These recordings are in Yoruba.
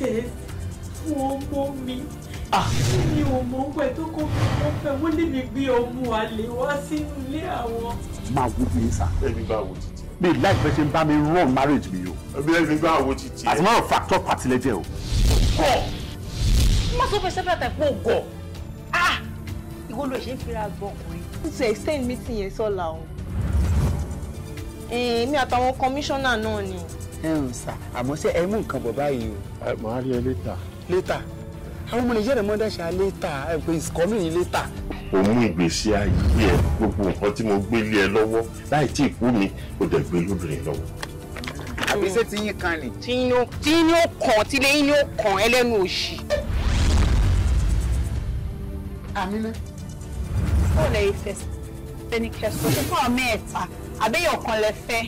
tẹ̀ wọ́n mọ́ mi ah. mi ò mọ̀ ń pẹ̀ tó kọ́ wọ́n fẹ́ wọ́n lè mi gbé ọmọ àlè wá sínú ilé àwọn. máa wo bí sá. ẹni bá wo títí. mi láìpẹ́ ṣe ń bá mi run marriage mi o. ẹni bá wo títí. àti máa fà tọ́ pàtìlẹ́jẹ́ o. gọ̀ má sọ fún ṣẹ́fẹ́ àtàkùn kó gọ̀ ah! ìwọ ló ṣe ń fira gbọ́ ọkùnrin. ó ti extend meeting yẹn sọ́la o. èmi àtàwọn kọmíṣánná náà ni ẹ ń sà àmọ́ ṣé ẹ mú nǹkan bọ̀ báyìí o. màá rí ẹ létà. létà àwọn ọmọ nàìjíríà mọ dáṣà létà ẹ pé ìsìkọ́mì yìí létà. o mú ìgbésí ayé ẹ gbogbo nǹkan tí mo gbé lé ẹ lọ́wọ́ láì tí ì kú mi o dẹ̀ gbé lóbìnrin lọ́wọ́. àbí ṣé tí yín kan ni. tí yín ó kàn tí lè yín ó kàn ẹlẹ́nu òṣì. àmínà. ó lè fẹsẹ̀ ẹni kẹsàn-án fún ọmọ ẹ̀ta àbẹ́yẹ̀ ọ̀kan lẹ fẹ́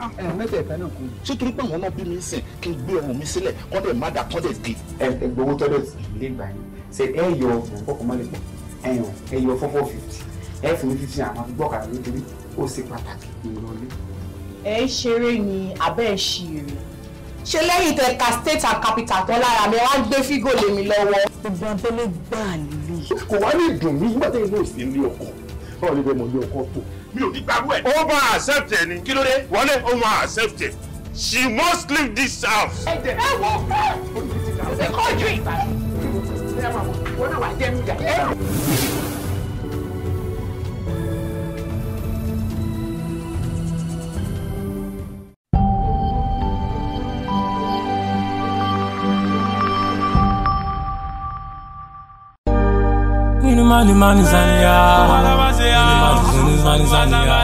ẹ mẹ́tẹ̀ẹ̀ta náà kú. ṣé torí pé àwọn náà bí mi ń sìn kí n gbé ọmọ mi sílẹ̀ kọ́ dẹ̀ má dà kọ́ dẹ̀ di. ẹ ẹ gbowó tọ́lẹ̀ ilé ìgbà yẹn ṣe ẹ yọ fọkànmọ́lẹ̀ pọ̀ ẹ yọ ẹ yọ fọ́fọ́ fifty ẹ fún mi fifty àwọn gbọ́kà nítorí ó ṣe pàtàkì ìrọ̀lẹ́. ẹ ṣeré ni abẹ́ ẹ ṣì rè ṣe lẹ́yìn tẹ state and capital tán lára mi wá ń gbé fígò lèmi lọ́wọ́. gbogbo abẹ́lé gbà nílé. kò wá ní ìdùnnú nígbà tí mo sì ń lé ọkọ báwo ni bẹ́ẹ̀ mo lé ọkọ tó mi ò ní gbarú ẹ̀. ó bá accept ẹ ni. kí ló dé. wọlé ó máa accept ẹ. she must leave this house. ẹ jẹ ẹ wo fẹ ẹ kọjú ìgbà ẹ wọn náà wà jẹ mi jà ẹ rò. Money, money, Zania. Manzania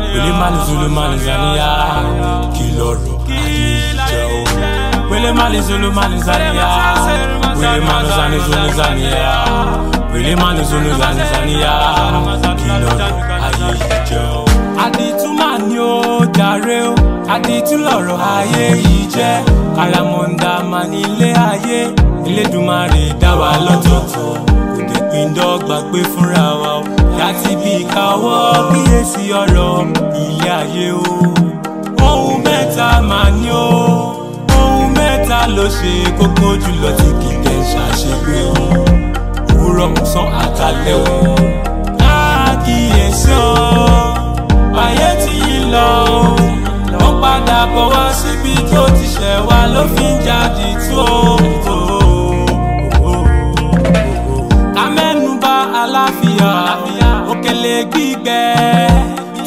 Wele mani Zulu Manzania Kí lọ́rọ̀ ayé ìjẹ́ o Wele mani Zulu Manzania Wele mani Zani Zulu Zania Wele mani Zulu Zani Zania Kí lọ́rọ̀ ayé ìjẹ́ o Àdìtú mà ní ó jàre o Àdìtú lọ́rọ̀ ayé ìjẹ́ Àràmọ̀ǹdà mà ní ilé ayé Elédùmarè dá wa lọ́tọ̀ọ̀tọ̀ ìdọ́gba pé fúnra wa o láti bí káwọ́ kíyèsí ọ̀rọ̀ ilé ayé o. ohun mẹ́ta máa ní o ohun mẹ́ta ló ṣe kókó jùlọ tí kì í tẹ̀ ṣàṣepé o òwúrọ̀ ọ̀sán àtàlẹ́ o. àkíyèsí o ayé ti yí lọ o wọ́n padà bọ̀ wá síbi tó ti ṣẹ̀ wá ló fi ń jáde tó o. aláfíà òkèlè gbígbẹ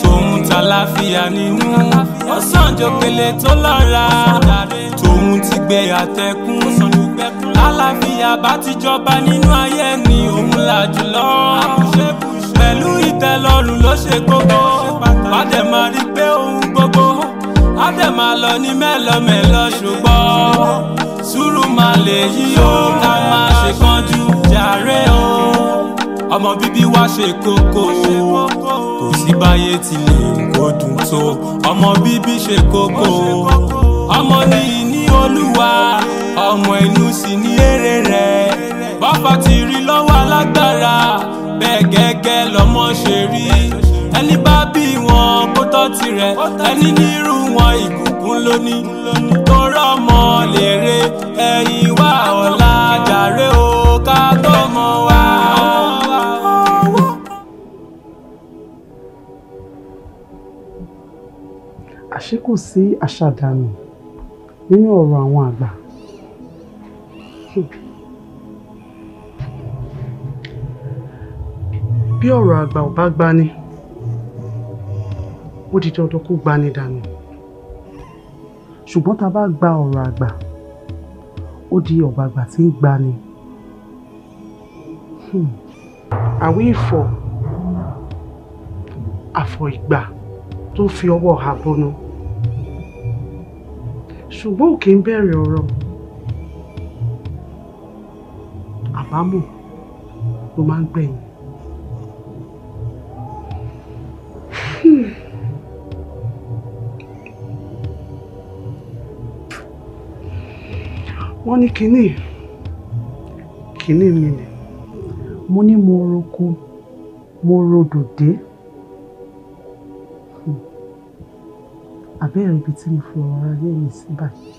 tòun tàláfíà nínú ó sàn jòkèlè tó lọ́ra tòun ti gbé àtẹkùn aláfíà bá ti jọba nínú ayé ni òun là jùlọ pẹ̀lú ìtẹ́lọ́rùn ló ṣe gbogbo wàá dẹ̀ máa rí pé ohun gbogbo á dẹ̀ máa lọ ní mẹ́lọmẹ́lọ ṣùgbọ́n sùúrù máa lè yí ká máa ṣe kánjú jàre o ọmọ bíbí wa ṣe kókó kò sí báyé ti lè kó dùn tó ọmọ bíbí ṣe kókó ọmọ ní ìní olúwa ọmọ inú sì ní èrè rẹ̀ bàbá ti rí lọ́wọ́ alágbára bẹ́ẹ̀ gẹ́gẹ́ lọ́mọ ṣe rí ẹni bá bí wọn kó tọ́ tirẹ̀ ẹni nírú wọn ìbùkún lónìí tó rọ́ ọmọ lèrè ẹ̀yìn wá ọ̀la jàre o. àṣé kò sí àṣàdànù nínú ọ̀rọ̀ àwọn àgbà. bí ọ̀rọ̀ àgbà ò bá gbani ó di dandan kó gbani dànù ṣùgbọ́n tá a bá gba ọ̀rọ̀ àgbà ó di ọ̀gbà àgbà tí ń gbani. Hmm. àwí ìfọ̀ àfọ̀ ìgbà tó fi ọwọ́ àbọnú ṣùgbọ́n òkè ń bẹ̀rẹ̀ ọ̀rọ̀ àbámọ̀ ló máa ń gbẹ̀yìn. wọ́n ní kínní kínní mi ni. mo ní mo roko mo rodò àbẹ́rẹ́ ibi tí mo fi ọ̀rọ̀ ayé mi sí báyìí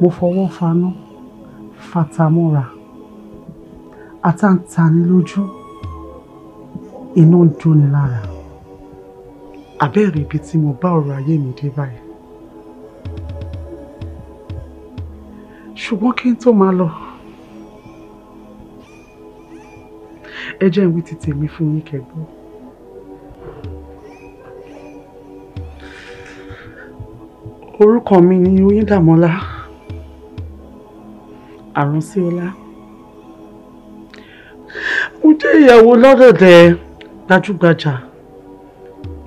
mo fọwọ́ faná fatamọ́ra àtàǹtàní lójú iná ń jóni lára àbẹ́rẹ́ ibi tí mo bá ọ̀rọ̀ ayé mi dé báyìí ṣùgbọ́n kí n tó máa lọ ẹ jẹ́ ìwé tètè mi fún yín kẹ́gbọ́n. orúkọ mi ni oyíndàmọ́lá àrùnsíọlá mo jẹ́ ìyàwó lọ́dọ̀dẹ̀ gbajúgbajà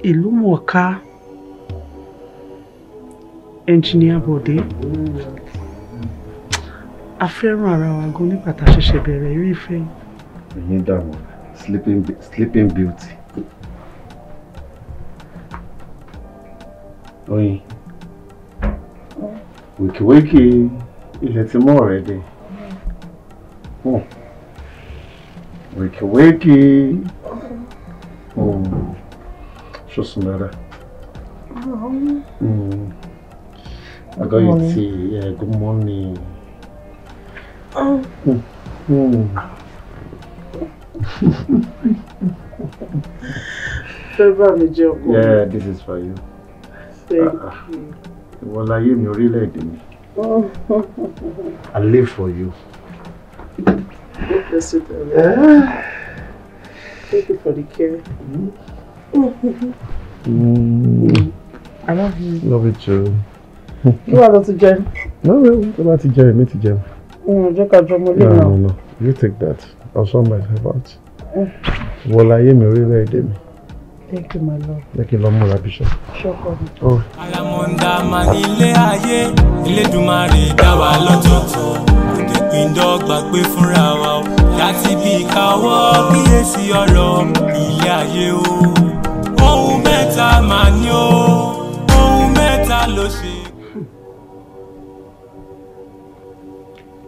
ìlú mọ̀ọ́ká ẹnjìníà bọ̀dé a fẹ́ràn ara wa gan nígbà tá a ṣẹ̀ṣẹ̀ bẹ̀rẹ̀ eré ìfẹ́ yìí. oyíndàmọ́lá sleeping, sleeping beauty. Oyin wìkìwìkì ilẹ̀ ti mọ́ ọ̀rẹ́ dé hmm. wìkìwìkì hmm. ṣó sùn dáadáa. I got you tea. Yeah, good morning. Oh. Mm. yeah, this is for you. Thank uh -uh. you ìwọ láyé mi orílẹ̀-èdè mi I live for you. Eh? Thank you for the care. Mm. I love you. Love you too. Kí wàá lọ ti jẹun? No, no, tó bá ti jẹun, èmi ti jẹun. Ǹjẹ́ mm, ká jọ ọmọlé náà? No, no, no, you take that. I'll show myself out. Eh. Wọ́n láyé mi orílẹ̀-èdè mi. Thank you, my love. Jẹ́ kí n lọ múra bíṣọ́. Ṣọ́kọ mi. Oh. Àlàmọ̀ǹdà máa ní ilé ayé, Elédùmarè dá wa lọ́tọ̀ọ̀tọ̀. Ìdọ́gba pé fúnra wa o. Láti bí ìkáwọ́ kíyèsí ọ̀rọ̀ ilé ayé o. Ohun mẹ́ta máa ní o, ohun mẹ́ta ló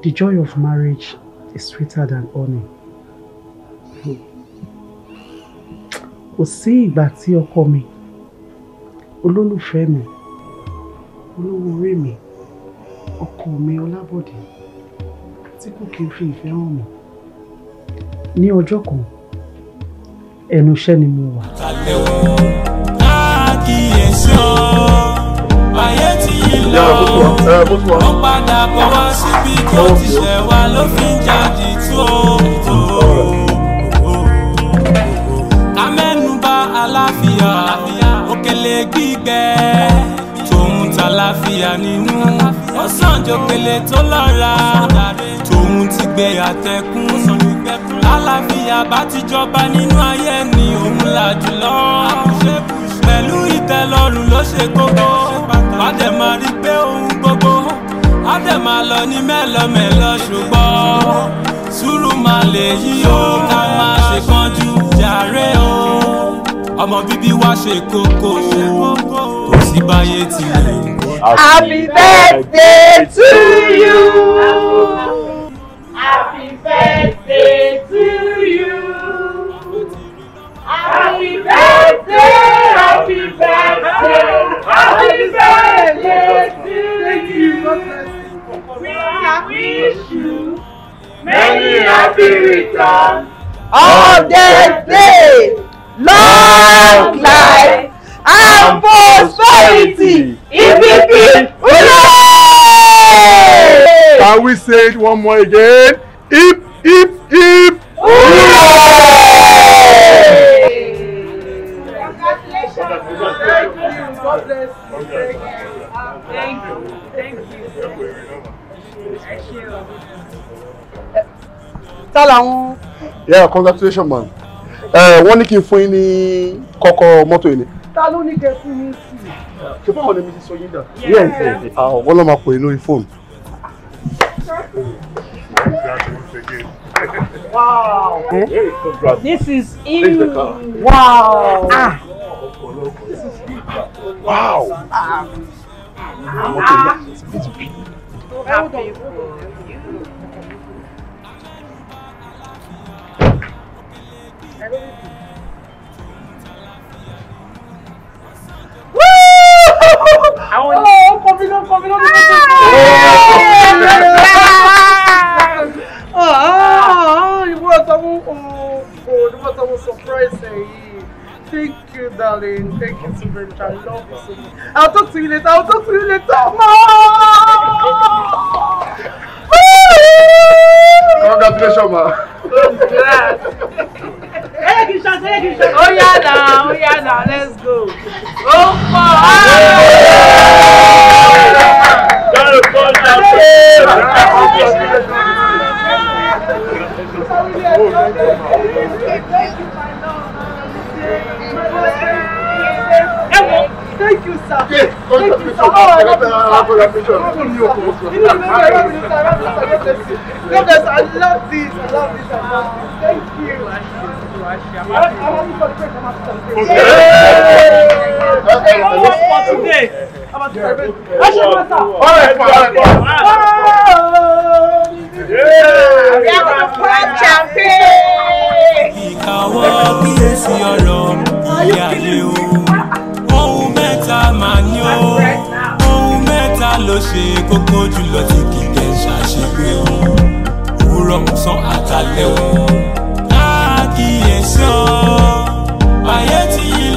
The joy of marriage is sweeter than honey kò sí ìgbà tí ọkọ mi olólùfẹ́ mi olówó mi ọkọ mi ọlábọ̀dé tí kò kí n fi ìfẹ́ hàn mí ní ọjọ́ kan ẹnu iṣẹ́ ni mo wà. ó padà bọ̀ síbi tó ti ṣẹ̀ wá ló fi ń jáde tó tó. àlàáfíà òkèlè gbígbẹ tòun tàlàáfíà nínú ó sàn jòkèlè tó lọ́ra tòun ti gbé àtẹkùn àlàáfíà bá ti jọba nínú ayé ni òun là jùlọ pẹ̀lú ìtẹ́lọ́rùn ló ṣe kókó wá dẹ̀ máa rí pé ohun gbogbo á dẹ̀ máa lọ ní mẹ́lọmẹ́lọ ṣùgbọ́n sùúrù máa lè yí o ká máa ṣe kánjú jàre o ọmọ bíbí wa ṣe kókó kò sí báyé tilẹ̀. Happy birthday to you. Happy birthday to you. Happy birthday, happy birthday, happy birthday to you. We wish you many happy returns of the day. Long life and prosperity. EPP, hooray! Can we say it one more again? Hip, hip, hip, hooray! Congratulations. Thank you. God bless you. Thank you. Thank you. Thank you. Tell her. Yeah, congratulations, man. Eh, wọ́n ní kí n fún yín ní kọ́kọ́ mọ́tò yìí ni. ta ló ní kẹ fún yín sí i. ṣé báwo ni mi ti sọ yín dà. wọ́n lọ́ máa pè é lórí fóònù. Wow. Hmm? this is ew. Wow. Ah. Wow. Ah. Ah. Ah. Ah. Ah. Ah. Ah. àwọn ní. ó kọmi ló kọmi ló kọmi ló. ìwọ àtàwọn ìwọ àtàwọn surprise ẹ thank you darling thank you so much i love you so much i'll talk to you later i'll talk to you later ma. congratulations ma. i'm glad take it short, take it short. Oya now, oya now, let's go. Ó pọ̀ Ẹ̀wọ̀n, thank you sir. Yes, thank you sir. Oh, I love this. I love this. I love this. Thank you. Ìkàwọ́ kíyèsí ọ̀rọ̀ ìyáálé o, ohun mẹ́ta màá ní o, ohun mẹ́ta ló ṣe kókó jùlọ tí kìkẹ́ ṣàṣepé o, òwúrọ̀ ọ̀sán àtàlẹ́ o àìsàn ayé ti yí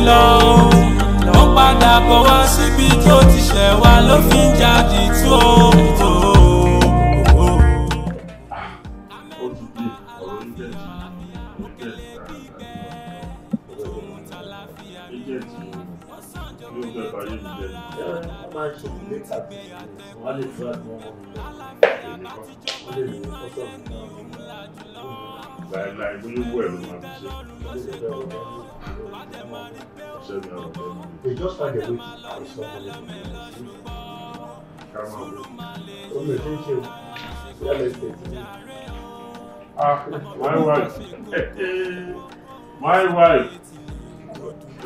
Thank you láìláì bóyá owó ẹ̀ ló máa fi ṣe. ṣẹ́ni ọ̀rọ̀ bẹ́ẹ̀ ni. they just find a way to carry somebody to the ká máa wọ. omi ò ṣe é ṣe o bí alẹ́ ṣe ti ní. ah my wife my wife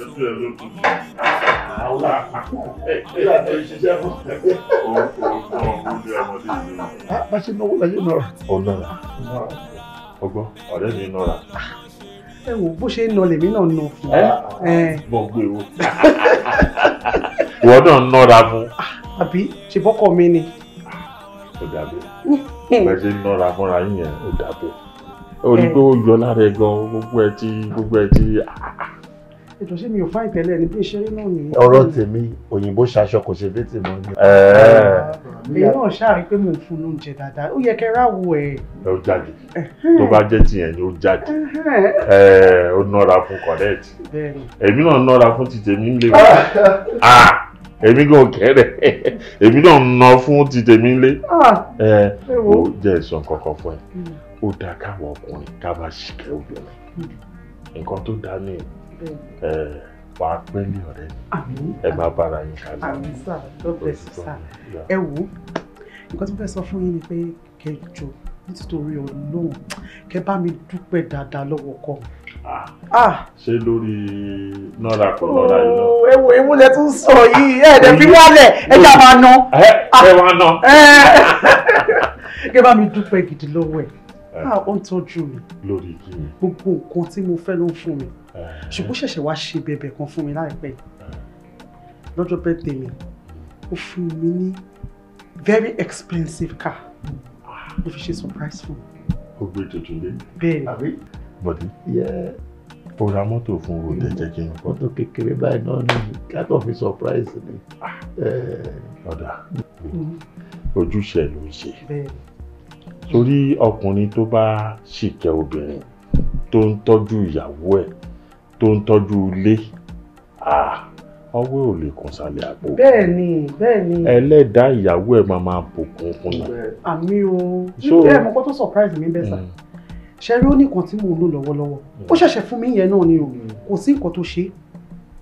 ojú ẹ ló kù. àwòrán ìlà tó ń ṣiṣẹ́ fún. òun kò gbọ́ ọmọdé ọmọdé ìlú. bá a ṣe náwó láyé náà. ọ̀nà ọgbọ́n ọ̀rẹ́ mi nọra. ẹ wo bó ṣe ń nọ lèmi náà nọ fún ẹ. bọ́ gbé wo ìwọ náà nọra mu. àbí ṣe bọ́kọ̀ mi ni. ó dàbí bẹ́ẹ̀ ṣe nọra fúnra yín yẹn ó dàbí ó ní pé ó yọ lára ẹ gan gbogbo ẹ ti gbogbo ẹ ti ètò sí mi ò fáì tẹ́lẹ̀ ní pé ṣeré náà nìyẹn. ọ̀rọ̀ tèmi òyìnbó ṣaṣọ kò ṣe dé tèmi. èyí náà ṣáàrí pé mò ń fún lóúnjẹ dáadáa ó yẹ kẹ ráwo ẹ. ó jáde tó bá jẹ́ tìyẹn ni ó jáde ó nọ́ra fún correct èmi náà nọ́ra fún ti tèmi ń lé wa èmi gan kẹrẹ èmi náà nọ fún ti tèmi ń lé ó jẹ́ ìsàn kankan fún ẹ mm. ó dáa káwọn ọkùnrin ká bá ṣìkẹ́ obìnrin mm. nǹkan tó dáa nìyẹn wàá pẹ́ lé ọ̀rẹ́ mi ẹ máa bára yín kalẹ̀. àmín sà god bless you sà ẹ wò ó nǹkan tí mo fẹ́ sọ fún yín ni pé kẹjọ nítorí ọlọ́run kẹ bá mi dúpẹ́ dáadáa lọ́wọ́ kọ́ ah. ah. ṣe lórí nọ́ra kò nọ́ra yìí lọ. Oh, ewu ewu lẹ tún sọ yìí ẹ dẹ fi wálẹ̀ ẹ jà máa ná. Ah. ẹ wá ná. kẹ bá mi dúpẹ́ gidi lọ́wọ́ ẹ̀ ó ń tọ́jú mi. gbogbo nǹkan tí mo fẹ́ ló ń fún mi ṣùgbọ́n ṣẹ̀ṣẹ̀ wá ṣe bẹ̀bẹ̀ kan fún mi láìpẹ́ lọ́jọ́ bẹ́ẹ̀ tèmi ó fún mi ní very expensive car ló fi ṣe surprise fún mi. ó gbé tuntun dé. bẹ́ẹ̀ ni. bọ̀dé ó ra mọ́tò fún o tẹ̀jẹ̀ kí n. mọ́tò kékeré báyìí náà ni kákan fi surprise ni. Ah. ọ̀dà mm-hmm. ojúṣe ló ń ṣe. torí ọkùnrin tó bá ṣìkẹ́ obìnrin tó ń tọ́jú ìyàwó ẹ̀ tó ń tọ́jú ilé ọwọ́ ah, ò lè kàn sálẹ̀ àpò. bẹ́ẹ̀ni bẹ́ẹ̀ni. ẹlẹ́dàá ìyàwó ẹ̀ máa máa bùkún fún mi. àmì o ẹ mọ kó tó surprise mi bẹ́ẹ̀ sà mm. ṣe rí ó ní nǹkan tí mò ń lò lọ́wọ́lọ́wọ́ mm. ó ṣẹ̀ṣẹ̀ fún mi yẹn náà ni o mm. kò sí nǹkan tó ṣe.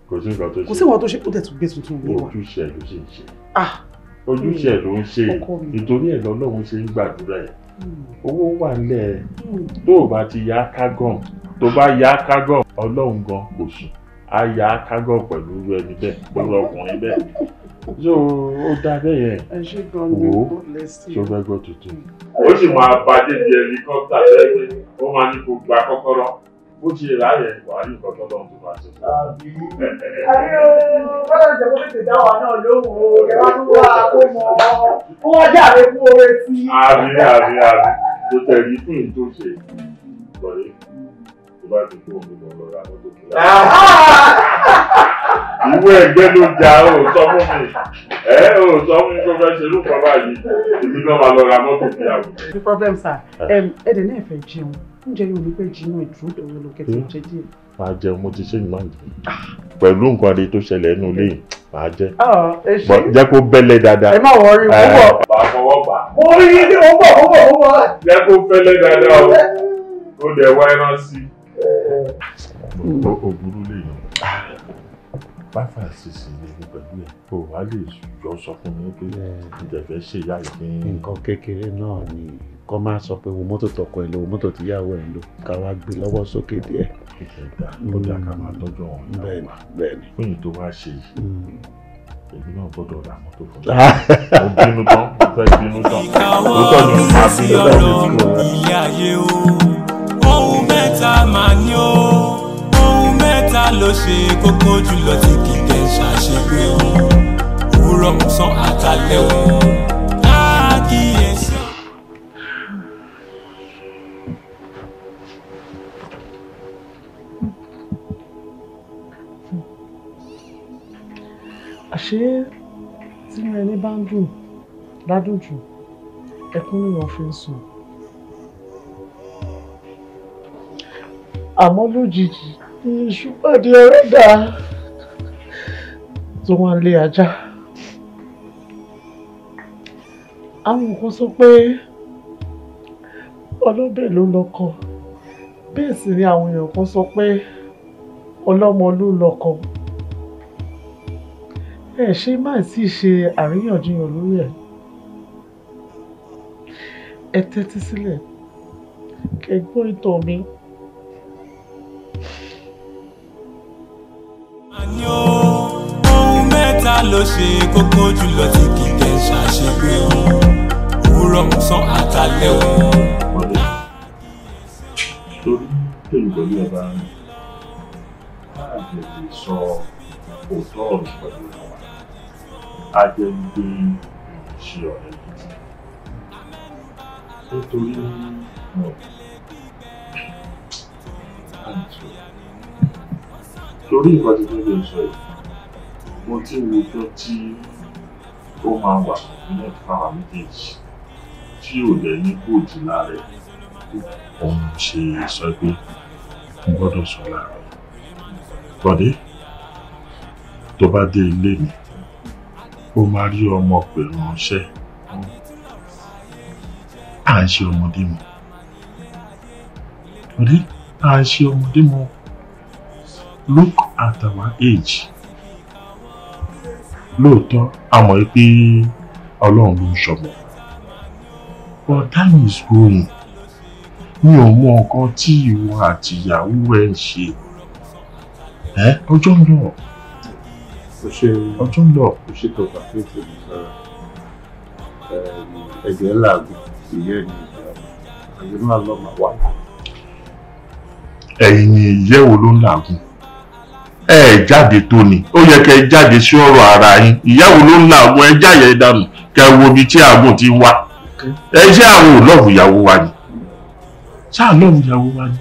kò sí nǹkan tó ṣe kò sí nǹkan tó ṣe kó tẹ̀ tún gbé tuntun mi wá. ojúṣe ló ṣe ń ṣe ah. ojúṣe ló ń ṣe nítorí ẹ̀ lọ́lọ́run ṣe ń gbàdúrà ẹ̀ owó wà nílẹ̀ tó o bá ti yá kágàn tó bá yá kágọ̀ ọlọ́run gan kò sùn á yá kágọ̀ pẹ̀lú ẹni bẹ́ẹ̀ pẹ̀lú ọkùnrin bẹ́ẹ̀ so ó dá bẹ́ẹ̀ yẹn wò ó ṣọgbẹ́gbọ́ tuntun. ó sì máa bá débi ẹlikọ́pítà lẹ́gbẹ́ ó máa ní kó gba kọ́kọ́rọ́ bó ti rà yẹn wà á ní nǹkan tó lọ́run tó bá ṣe. àbí bọ́lá ìjọba tètè dá wa náà lóhùn o ẹ wá tún wá kó mọ ọ kó wọ́n jáde fún oore tí. àbí àbí àbí tó tẹ̀lé fún ìtòsè ìgbọ̀lẹ́ bá ti kó omi lọ lọ́ra mọ́tò kí ìwé ẹgbẹ́ ló ja ò sọ fún mi ẹ ò sọ fún mi tó fẹ́ ṣe ló kọ́ba èmi náà máa lọ ra mọ́tò kí á. the problem sir ẹ̀dẹ̀ náà fẹ́ jẹun oúnjẹ yóò ní pẹ́ jinú ìdúró dọ̀wọ́ lókè tó jẹ́ díẹ̀. máa jẹun mo ti ṣe ìmọ̀ àjẹ pẹ̀lú nǹkan adé tó ṣẹlẹ̀ ẹnu ilé yìí máa jẹ jẹ́ kó bẹ́lẹ̀ dáadáa. ẹ má wọrí púpọ̀. bàá fọwọ́ bà. mo rí i ní púpọ̀ púpọ̀ púpọ̀. jẹ́ kó bẹ́lẹ̀ dáadáa o ó dẹ̀ wá ẹran sí i o burú lèèyàn fáfà sísè lèmi pẹ̀lú ẹ̀ o wá lè jọ sọ fún mi pé ìjẹ̀fẹ́ ṣe ìyá yìí fún mi. nǹkan kékeré náà ni kọ́ máa sọ pé wo mọ́tò tọkọ ẹ̀ lò mọ́tò tíyàwó ẹ̀ lò ká wá gbé lọ́wọ́ sókè díẹ̀. ó dà ká máa tọ́jú ọ̀hún náà bẹ́ẹ̀ni fún ìtò wá ṣe yìí hmm. èmi náà gbọ́dọ̀ ra mọ́tò fún mi. mo bínú tán mo fẹ́ bínú tán. ìkà ọ̀rọ̀ ilé ayé o mẹ́ta máa ní o ohun mẹ́ta ló ṣe kókó jùlọ tí kì í dẹ̀ ṣàṣepé o òwúrọ̀ ọ̀sán àtàlẹ́ o káàkiyèsí. àṣé tí mo ẹni bá ń dùn ládùn jù ẹkún ni wọn fi ń sùn. àmọ́ lójijì ní iṣu pàdé ẹlẹ́dà tó wá lé ajá. àwọn kan sọ pé ọlọ́bẹ̀ ló lọ́kọ bẹ́ẹ̀ sì ni àwọn èèyàn kan sọ pé ọlọ́mọ ló lọ́kọ ẹ ṣe má sì ṣe àríyànjiyàn lórí ẹ̀ ẹ tẹ́tí sílẹ̀ kẹ́ gbọ́ mi. ohun mẹ́ta ló ṣe kókó jùlọ tí kì í dẹ̀ ṣàṣepé òun òwúrọ̀ ọ̀sán àtàlẹ́ òun. torí pẹ̀lú pẹ̀lú ẹ̀ bá ń àjẹ̀dẹ̀ sọ òótọ́ ọ̀rọ̀ pẹ̀lú ẹ̀ wá àjẹ̀dẹ̀ ìṣe ọ̀rẹ́ tuntun nítorí náà àjẹ̀dẹ̀ torí nǹkan tí tún lè sọ yìí mo ti rí ọjọ́ tí ó máa wà nínú ìfara méjèèjì tí ò lẹ ní kóòtù láàrẹ òun ṣe sọ pé mo gbọ́dọ̀ sọ láàrẹ bọdé tó bá dé ilé mi ó máa rí ọmọ pẹ̀lú ránṣẹ́ à ń ṣe ọmọdé mu bọdé à ń ṣe ọmọdé mu look at our age lóòótọ́ a mọ̀ pé ọlọ́run ló ń ṣọmọ but time is going mi ò mọ nǹkan tí ìwọ àti ìyàwó ẹ ń ṣe ẹ ọjọ́ ń lọ ọjọ́ ń lọ. kò ṣe tó bá fẹ́ fẹ́ mi rárá ẹ̀jẹ̀ làágùn ìyẹn ni àyè máa lọ́ máa wà. ẹ̀yin ni ìyẹ́wò ló ń làágùn ẹ jáde tó ni ó yẹ kẹ jáde sí ọ̀rọ̀ ara yín ìyàwó ló ń la àwọn ẹja yẹn dànù kẹ wo ibi tí àgùn ti wá ẹ ṣé àwọn ò lọ́ọ̀bù ìyàwó wa ni ṣáà lọ́ọ̀bù ìyàwó wa ni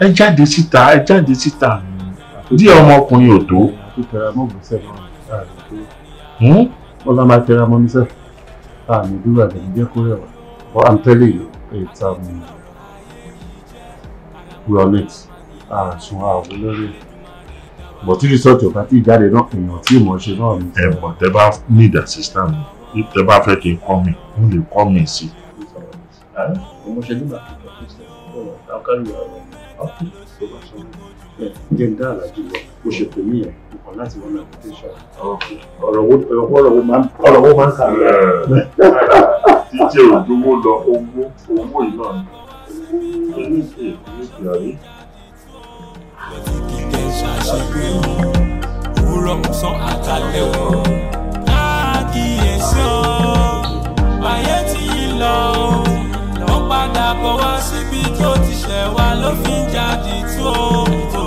ẹ jáde síta ẹ jáde síta dí ọmọkùnrin ò tó. wọ́n hmm? lá máa tẹra mọ́ mi sẹ́fù àmì ìdúrà rẹ̀ ń jẹ́ kó rẹwà but I'm telling you it's um, we are late àṣùn àwọn olórí bọ̀ tí resort ò bá tí jáde náà èèyàn tí mò ń ṣe náà ni. ẹ̀bùn tẹ bá need assistance mi tẹ bá fẹ́ kí n kọ́ mi mo lè kọ́ mi sí. ọmọ ṣe nígbà tó kọ́ ọ̀rọ̀ àkàrí ọ̀rọ̀ ọ̀tún tó bá sọ jẹ́ ń dá àlàjì lọ bó ṣe pè mí yẹn nǹkan láti wọn náà kò ṣe ọ̀rọ̀ wo máa ń kà mí. títí òdòwó lọ owó owó ìnáà ní ṣàṣegbé o òwúrọ̀ mọ̀sán àtàlẹ́ o láàkíyèsí o báyé tí yí lọ o ó padà bọ̀ wá síbi tó ti ṣẹ̀ wá ló fi ń jáde tó tó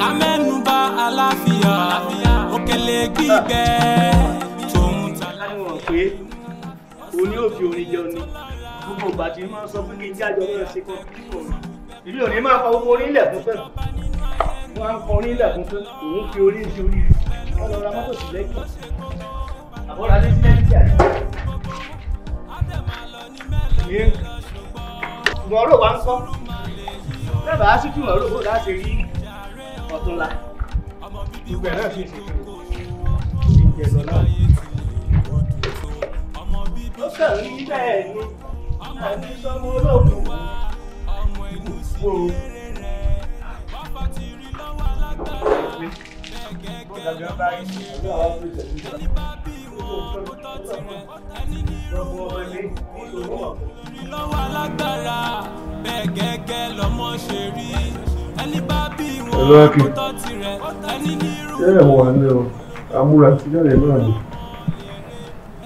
ká mẹ́nu bà orin jẹun ni gbogbo ìgbà tí wọn sọ pé kí n jáde ọlọ́run ṣe kọ́ kíkọ́ mi ìlú òní máa fa gbogbo orí ilẹ̀kùn fẹ́ wọ́n á ń kọ ilẹ̀kùn fẹ́ òun fi orí ṣe orí wọ́n lọ ra mọ́tò sí lẹ́kùn àbọ̀rọ̀ adé sí lẹ́kùn àti. ìmọ̀ ọ̀rọ̀ wa ń kọ́ lẹ́bàá á sì fi ìmọ̀ láti rí ọ̀túnla gbogbo ẹ̀ náà ṣe ṣe fún mi ìjẹ̀ lọ náà. ó kàn ń bẹ́ẹ̀ ni àti sọmọ olóògùn o. lọ́wọ́ alágbára bẹ́ẹ̀ gẹ́gẹ́ ní irú. amúra ti jáde náà ni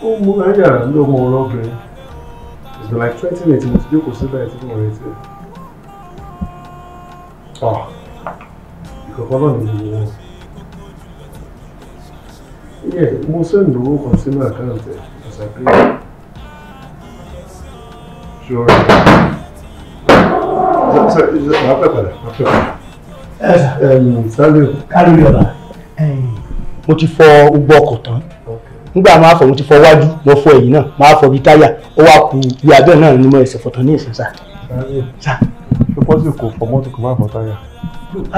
ó múra yàrá ló mọ ọ̀rọ̀ bẹ̀rẹ̀ ìgbàlá twenty minutes mo ti jókòó síbẹ̀ tí mo retí ìkọ̀kọ́ náà ni mo yẹ mo sẹ́ni owó kan sínú àkáǹtì àṣàkí ṣọ́ọ́rì máa pẹ́ padà máa pẹ́ padà sálẹ̀ o. kárí ọ̀la mo ti fọ gbogbo ọkọ̀ tán nígbà máa fọ mo ti fọ wájú mo fọ ẹ̀yìn náà máa fọ bíi táyà ó wá ku bí abẹ́ náà ni mo ẹ̀sẹ̀ fọ̀tàn ní ìsinsá ṣé pọ́sibú kò fọ mọ́tò kò má fọ táyà.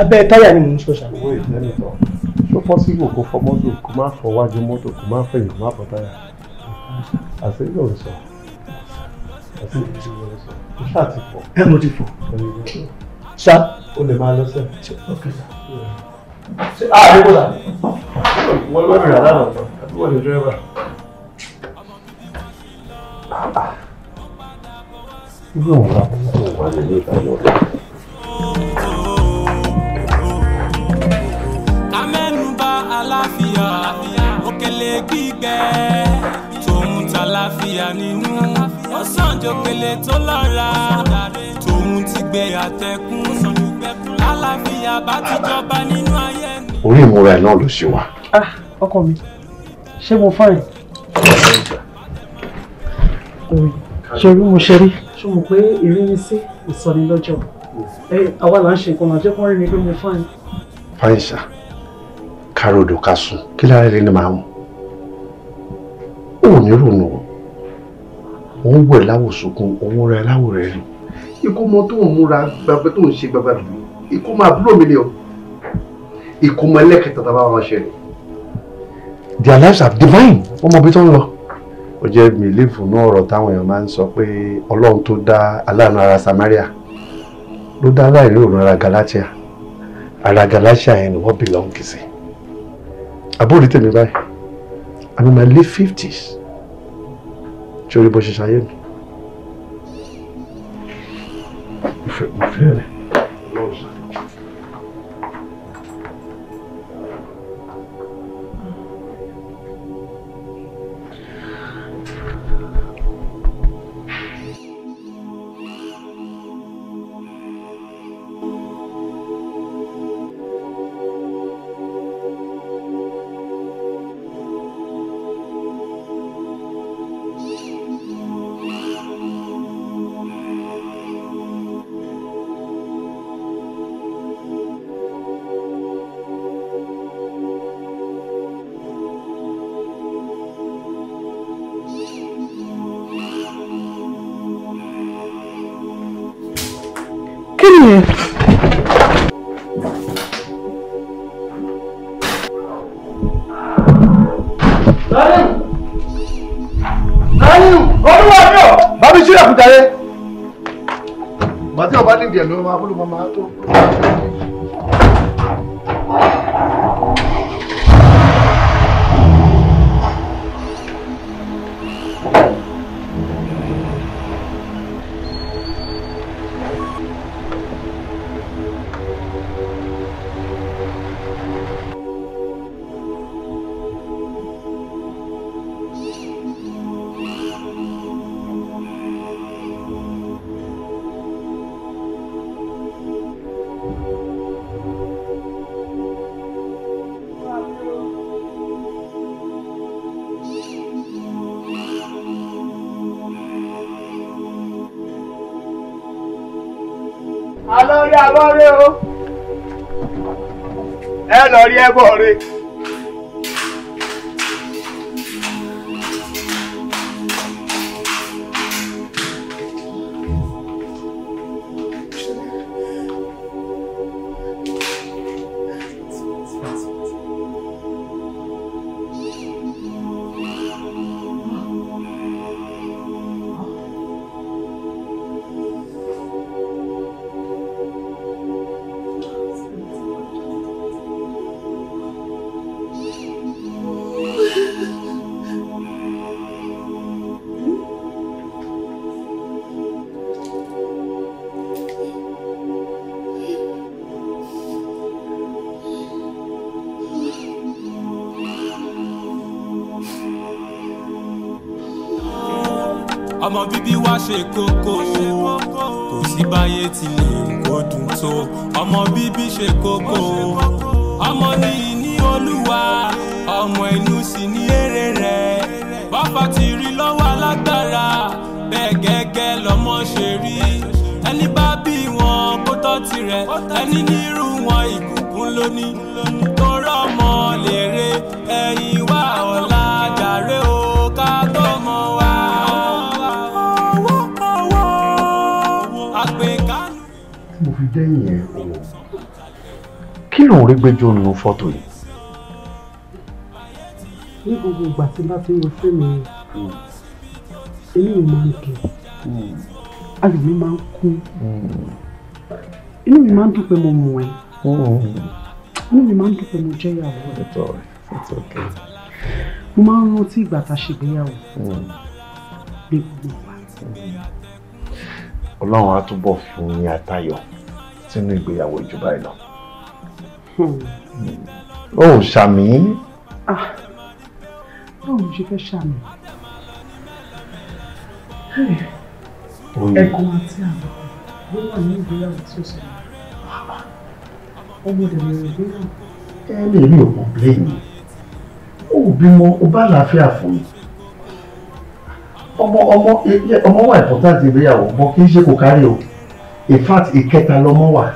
abẹ́ táyà ni mò ń sọ ṣàlù. owó ìtẹ́ mi tọ́ ṣé pọ́sibú kò fọ mọ́tò kò má fọ wájú mọ́tò kò má fẹ̀yìn kò má fọ táyà. àṣẹ yóò ń sọ àṣẹ yóò ń sọ kò ṣáà ti fọ. ẹ mo ti fọ. ṣá o lè máa lọ sẹ. ṣe àdébò là wọ́n lọ́ọ́ rìn àlànà àbí wọ́n lè dírẹ́bà yóò wá kó wà orí ìmúra ẹ náà ló ṣe wá. ah ọkọ mi ṣé mo fọ́ ẹ̀. ṣe mo ṣe ṣó mọ̀ pé ìrínisí ìsọnilọ́jọ̀ àwa là ń ṣe nǹkan àjẹ́ kan rí ni pé mo fáìn. fáìn ṣá káròdò ká sùn kí lára rí ni màá mú òun ní rònú o òun wẹ̀ láwòsókun òun rẹ láwò rẹ rí ikú mọ tó ń múra gbàgbé tó ń ṣe gbàgbà dùn ikú máa búrò mi ni o ikú mọ ẹlẹ́kẹ̀ẹ́ta tá wọn ṣe. their lives are divine ọmọ ibi tó ń lọ ó jẹ́ bìlífù ní ọ̀rọ̀ táwọn èèyàn máa ń sọ pé ọlọ́run tó dá aláàánú ara Samaria ló dá aláìní òun ara Galatia ara Galatia yẹn ni wọ́n bìlọ́ǹgì sí àbúrò tèmi báyìí I'm in my late fifties ṣé orí bó ṣe ṣayé mi. Mo fẹ́ mo fẹ́ rẹ̀. yẹ bọ̀ ọmọ bíbí wa ṣe kókó kò sí báyé ti lè kó dùn tó ọmọ bíbí ṣe kókó ọmọ ní ìní olúwa ọmọ inú sì ní èrè rẹ̀ bàbá ti rí lọ́wọ́ alágbára bẹ́ẹ̀ gẹ́gẹ́ lọ́mọ ṣe rí ẹni bá bí wọn kó tọ́ tirẹ̀ ẹni nírú wọn ìkùnkùn lónìí tó rọ́ ọmọ lèrè. fi dẹ́yìn ẹ̀ o kí ló ń rí gbẹjọ nínú fọ́tò yìí. ní gbogbo ìgbà tí bá fi ń wo fíìmù inú mi máa ń dùn ayọ̀ mi máa ń kú inú mi máa ń dùn pé mo mọ̀ ẹ́ inú mi máa ń dùn pé mo jẹ́ ìyàwó rẹ̀ mo máa ń rántí ìgbà tá a ṣègbéyàwó ní gbogbo ìgbà. ọlọ́run á túbọ̀ fún yín àtayọ̀ sínú ìgbéyàwó jù báyìí lọ. ó hmm. ṣàmì. Ah. báwo ló ṣe fẹ́ ṣàmì? ẹ̀gbọ́n àti àbọ̀ ló wà ní ìgbéyàwó tí ó sọ. ọmọ ìdẹ̀rẹ̀ ìgbéyàwó. ẹ lè rí òkú bíléèmù ó bímọ ó bá àlàáfíà fún mi ọmọ ọmọ ọmọ wà ìpọ́tàtì ìgbéyàwó ọmọ kì í ṣe kò kárí o in fact ìkẹta lọmọ wà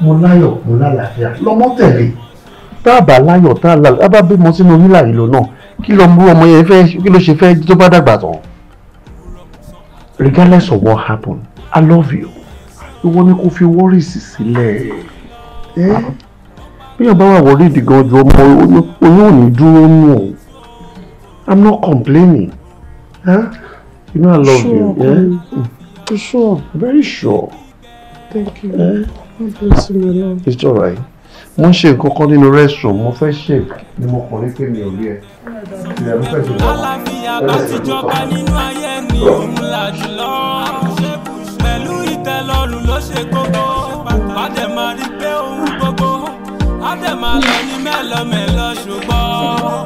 mo láyọ̀ mo lálàáfíà lọmọ tẹ̀lé tá a bá láyọ̀ tá a lálàá bá bímọ sínú onílà ìlò náà kí ló mú ọmọ yẹn fẹ́ kí ló ṣe fẹ́ tó bá dàgbà tán. regardless of what happened i love you ìwọ ni kò fi worries sílẹ̀ eh? bí ọba wà wọlé ìdìgan ju ọmọ oyún ò ní dúró nù o i'm not complaining huh? Eh? you know i love sure, you. Yeah? sure? very sure. Thank you. Eh? bless you, madam. It's all right. Mo ń ṣe nǹkan kan nínú restroom, mo fẹ́ ṣe ni mo kàn ní pé mi ò rí ẹ. Ìyá bá ti jọba nínú ayé ni òun là jùlọ. Pẹ̀lú ìtẹ́lọ́rùn ló ṣe kókó. Bàdé máa rí pé òun gbogbo. Bàdé máa lọ ní mẹ́lọmẹ́lọ ṣùgbọ́n.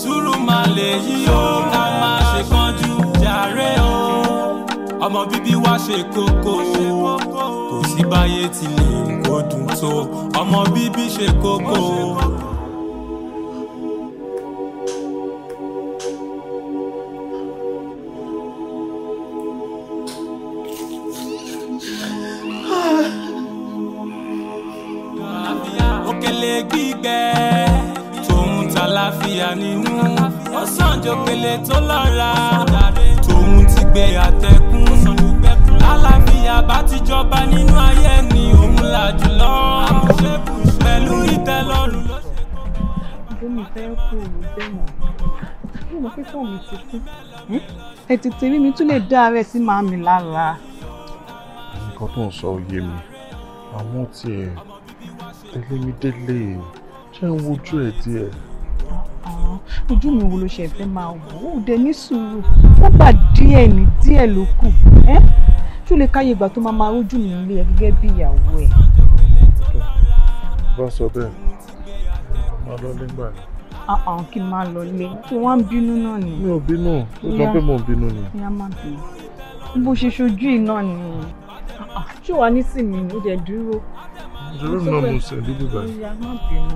Sùúrù máa lè yí o, ká máa ṣe kánjú jàre o. Ọmọ bíbí wa ṣe kókó kí báyé ti lè kó dùn tó ọmọ bíbí ṣe kókó. òkèlè gbígbẹ tòun ti gbé àtẹkùn ènìyàn bá ti jọba nínú ayé ẹni òun là jùlọ pẹ̀lú ìtẹ́lọ́rùn ló ṣe kókó. gómìnà fẹ́ kú òun bẹ́ẹ̀ mọ̀ mo fi fún mi ti kú hm? ẹ tètè rí mi tún lè dá ààrẹ sí màá mi lára. nǹkan tó ń sọ òye mi àmọ́ tiẹ̀ délémídélé ṣé ń wojú ẹ̀ díẹ̀ ojú mi wo ló ṣe fẹ́ máa wò ó dé ní sùúrù ó gbà díẹ̀ ní díẹ̀ ló kù tí ó lè káyè ìgbà tó máa máa rójú mi nílé ẹ gẹ́gẹ́ bí ìyàwó ẹ. bá a sọ bẹ́ẹ̀ máa lọ nígbà yẹn. àhàn kí n máa lọ lé kí wọ́n bínú náà ni. mi ò bínú ó jọ pé mo bínú ni. ìyá má bínú bó ṣe ṣojú iná ni ṣé wàá nísìnyí ó jẹ dúró. dúró náà mo sẹ̀ níbi báyìí. ìyá má bínú.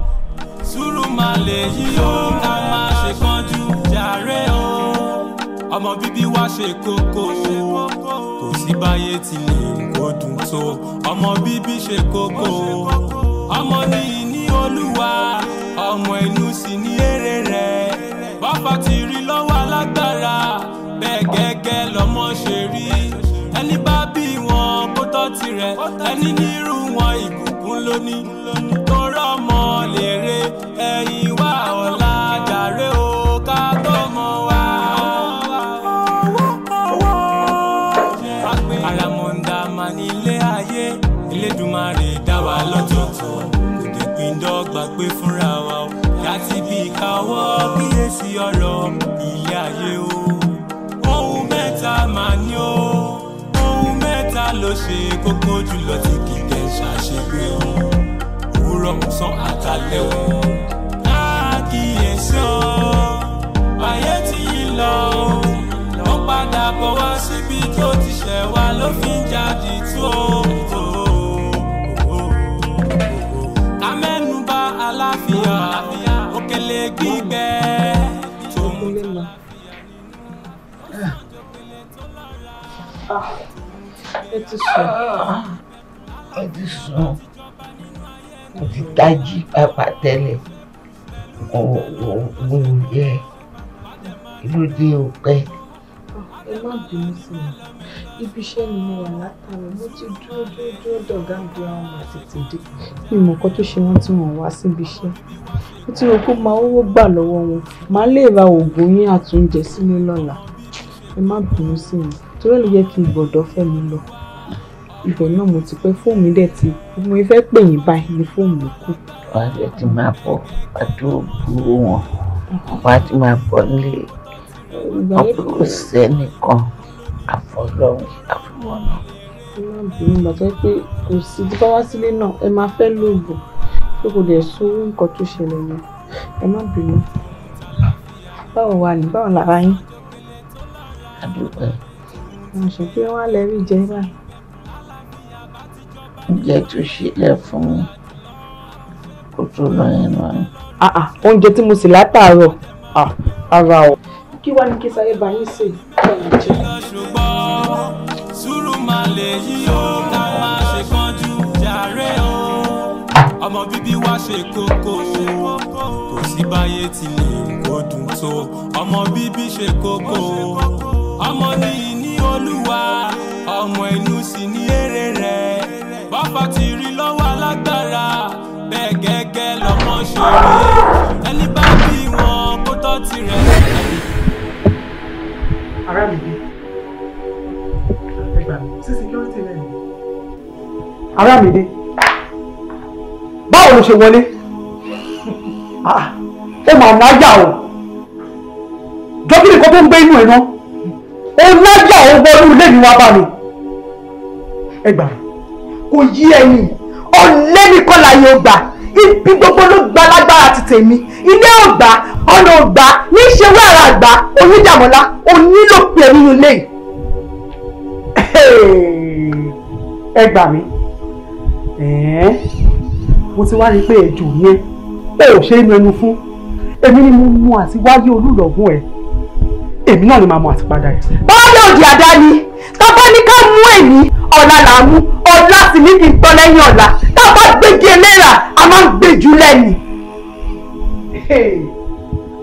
sùúrù máa lè ó ká máa ṣe kánjú jàre o ọmọ bíbí wa ṣe kókó kò sí báyé tí lè kó dùn tó ọmọ bíbí ṣe kókó ọmọ ní ìní olúwa ọmọ inú sì ní èrè rẹ bàbá ti rí lọ́wọ́ alágbára bẹ́ẹ̀ gẹ́gẹ́ lọ́mọ ṣe rí ẹni bá bí wọn kó tọ́ tirẹ̀ ẹni nírú wọn ìbùkún lóní tó rọ́ ọmọ lè re ẹ̀yìn. gbà pé fúnra wa o láti bí ìkáwọ́ kíyèsí ọ̀rọ̀ ilé ayé o ohun mẹ́ta máa ní o ohun mẹ́ta ló ṣe kókó jùlọ tí kì í dẹ̀ ṣàṣegbé o òwúrọ̀ mọ̀sán àtàlẹ́ o kíyèsí o ayé ti yí lọ o wọ́n padà bọ̀ wá síbi tó ti ṣẹ̀ wá ló fi ń jáde tó o. ẹ ti sùn. ẹ ti sùn O ti tají pápá tẹ́lẹ̀ mo ò yẹ ìlódé ò Eu ẹ má bínú sí mi ibi iṣẹ́ ni mo wà látàrí mo ti dúró dúró dúró dọ̀gá bí àwọn àtètè dé mi mọ̀ kó tó ṣe wọ́n tí o wá síbi iṣẹ́ mo ti rò pé máa owó gbà lọ́wọ́ wọn máa lè ra oògùn yín àtúnjẹ sílé lọ́la torí ẹ̀ ló yẹ kí ìgbọ̀dọ̀ fẹ́ mi lọ ibẹ̀ náà mo ti pẹ́ fóònù mi dẹ̀ ti kú mo fẹ́ pè yín báyìí ní fóònù mi kú. wàá fẹ́ ti máa bọ̀ pàtó gbúrú wọn wàá ti máa bọ̀ nílé ọ̀pọ̀ sẹ́nìkan àfọlọ́hún àfọwọ́n náà. ẹ má bínú bàtọ́ pé kò sí tí bá wá sílé náà ẹ máa fẹ́ lóògùn pé kò dẹ̀ sówó nǹkan tó ṣẹlẹ̀ yẹn ẹ má bínú báwo wà ní báwo lára yín. ẹ̀ àṣìkí wọn lè rí jẹ báyìí. oúnjẹ tó ṣílẹ̀ fún mi kó tó lọ yẹn náà. àà ah, ah, oúnjẹ tí mo sì látàárọ̀ ah, ara o. kí wàá ní kí sáyé bá yín sè é. ọmọ bíbí wa ṣe kókó kò sí báyé tí lè kó dùn tó ọmọ bíbí ṣe kókó ọmọ ní olúwa ọmọ inú sì ní èrè rẹ̀ bọ́fà ti rí lọ́wọ́ alágbára bẹ́ẹ̀ gẹ́gẹ́ lọ́mọ ṣòro ẹni bá bí wọn kó tọ́ tirẹ̀. ará mi bí ẹ gbà sí security rẹ ará mi dé báwo ló ṣe wọlé ah, ó mà ń wájà o jọ́bìnrin kan tó ń gbé inú ẹ̀ náà ọlájà òun wọnú ilé mi wá bá mi ẹ gbà kò yí ẹ̀yin ọ̀lẹ́ mi kọ́ láyé ọgbà ibi gbogbo ló gba lágbára ti tèmi ilé ọgbà ọ̀nà ọgbà níṣẹ́ wàrà àgbà onídàmọ́lá onílò pẹ̀ nínú ilé yìí ẹ gbà mí mo ti wá rí i pé ẹjọ́ yẹn ẹ ò ṣe é mẹnu fún èmi ni mo mu àti wáyé olùlọ́gùn ẹ̀ èmi náà ni máa mú àtipadà rẹ̀. bọ́ọ̀lù òdì àdáni tọ́pọ́ ní ká mú èmi ọ̀la là á mú ọ̀la sì ní kí n tọ́ lẹ́yìn ọ̀la tọ́pọ́ gbèjì eléra a máa ń gbèjú lẹ́nu.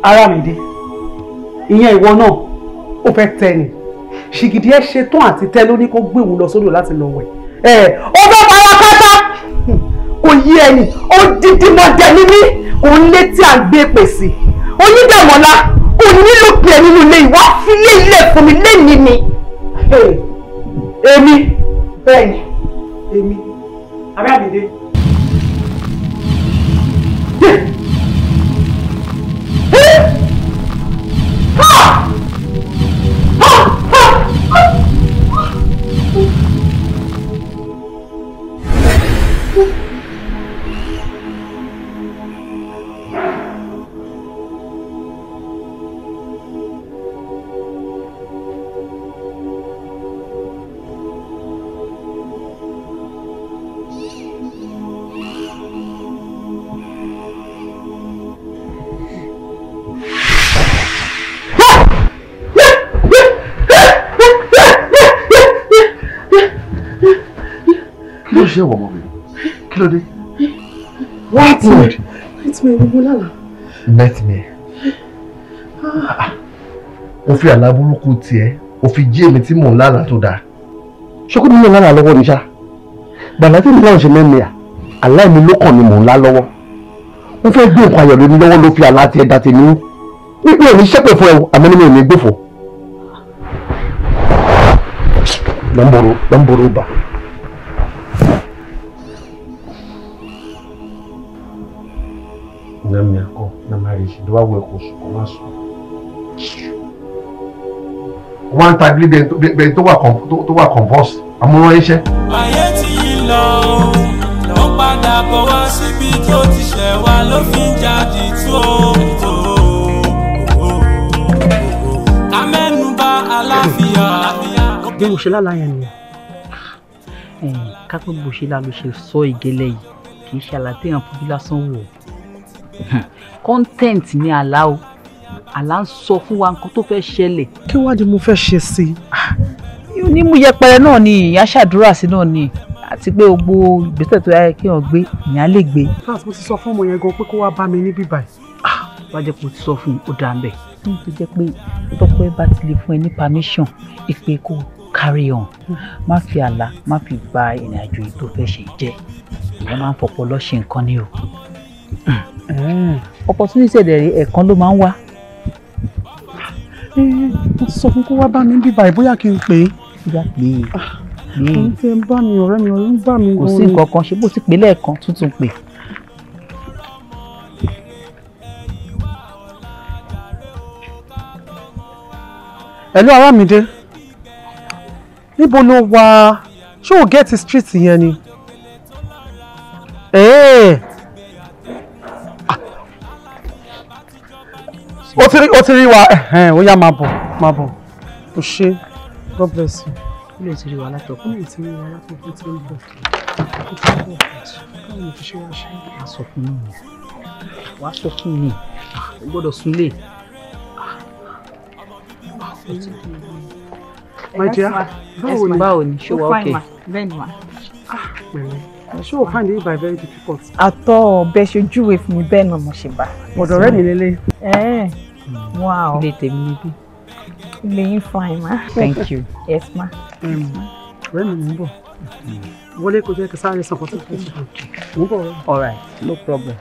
ara mi dé ìyẹn ìwọ náà ó fẹ́ tẹ ni ṣìgìdì ẹ ṣe tán àti tẹ ló ní kó gbé òun lọ sódò láti lọ wẹ̀ ẹ ó fẹ́ fara kò yí ẹni ó dídí mọ́jẹ níbí òun létí àgbépèsè onídàmọ́lá kò nílò pé ẹ nínú ilé ìwá sílé ilé fún mi lẹ́yìn ni. èmi bẹ́ẹ̀ èmi abẹ́ àbẹ̀dẹ́. ló dé. nightmare. Mulala. ni mo lálàá. nightmare. Ah. o fi àlá burúkú tiẹ̀ o fi jí èmi tí mò ń lálàá tó dáa. ṣókó mi mò ń lálàá lọ́wọ́ ni ṣá gbàdá tí mi náà ṣe mẹ́rin à àlá mi ló kàn ni mò ń lá lọ́wọ́ ó fẹ́ gbé nǹkan ayọ̀ lómi lọ́wọ́ ló fi àlá tiẹ̀ dá tèmi wípé ò ní ṣẹ́pẹ̀ fún ẹ àmọ́ ni mi ò ní gbòfò. lọ́nbọ̀rọ̀ lọ́nbọ̀rọ̀ bá. na mmiako na marriage de wawo ko so ko ma so wọn ta gili bẹ́ẹ̀ tó wà tó wà compost amúrò iṣẹ́. ayé ti yí lọ ó padà bọ̀ wá síbi tó ti ṣẹ̀ wá ló fi ń jáde tó tó ká bí mo ṣe lálàyé nìyẹn ká bó ṣe lálọ́ ṣe sọ ìgẹ́lẹ̀ yìí kì í ṣe àlàtẹ̀yàn fojú lásán wò ó. content ni àlá o àlá ń sọ fún wa nǹkan tó fẹ́ ṣẹlẹ̀. kí wàá di mo fẹ́ ṣe sí i. Ah, onímú yẹpẹrẹ náà ni ìyá ṣàdúrà sí náà ni àti pé gbogbo ìgbésẹ̀ tó yẹ kí wọ́n gbé ìyá lè gbé. france mo ti sọ fún ọmọ yẹn gan pé kó wá bá mi níbí báyìí. Ah, wàá jẹ́ kó o ti sọ fún un ó dáa mbẹ́. fún hmm. tó jẹ́ pé tọ́pẹ́ bá ti lè fún ẹ ní permission ìpè kó carry on hmm. má fi àlá má fi ba ìrìn àjò yìí tó fẹ́ ṣe jẹ́ ìyẹn máa ń fọpọlọ ṣe nǹkan ní o. Hmm. Mm. opportunity ẹ̀dẹ̀ rí ẹ̀kan ló máa ń wá. Eh, mo sọ fún kó wá bá mi bíbá ìbóyá kí n pè é. bóyá pè é. àwọn tí ń bá mi ọ̀rẹ́ mi ọ̀rẹ́ ń bá mi. kò sí nǹkan kan ṣe bó ti pè lẹ́ẹ̀kan tuntun pè. ẹ̀lú Arámidé níbo ló wà ṣé o gẹ́ẹ̀tì street yẹn ni. Hey! Eh. o ti o ti rí wa ó yá máa bọ̀ máa bọ̀ o ṣe god bless you. kí ló ti rí wa látọkọ. kí ló ti rí wa látọkọ tí ó ń bọ̀ kí ló ti rí wa látọkọ báwo ni kò ṣe wá ṣe. wàá sọ fún mi wàá sọ fún mi o gbọ́dọ̀ súnlé. my dear báwo ni báwo ni ṣé wàá okay. bẹ́ẹ̀ ni wà. Ah, pẹ̀lẹ́ ṣé o find it by very difficult. àtọ bẹ ṣe júwe fún mi bẹ́ẹ̀ náà mo ṣe bá. ọ̀dọ̀ rẹ mi lélẹ̀. ẹ wow ilé tèmi níbí. ilé fine ma. thank you yes ma. ọ̀rẹ́ mi mò ń bọ̀ wọlé kò jẹ́ kí sáré sọ̀kọ́ tó kù mò ń all right no problem.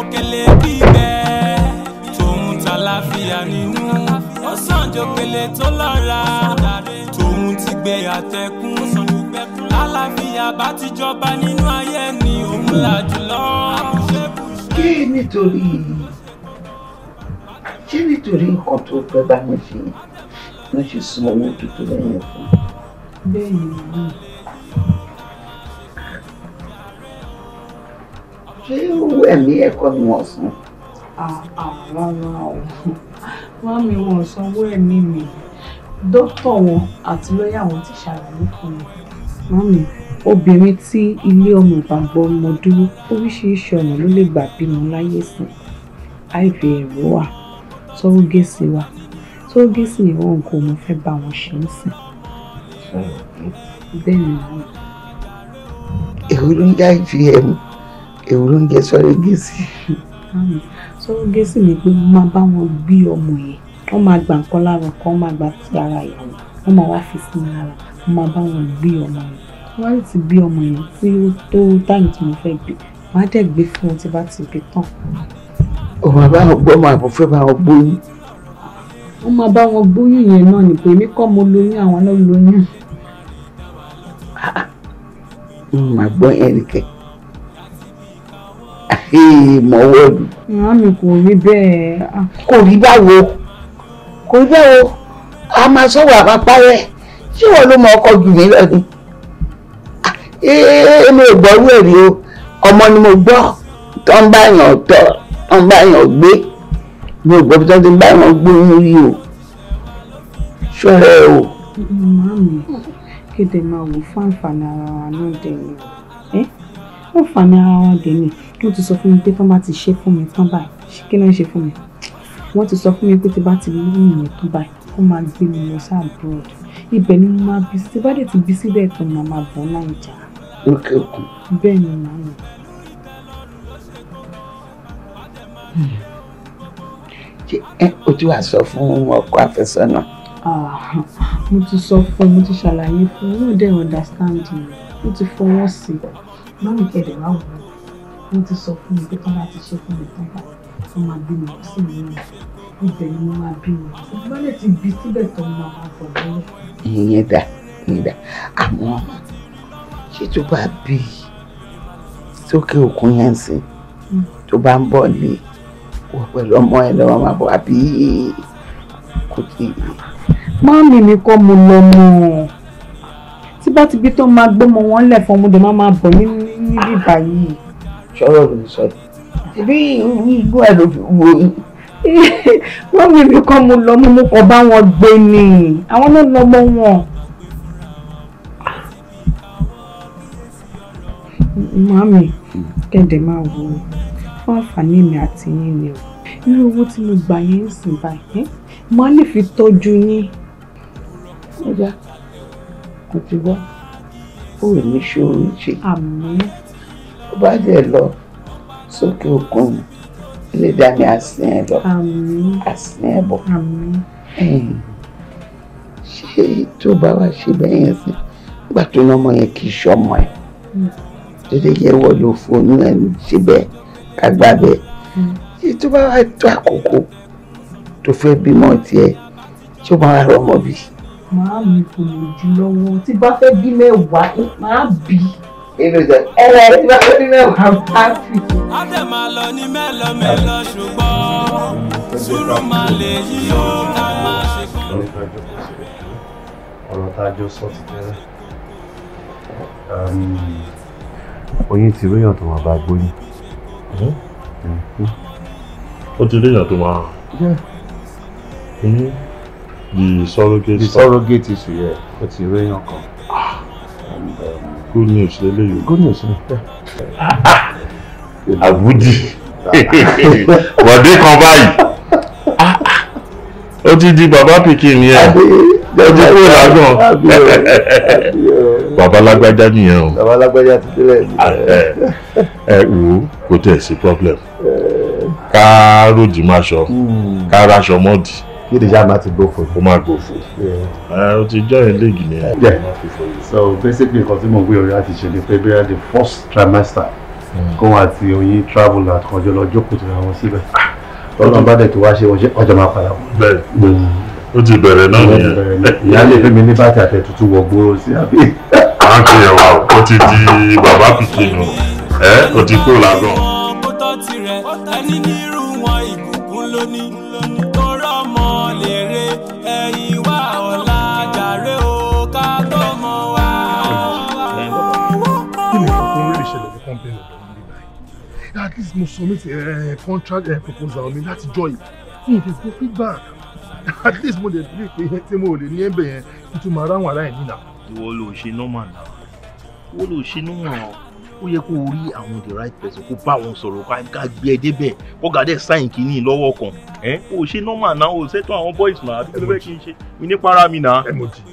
òkèlè bíbẹ́ àlàáfíà ni wọ́n ó sàn jò pèlè tó lọ́ra tòun ti gbé àtẹkùn àlàáfíà bá ti jọba nínú ayé ni òun là jùlọ. kí nítorí ṣé nítorí nǹkan tó fẹ́ bá mi fi ló ṣe sún owó tuntun lẹ́yìn fún. bẹ́ẹ̀ ni ṣé owó ẹ̀mí ẹ̀kọ́ ni wọ́n san rárá o wọ́n mi wọn sanwó ẹ̀mí mi dókítà wọn àti lọ́ọ̀yà wọn ti ṣàlàyé fún mi. mọ́mí obìnrin tí ilé ọmọ ìbàgbọ́ ọmọ dúró oríṣiríṣi ọ̀nà ló lè gbà bímọ láyé sí ivf wà sọ́rọ́gẹ́sì wà sọ́rọ́gẹ́sì ni wọn kò mọ fẹ́ bá wọn ṣe ń sìn. bẹ́ẹ̀ ni wọ́n. èrò ló ń jẹ́ ivf èrò ń jẹ́ sọ́rọ́gẹ́sì sọ́rọ́gẹ́sì ni pé wọ́n máa bá wọn bí ọmọ yẹn wọ́n máa gba nǹkan lára ọkọ wọ́n máa gba ti ara ìyàwó wọ́n máa wá fi sí lára wọ́n máa bá wọn bí ọmọ yẹn wọ́n á ti bí ọmọ yẹn tí ó tó táyì tí mo fẹ́ gbé wọ́n á dẹ̀ gbé fún wọn tí bá ti gbé tán. ó máa bá wọn gbọ́ máa fẹ́ bá wọn gbóyún. wọ́n máa bá wọn gbóyún yẹn náà ni pé èmi kọ́ mo lóyún àwọn náà lóyún. màá gbọ́ mọ̀wọ́dù. màámi kò rí bẹ́ẹ̀. Ah, kò rí báwo kò rí báwo a máa sọ̀rọ̀ àpapá rẹ̀ ṣé wọn ló mọ ọkọ jù mí lọ ni. Ah, èmi ò gbọ́rú ẹ̀ rí o ọmọ ni mo gbọ́ tó ń bá yàn tọ́ tó ń bá yàn gbé mi ò gbọ́ bí tó ti bá yàn gbé yín rí o ṣọ́ra ẹ o. màámi kéde máa wò fún àǹfààní ara wa náà dé ni ó fààní ara wa dé ni wọ́n ti sọ fún mi pé tán bá ti ṣe fún mi tán báyìí kí náà ṣe fún mi wọ́n ti sọ fún mi pé tí bá ti rí ìyẹn tán báyìí ó máa gbé mi lọ sí abroad ibẹ̀ ni mo máa bí sí bá dẹ̀ ti bí síbẹ̀ tán mo máa bọ̀ Naija. lókè òkun. bẹ́ẹ̀ ni màá mi. ṣé ẹ o ti wá sọ fún ọkọ àfẹ́sọ́nà. Ah, mo ti sọ fún mo ti ṣàlàyé fún un yóò dẹ̀ understand mi mo ti fọwọ́ sí i báwo kẹ̀dẹ̀ wá wò ó wọ́n ti sọ fún mi pé tí ti ṣe fún mi tán bá wọ́n máa bí mi sí mi nù ibẹ̀ ni wọ́n máa bí mi ìgbà lè ti bí síbẹ̀ tó máa wà bọ̀ lọ́wọ́. ìyẹn dà ìyẹn dà àmọ́ ṣé tó bá bí sókè òkun yẹn sí tó bá ń bọ̀ ní pẹ̀lú ọmọ ẹ lọ́wọ́ máa bọ̀ àbí kò tí ì. Máàmì mi kọ́ mo lọ mọ́ ọ. Tí bá ti bí tó máa gbọ́mọ wọn lẹ̀ fún ọmọdé máa máa bọ̀ ní bíbá yìí sọ̀rọ̀ ló ń sọ bí igbó ẹ̀ ló fi wo wọ́n mi bí kan mo lọ mú mú kọ bá wọn gbé ni àwọn náà lọ́gbọ́ wọn. màmí kẹ̀dẹ̀ máa wo fún àǹfààní mi àti yín ni o irú owó tí mo gbà yẹn ń sìn báyìí màá lè fi tọ́jú yín. ó kò ti wá ó ní ṣòro ṣe. àmín ó bá dẹ̀ lọ sókè òkun ilé dání àsìn ẹ̀ lọ àsìn ẹ̀ bọ̀ ṣé tó bá wà ṣe bẹ́ẹ̀ yẹn sí nígbà tó lọ́mọ yẹn kì í ṣọmọ ẹ̀ hmm. dédé yẹ wọ́n lò fóònù ẹ̀ ṣe bẹ́ẹ̀ kágbá bẹ́ẹ̀ hmm. ṣé tó bá wà tó àkókò tó fẹ́ bímọ tiẹ̀ tí ó máa rọmọ bí. màá mi kò lè jù lọ́wọ́ tí bá fẹ́ bí mẹ́wàá màá bí ìrìnsẹ̀ ẹ̀rọ ẹ̀rọ ẹ̀rọ mẹ́wàá bá fi. a tẹ̀ máa lọ ní mẹ́lọ mẹ́lọ ṣùgbọ́n sùúrù máa lè yí ó ká máa ṣe kán. ọ̀rọ̀ tá a jọ sọ ti tẹ́lẹ̀ oyin ti ríyàn tó máa bá gbóyún. Hmm. ó ti ríyàn tó máa oyún the hmm. surrogate issue yẹ ó ti ríyàn kan good news lele. good news ni. àbújì wọ̀dé kan báyìí ó ti di bàbá pikin yẹn ó ti kúrò lágàn bàbá lágbájá nìyẹn o bàbá lágbájá ti délẹ̀ ah, ẹ wò ó kò tẹ̀ sí problem eh. ká rojì máa ṣọ hmm. ká raṣọ mọ́ọ̀dì kéde ṣáà má ti gbófo. ó máa gbófo o ti join league ni. so basically nǹkan tí mo gbé orí láti ṣe ni pé bí wọ́n di first trimester hmm. kó wọn àti oyin travel at kan jọ lọ jókòó tó ra wọn síbẹ̀ ah. tọ́lọ́ bá dẹ̀ tó wá ṣe wọ́n ṣe ọjà máa padà wọ́n. bẹ́ẹ̀ hmm. ó ti bẹ̀rẹ̀ náà nìyẹn. ìyáálé fún mi ní bàtà àtẹ̀tutù wọ̀ gbòòrò sí àbí. à ń pè é wa ti di bàbá pikin nù ẹ ó ti kúrò lágàn. ọmọ bó tọ́ tirẹ̀ ẹni ní irú wọn ìkùnkùn lónìí. at least must submit uh, contract uh, proposal I mean, that's joy. fún ìdè good feedback at least mo lè bí pé tí mo lè ní ẹ̀bẹ̀ yẹn tuntun máa ráwọn aláìní náà. ìwọ ló ṣe normal náà ìwọ ló ṣe normal náà ó yẹ kó rí àwọn the right person kó bá wọn sọ̀rọ̀ ká gbé ẹ e débẹ̀ kọ́gà dẹ̀ sáyìn kínní lọ́wọ́ kan ẹ ó ṣe normal náà ó ṣètò àwọn boys náà àbí kí ló fẹ́ kí n ṣe mi ní para mi náà.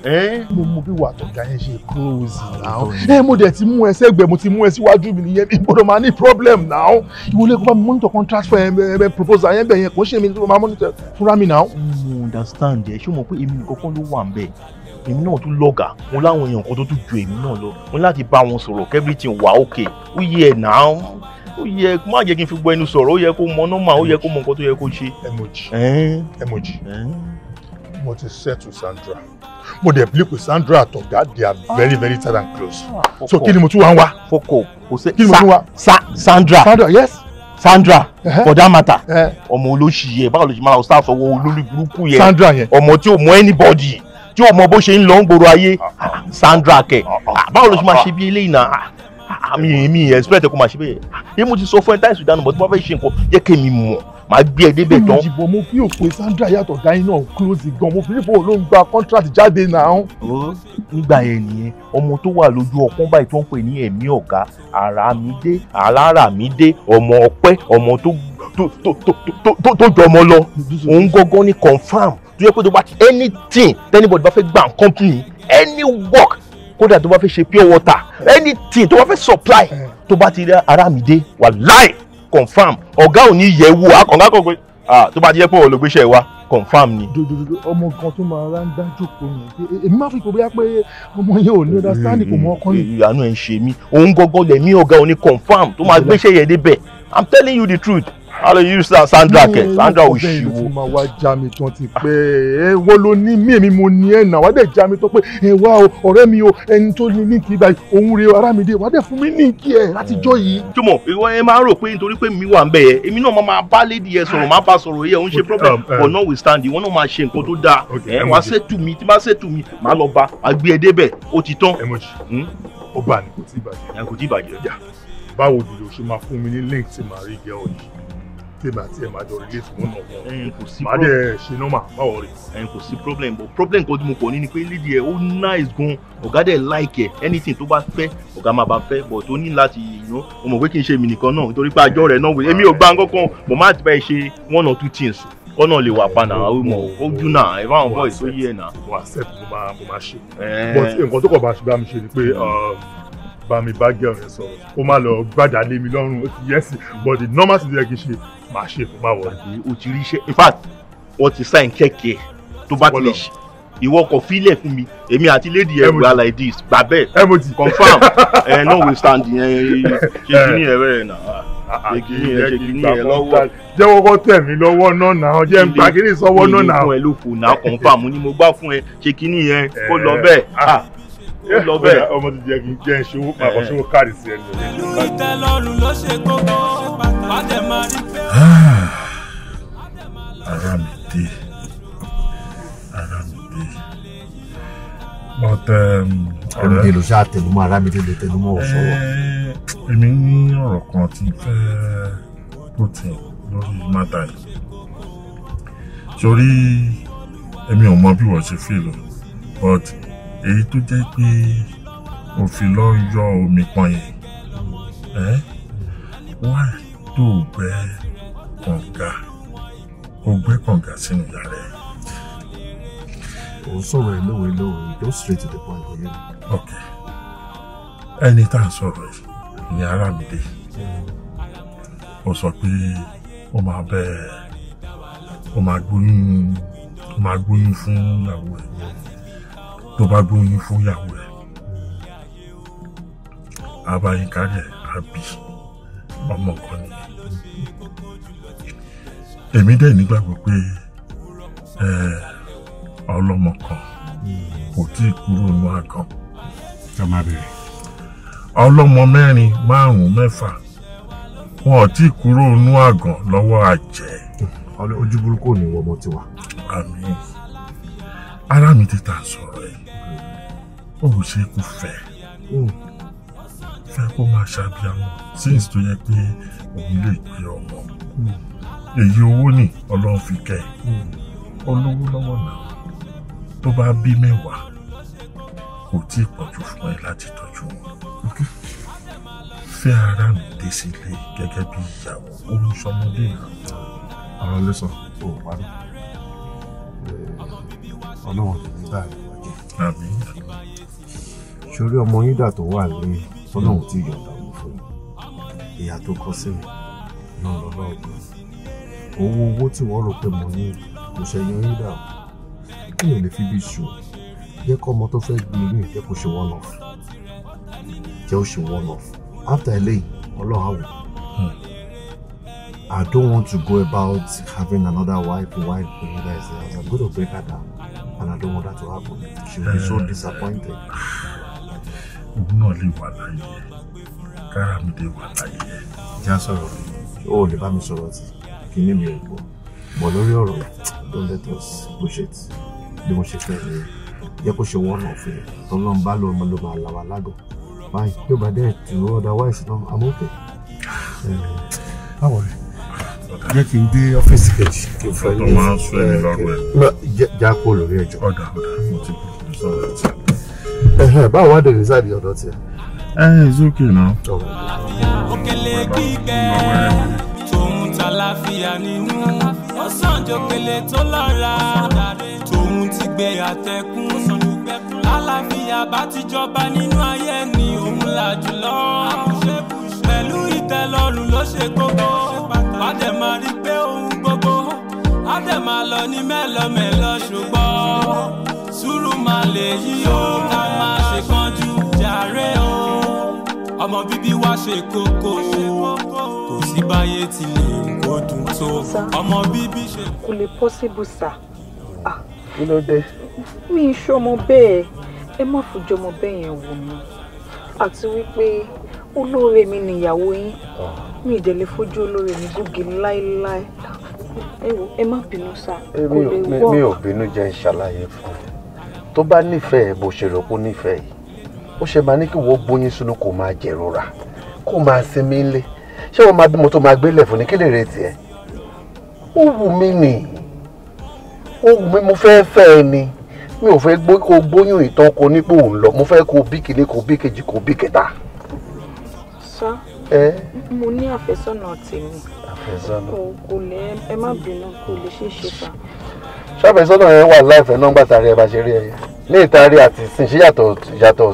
ẹ mo mú bí wà tọ̀gá yẹn ṣe close náà ẹ mo dẹ̀ ti mú ẹ sẹ́gbẹ̀ẹ́ mo ti mú ẹ síwájú mi nìyẹn mi gbọ́dọ̀ máa ní problem náà ìwọ lè kó bá mi monitor contract fún ẹ ẹ proposal yẹn bẹ̀ yẹn kò ṣe mi máa monitor fúnra mi náà. mo understand ẹ ṣé o mọ̀ pé èmi nìkan kọ́ ló wà ń bẹ̀ èmi náà tún lọ́gà mo láwọn èèyàn kan tó tún ju èmi náà lọ mo láti bá wọn sọ̀rọ̀ everything wà okay ó yẹ ẹ̀ náà ó yẹ má jẹ́ kí n fi gbọ́ ẹnu sọ̀rọ̀ ó yẹ kó mọ nọ́mà ó yẹ kó mọ nǹkan tó yẹ kó ṣe. emoji emoji mo ti settle Sandra mo dey believe with Sandra àtọ̀gá they are very very tight and close ah, so kí ni mo tún wá ń wá. foko kò sí kí ni mo tún wá. Sandra Sandra yes. Sandra uh -huh. for that matter uh-huh. ọmọ olóṣì yẹ báwo ló ṣe máa ń sáfọwọ́ olórí burúkú yẹ ọmọ tí ò mọ anybody tí o mọ bó ṣe ń lọ ń gbòòrò ayé ah, ah. Ah, Sandra kẹ báwo ló ṣe máa ṣe bí eléyìí náà mi mi expect kó máa ṣe bẹ́ẹ̀ yé mo ti sọ fún ẹ táìsì ìdánù bọ́ tí wọ́n fẹ́ ṣe nǹkan jẹ́ kí mi mọ̀ màá gbé ẹ débẹ̀ tán. ìjìbọn mo fi òpè Sandra yàtọ̀ dání náà close gan mo fi nípa ló ń gba contract jáde náà. ó nígbà yẹn nìyẹn ọmọ tó wà lójú ọpọ́n báyìí tó ń pè ní ẹ̀mí ọ̀gá Àràmídé Aláràmídé ọmọ ọpẹ́ ọmọ tó jọmọ lọ òun gọ́gọ́ ní confam tó yẹ kó tó bá anything tẹ́nibọ̀dì bá fẹ́ gbà company any work kódà tó bá fẹ́ ṣe pure water anything tó bá fẹ́ supply eh. tó bá ti rí Àràmídé wàláì confam ọ̀gá ò ní yẹ̀ wò akọ̀ǹgá kọ̀ pé tó bá ti yẹ pé òun ló gbéṣẹ́ wa confam ni. dododo ọmọ kan tó máa ra ń dájú kò yẹn èmi máa fi kò bóyá pé ọmọ yẹn ò ní ọdá sáàni kò mọ ọkàn yìí. ìyanu ẹ̀ ń ṣe mí òun gangan lẹ̀mí ọ̀gá òní confam tó máa gbéṣẹ́ yẹn débẹ̀ I'm telling you the truth a lè use that Sandra kẹ Sandra ò ṣíwó. ìlú ma já mi tán ti pẹ́ ẹ wo ló ní mí èmi mo ní ẹ̀ náà wá dẹ̀ já mi tán pé ẹ wá o ọ̀rẹ́ mi o ẹni tó ní níkì báyìí òun rè ara mi dé wá dẹ̀ fún mi níkì ẹ̀ látijọ́ yìí. jọmọ ìwọ ẹ máa rò pé nítorí pé mi wà ń bẹ yẹ èmi náà máa bá lédi yẹ sọ̀rọ̀ máa bá sọ̀rọ̀ yẹ òun ṣe problem um, um, but notwithstanding wọn náà máa ṣe nǹkan tó dáa ẹ wá ṣètù mi tí bá ṣètù mi máa lọ bá àgbẹ̀ ẹdẹ́bẹ̀ ó ti tán. Hmm? ó bá ní kò tí ì bàjẹ́ báwo ni o tí màá tèmi àti ẹ̀ máa jọ relate one on one. ẹyin máa dẹ̀ ṣe nọ́mà báwo rẹ̀. ẹyin kò sí problem but problem kan tí mo kọ̀ ní ni pé lady ẹ̀ ó nice gan ọ̀gá dẹ̀ like ẹ̀ anything tó bá fẹ́ ọ̀gá máa bá fẹ́ but ó ní láti yìnyín o mọ̀ pé kí n ṣe èmi nìkan náà nítorí pé àjọ rẹ̀ náà wò èmi ò gba nǹkan kan máa ti bá ẹ ṣe one or two things kọ́nà lè wà padà àwọn ọmọ ojú náà ẹ báwọn bọ́ọ̀ tó yé ẹ̀ náà. mo accept mo máa mo máa ṣe. but nǹkan tó kọ̀ bá ṣe bá mi ṣe ni pé um, bá mi bá gẹ̀ọ́rẹ́ sọ̀rọ̀ kó má lọ gbàdá lé mi lọ́rùn ó but the normal thing yẹ kí n ṣe máa ṣe fún máa o ti rí in fact wọ́n ti sign kẹ́kẹ́ tó bá ti lè ṣe ìwọ kò fílẹ̀ fún mi èmi àti lady ẹ̀ gba like this gba bẹ́ẹ̀ confam ẹ̀ no we stand yẹn ṣe kìíní ẹ̀ bẹ́ẹ̀ náà ṣe kìíní ẹ̀ ṣe kìíní ẹ̀ lọ́wọ́. jẹ́wọ́ kọ́ tẹ̀ mí lọ́wọ́ náà náà jẹ́ n pa kìíní sọ́wọ́ náà náà. ìlú ẹ̀ ló kù náà confam ni mo gbà fún ẹ ṣe kìíní ẹ̀ kó lọ eh, bẹ́ẹ̀ ah. Ah, lọ bẹ́ẹ̀. ọmọ ti jẹ́ kí n jẹ́ ìṣòwò pàkọ́ṣòwò káàdì sí ẹni. pẹ̀lú ìtẹ́lọ́rùn ló ṣe kókó bàtẹ́ máa rí pé ara mi dé ara mi dé but um, ọ̀rẹ́ ọ̀rẹ́ ló ṣáà tẹnumọ́ ara mi dé ló tẹnumọ́ ò sọ̀rọ̀. Eh, èmi ní ọ̀rọ̀ kan tí fẹ́ tó tẹ̀ lórí mátà yìí sórí èmi ò mọ bí wọ́n ṣe feel but èyí tó jẹ́ pé mo fi lọ yọ omi pọn yẹn ẹ́ eh, wá tó o gbé kànga sínú yàrá ẹ̀. ò ń sọ̀rọ̀ ẹ̀ lówe lówe go straight to the point for you. ok ẹni tá a sọ̀rọ̀ yìí ni Àràmídé ó sọ pé ó máa bẹ ó máa gbóyún ó máa gbóyún fún ìyàwó ẹ̀ tó bá gbóyún fún ìyàwó ẹ̀ abayinka rẹ̀ àbí ọmọ kan nìyẹn. èmi dẹ̀ nígbàgbọ́ pé ọlọ́mọ kan kò tí ì kúrò ní àgàn. ká ọlọ́mọ mẹ́rin márùn-ún mẹ́fà wọn ò tí ì kúrò ní àgàn lọ́wọ́ àjẹ́. ojú burúkú ò ní wọ ọmọ wà. àmì ara mi ti tà sọ̀rọ̀ ẹ̀ ó ṣe kò fẹ́ fẹ́ kó máa ṣàbíyàwó since tó yẹ pé òun lè gbé ọmọ. èyí owó ni ọlọ́run fi kẹ́ ẹ olówó lọ́wọ́ náà tó bá bí mẹ́wàá kò tí ì pọ̀jù fún ẹ láti tọ́jú wọn. fẹ́ ara mi dé sílé gẹ́gẹ́ bí ìyàwó olùsọmọdé ìrànwọ́. ọ̀rọ̀ ló sọ ò wá lọ ọlọ́run kò ní báyìí wájú. àmín. sórí ọmọ yín dà tó wà lé tọ́lọ́run tí yọ̀ǹda mú fún mi ìyá tó kọ sí mi náà lọ́lọ́ọ̀gbọ́n owó owó tí wọ́n rò pé mo ní kò ṣẹ̀yìn rí dà kí ni lè fi bí ṣù jẹ́ kọ́ ọmọ tó fẹ́ gbin ilé jẹ́ kó ṣe one off jẹ́ ó ṣe one off after eléyìí ọlọ́run I don't want to go about having another wife wife that is there I'm to break her down and I don't want that to happen she will be so eh. disappointed. ogun náà lè wà láyé kára mi lè wà láyé. jẹ́ sọ̀rọ̀ o ò lè bá mi sọ̀rọ̀ tí kíní mi ò gbọ́ bọ̀ lórí ọ̀rọ̀ don't let us push it bí mo ṣe fẹ́ ni jẹ́ kó ṣe wọ́n náà fún yẹn tọ́lọ́ ń bá lò ọmọ ló máa là wá ládùn báyìí bí ó bá dẹ̀ tù ú otherwise náà I'm okay. báwo rẹ jẹ́ kí n dé ọ́fíìsì kejì kí n fẹ́ ní ẹ̀ já kó Okay. ẹjọ́. ọ̀dà ọ̀dà mo ti sọ ọ̀rọ̀ tí. ẹ̀hẹ̀ báwo wá dé reside ọ̀dọ̀ tiẹ̀. ẹ̀ eh, ẹ̀ it's okay now. òkèlè kíkẹ́ àlàáfíà nínú ó sàn jòkèlè tó lọ́ra tòun ti gbé àtẹ̀kùn àlàáfíà bá ti jọba nínú ayé ni òun là jùlọ pẹ̀lú ìtẹ́lọ́rùn ló ṣe gbogbo wàdẹ máa rí pé òun gbogbo wàdẹ máa lọ ní mẹ́lọmẹ́lọ ṣùgbọ́n sùúrù máa lè yí o ká máa ṣe kánjú jàre o ọmọ bíbí wa ṣe kókó sí báyé ti lè kó dùn tó ọmọ bíbí ṣe. kò lè possible sà. Ah. kí ló dé. mi ń ṣọmọ bẹ́ẹ̀ ẹ má fòjọmọ bẹ́ẹ̀ yẹn wò mí àti wípé olóore mi nìyàwó yín ah. mi ìdẹ̀ lè fojú olóore mi gògì láéláé ẹ má bínú sá eh, kò lè wọ́. mi ò bínú jẹ́ ń ṣàlàyé fún un tó bá nífẹ̀ẹ́ bó ṣe rò pé nífẹ̀ẹ́ yìí ó ṣe máa ní kí wọ́n gbóyún sínú kó máa jẹ̀rora kó máa sinmi ńlẹ̀ ṣé wọ́n máa bímọ tó máa gbélé fún ni kí lè retí ẹ̀ ó wù mí nì ó wù mí mo fẹ́ fẹ́ ẹ ni mi ò fẹ́ gbó kó gbóyún ìtàn kó nípò òun lọ mo fẹ́ kó bí kìíní kó bí kejì kó bí kẹta. sá mo ní àfẹ́sọ́nà tèmi àfẹ́sọ́nà kò lè ẹ má bínú kò lè ṣeé ṣe fà. ṣàfẹ́sọ́nà yẹn wà láìfẹ́ nọ́mbà tari ẹ bá ṣe rí ẹ ní ìtarí àti ìsìn ṣe yàtọ̀ yàtọ̀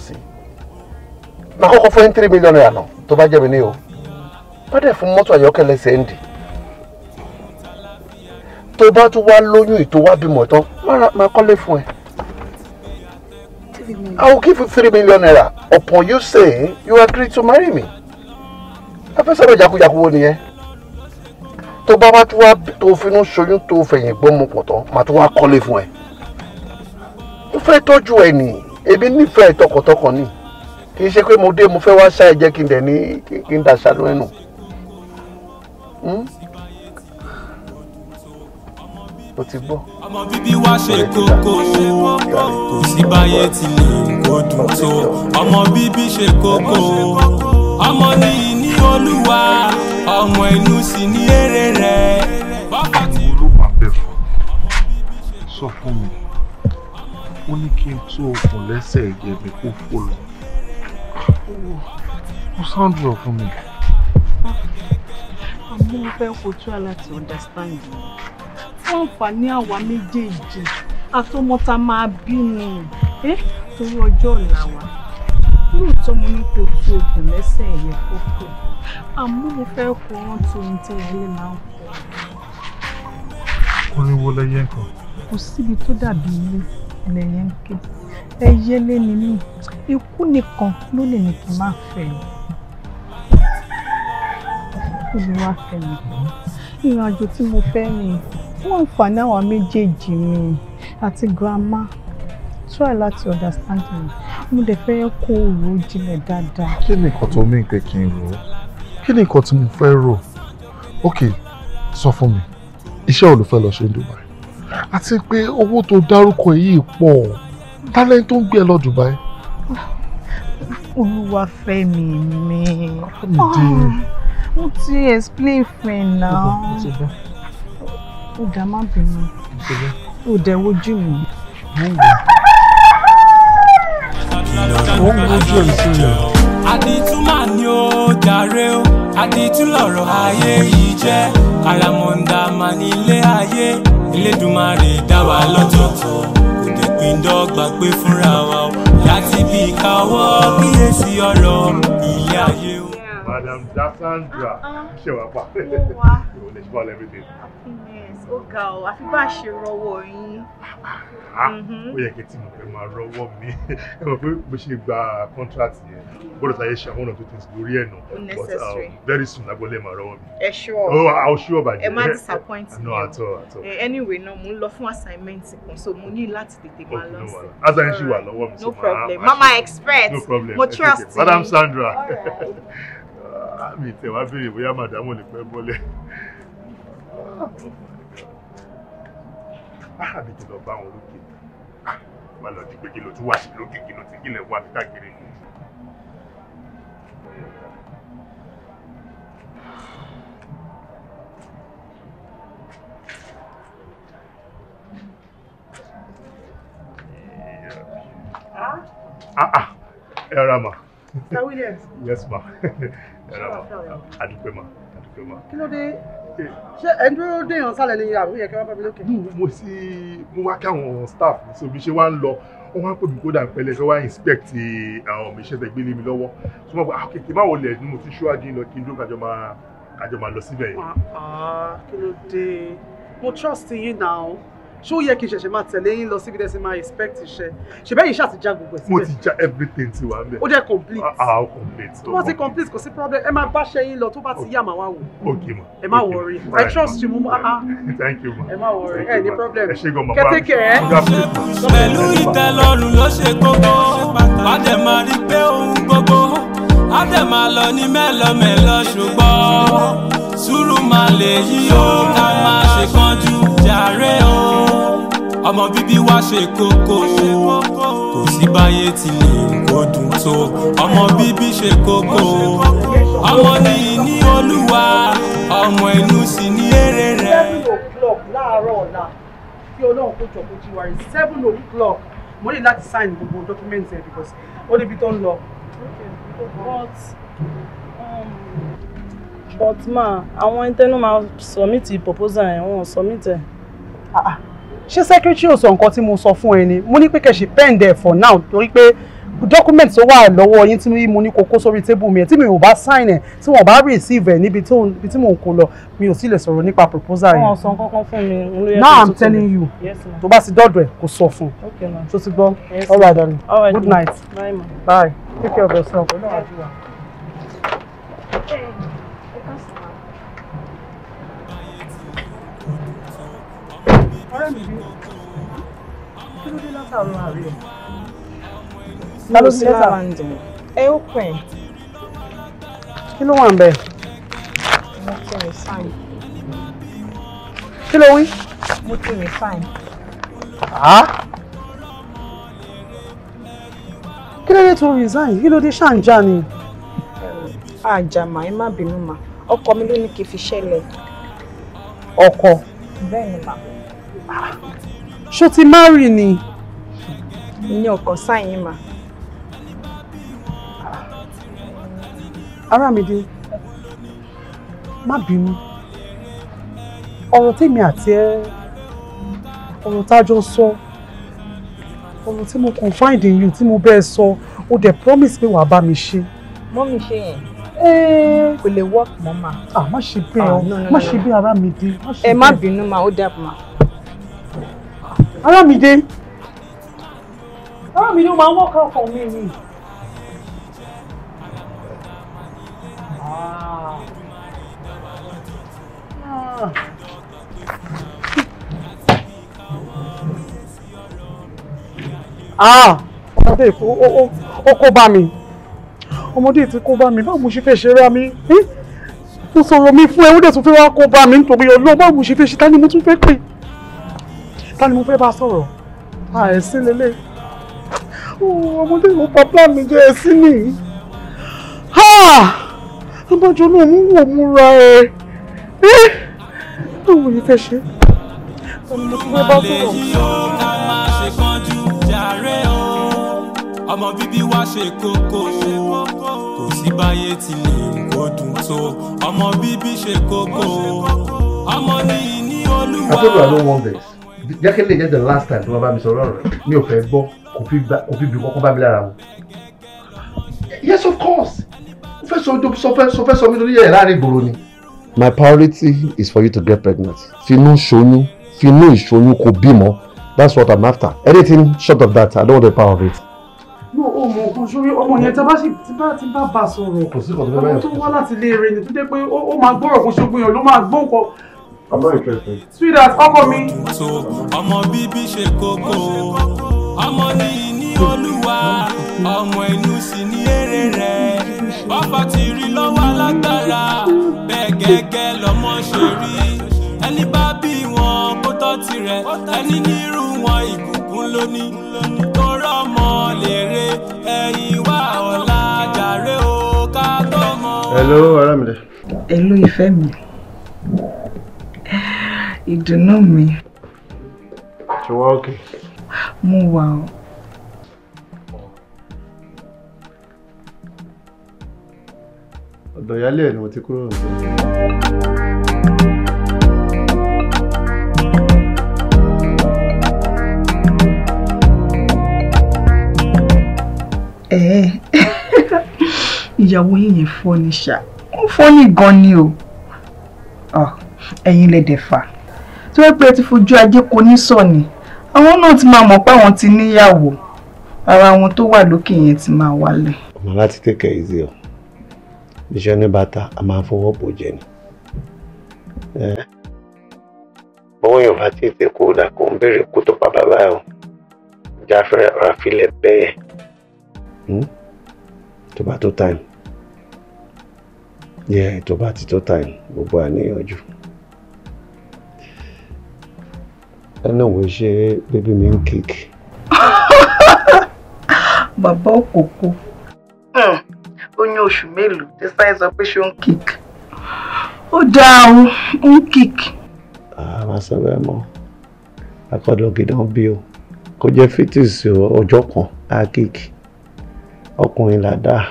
máa kọ́kọ́ fún ẹ́ ní three million naira tó bá jẹ́ mi ní o bá dẹ̀ fún mọ́tò àyọ́kẹ́lẹ́ sẹ́ndì tó bá tún wá lóyún ìtò wá bímọ tán máa kọ́lé fún ẹ. I will give you three million naira upon you saying you agree to marry me. Afẹ́sọ̀rọ̀ jakujaku wo nìyẹn? Tó bá wá tún wá tó finú ṣoyún tó fẹ̀yìn gbọ́mọ pọ̀ tán, màá tún wá kọ́lé fún ẹ. Mo fẹ́ tọ́jú ẹ nìyí, èmi nífẹ̀ẹ́ tọkàntọkàn ni. Kì í ṣe pé mo dé mo fẹ́ wá ṣá ẹ jẹ́ kí n dẹ̀ ní kí n dà ṣàlùwẹ̀ nù. Hmm? o ti gbọ́. ọmọ bíbí wa ṣe kókó kò sí báyé ti lè kó dùn tó ọmọ bíbí ṣe kókó ọmọ ní ìní olúwa ọmọ inú sì ní èrè rẹ. olúwa bẹ̀ fún sọ fún mi ó ní kí n tó okùn lẹ́sẹ̀ ẹ̀jẹ̀ mi kó fò lọ ó sáǹdù ọ̀ fún mi àmọ́ ó fẹ́ kó try láti understand mi fún àǹfààní àwa méjèèjì àtọmọ tá a máa bí ni ẹ torí ọjọ́ ọ̀la wa lóòótọ́ mo ní kó tu oògùn lẹ́sẹ̀ ẹ̀yẹ kókó àmọ́ mo fẹ́ kó rántí ohun tí ẹ̀yẹ lè máa ń kọ́ ọkùnrin wo lẹyẹ nǹkan. kò síbi tó dàbí ilé lẹyẹ ń ké ẹyẹlé ni mí ikú nìkan ló lè ní kí n má fẹ́ yìí tí mi wá fẹ́ mi ìrìn àjò tí mo fẹ́ mi wọ́n ń fà ní àwọn méjèèjì mi àti grandma try láti understand me. mo dẹ̀ fẹ́ kó rò jinlẹ̀ dáadáa. kí ni nǹkan tó mí pé kí n rò ó kí ni nǹkan tí mo fẹ́ rò ok sọ fún mi iṣẹ́ wo lo fẹ́ lọ ṣe ní Dubai àti pé owó tó dárúkọ yìí pọ̀ talent tó ń gbé ẹ lọ Dubai. Ah, Olúwafẹ́mi mi. Kámídé mo ti explain fún ẹ náà ó dá má bínú ó dẹ wojú mi. ó ń wojú ẹ̀ sí rẹ̀. àdìtú mà ní ó jàre ó àdìtú lọ̀rọ̀ ayé yìí jẹ́ àràmọ̀ǹdà mà ní ilé ayé Elédùmarè dá wa lọ́tọ̀ọ̀tọ̀ kò dé pín dọ́gba pé fúnra wa láti o. Madam Dasandra uh-uh. ṣe wà pa o lè spoil everything. happiness ó ga ọ àfi bá a ṣe rọwọ yín. Ah, ah. Mm-hmm. ó yẹ kí tí mo fẹ́ máa rọwọ́ contract yẹn gbọ́dọ̀ sáyé ṣe àwọn ọ̀nà tó tẹ̀ sí lórí ẹ̀ nù but um, very soon agbọ́lẹ̀ máa rọwọ́ mi. ẹ ṣọ́ ọ ọ àwọn ṣọ́ bàjẹ́ ẹ má disappoint me o eh, anyway no, mo ń lọ assignment so mo need láti tètè máa lọ sí. As I wà lọ́wọ́ mi so màá no problem mama expert mo trust you. madam Sandra. mi tẹ̀ wá béèrè bóyá màdámù lè pẹ́ bọ́lẹ̀ àbí ah, kí lọ bá wọn lókè má ah, lọ di pé kí ló tún wà sí lókè kí ló ti kílẹ̀ wà mí káàkiri. Ah. ah ah, ẹ ra ma. Sir Williams. Yes ma. adúpẹ́ wọ́n wá pè mí kódà pẹ́lẹ́ fẹ́ wá inspect eh, àwọn ọmọ iṣẹ́ tẹ gbélé mi lọ́wọ́ tí wọ́n bá akéèké máa wọlé ẹ̀dùn mo ti ṣíwájú lọ kí n dúró kájọ máa lọ síbẹ̀ yẹn. kí ló dé mo trust yín náà ṣé yẹ kí n ṣẹ̀ṣẹ̀ máa tẹ̀lé yín lọ síbi tẹ́sí máa expect iṣẹ́ ṣe bẹ́ẹ̀ yìí ṣáà ti já gbogbo ẹ̀ síbẹ̀. mo ti já everything ti wa mẹ́. ó jẹ́ complete. ah, ah complete. tó bá ti complete kò sí problem ẹ máa bá ṣe yín lọ tó bá ti yá màá wá wò. ok ma ẹ má wọrí i trust you mo ah. thank you ma ẹ má wọrí ẹ ní problem kẹtẹkẹ ẹ. pẹ̀lú ìtẹ́lọ́rùn ló ṣe gbogbo wà á dẹ̀ máa rí pé ohun gbogbo á dẹ̀ máa lọ ní mẹ́lọmẹ́lọ sùúrù máa lè yí o ká máa ṣe kánjú jàre o ọmọ bíbí wa ṣe kókó kò sí báyé ti lè kó dùn tó ọmọ bíbí ṣe kókó ọmọ ní ìní olúwa ọmọ inú sì ní èrè rẹ̀. seven o'clock láàárọ̀ ọ̀la kí ọlọ́run kó jọ seven o'clock mo ní láti sign gbogbo document ẹ because ó débi tó ń lọ. but um, but ma àwọn internal ma submit proposal ẹ̀ wọ́n submit ẹ̀. Ah, ah ṣé secretary ò sọ nǹkan tí mo sọ fún ẹ ni mo ní pé kẹ̀sì pen there for now torí pé document tó wà lọ́wọ́ yín tí mo ní kó kó sórí table mi ẹ̀ tí mi ò bá sign ẹ̀ tí wọ́n bá receive ẹ̀ níbi tí mò ń kó lọ mi ò sì lè sọ̀rọ̀ nípa proposal yìí. wọn sọ kankan fún mi. now i'm telling you tó bá ti dọ́dọ̀ ẹ̀ kó sọ fún un tó ti gbọ́ all right darling good night bye take care of yourself. ọ̀rẹ́ mi bí kí ló dé látàrún àárẹ̀. ta ló ti lẹ́tà ẹ ó pẹ̀. kí ló wà ń bẹ̀. mo ti rìn fáìn. kí ló wí. mo ti rìn fáìn. kí ló dé tó resign kí ló dé ṣàǹjà ni. àjàmà ẹ má bínú mà ọkọ mi ló ní kí n fi ṣẹlẹ̀. ọkọ. bẹ́ẹ̀ ni bàbá ṣó ti márì ni. ìyẹn ọkọ sáyìn mà. Àràmídé má bínú ọ̀rọ̀ tèmi àti ẹ ọ̀rọ̀ tájọ sọ ọ̀rọ̀ tí mo confide in you tí mo bẹ́ẹ̀ sọ o dẹ̀ promise pé wàá bá mi ṣe. mọ́ mi ṣe yẹn kò lè work mọ́ ma. má ṣe bẹ́ẹ̀ ọ ah, má ṣe bẹ́ẹ̀ Àràmídé. ẹ má bínú ma ó dàbọ̀ ma. Alámìdé Alámìdé ó máa ń wọ́ọ̀kà ọkọ̀ mi ni. Ah. Ah, ọmọdé ó kó bá mi ọmọdé ti kó bá mi báwo mo ṣe fẹ́ ṣe ra mi hm? mo sọ̀rọ̀ mi fún ẹ ó dẹ̀ tún fẹ́ wá kó bá mi nítorí ọlọ́ọ̀ báwo mo ṣe fẹ́ ṣe ta ni mo tún fẹ́ pè é ta ni mo fẹ́ bá sọ̀rọ̀ àìsí lélẹ̀ ọmọdé ìwọ bàbá mi jẹ́ ẹ̀sìn ni abájọ náà mú wò múra ẹ báwo ni fẹ́ ṣe ta ni mo fẹ́ bá sọ̀rọ̀. ọmọ bíbí wa ṣe kókó kò sí báyé tí lè kó dùn tó ọmọ bíbí ṣe kókó ọmọ ní ìní olúwa. I told you I don't want this jẹ́kẹ́ lè jẹ́ the last time tí wọ́n bá mi sọ̀rọ̀ rẹ̀ mi ò fẹ́ gbọ́ kò fi bí kọ́kọ́ bá mi lára mu. yes of course mo fẹ́ sọ sọ mi lórí ẹ̀ láàrin ìgboro ni. my priority is for you to get pregnant finú ṣoyún finú ìṣoyún kò bímọ that's what i'm after anything short of that i don't want the power of it. no ọmọ ọkùnrin sórí ọmọ yẹn tí a bá sì tí bá ti bá bá sọ̀rọ̀ ọmọ tó wá láti ilé rẹ ni tó jẹ́ pé ó máa gbọ́rọ̀ kan ṣogbin ọ ló máa gbọ́ nǹkan I'm not interested. Sweetheart, ọkọ mi. Ọmọ bíbí ṣe kókó, ọmọ ní ìní olúwa, ọmọ inú sì ní èrè rẹ̀. Bàbá ti rí lọ́wọ́ alágbára, bẹ́ẹ̀ gẹ́gẹ́ lọ́mọ ṣe rí. Ẹni bá bí wọn kó tọ́ tirẹ̀, ẹni ní irú wọn ìbùkún lónìí. Torọ́ ọmọ lèrè ẹ̀yìn wá ọ̀la jàre o ká tó mọ. Hello, Aramide. Hello, ìfẹ́ mi ìdùnnú mi. ṣe wá òkè. mo wà ó. ọ̀dọ̀ ìyálé ẹ̀ ni mo ti kúrò nígbà. ẹ̀ẹ́ ìyàwó yìnyín fọ́ ni ṣá ó fọ́ ní gan ni o ah, ẹ̀yin lẹ́dẹ̀ẹ́ fà tó yẹ pé ti fojú ajé kò ní sọ ni àwọn náà ti máa mọ̀ pé àwọn ti níyàwó ara wọn tó wà lókè yẹn ti máa wálẹ̀. ọmọ láti kékeré ìzí o iṣẹ́ ní bàtà a máa fọwọ́ bò jẹ ni. bọ́wọ́ yóò bá tètè kó dà kó ń béèrè kó tó pa bàbá o ìjà fẹ́rẹ̀ bẹ́ẹ̀ hmm? tó bá tó time yẹ tó bá ti tó time gbogbo àníyànjú. ẹnáwó ṣe baby milk cake. bàbá òkòkò oyún hmm, oṣù mélòó tí sáyé sọ pé ṣé ó ń kíkì ó dáa o ó ń kíkì. àwọn sábà mọ akọ́dọ̀ gidan bí o kò jẹ́ fitis ọjọ́ kan á kíkì ọkùnrin là dáa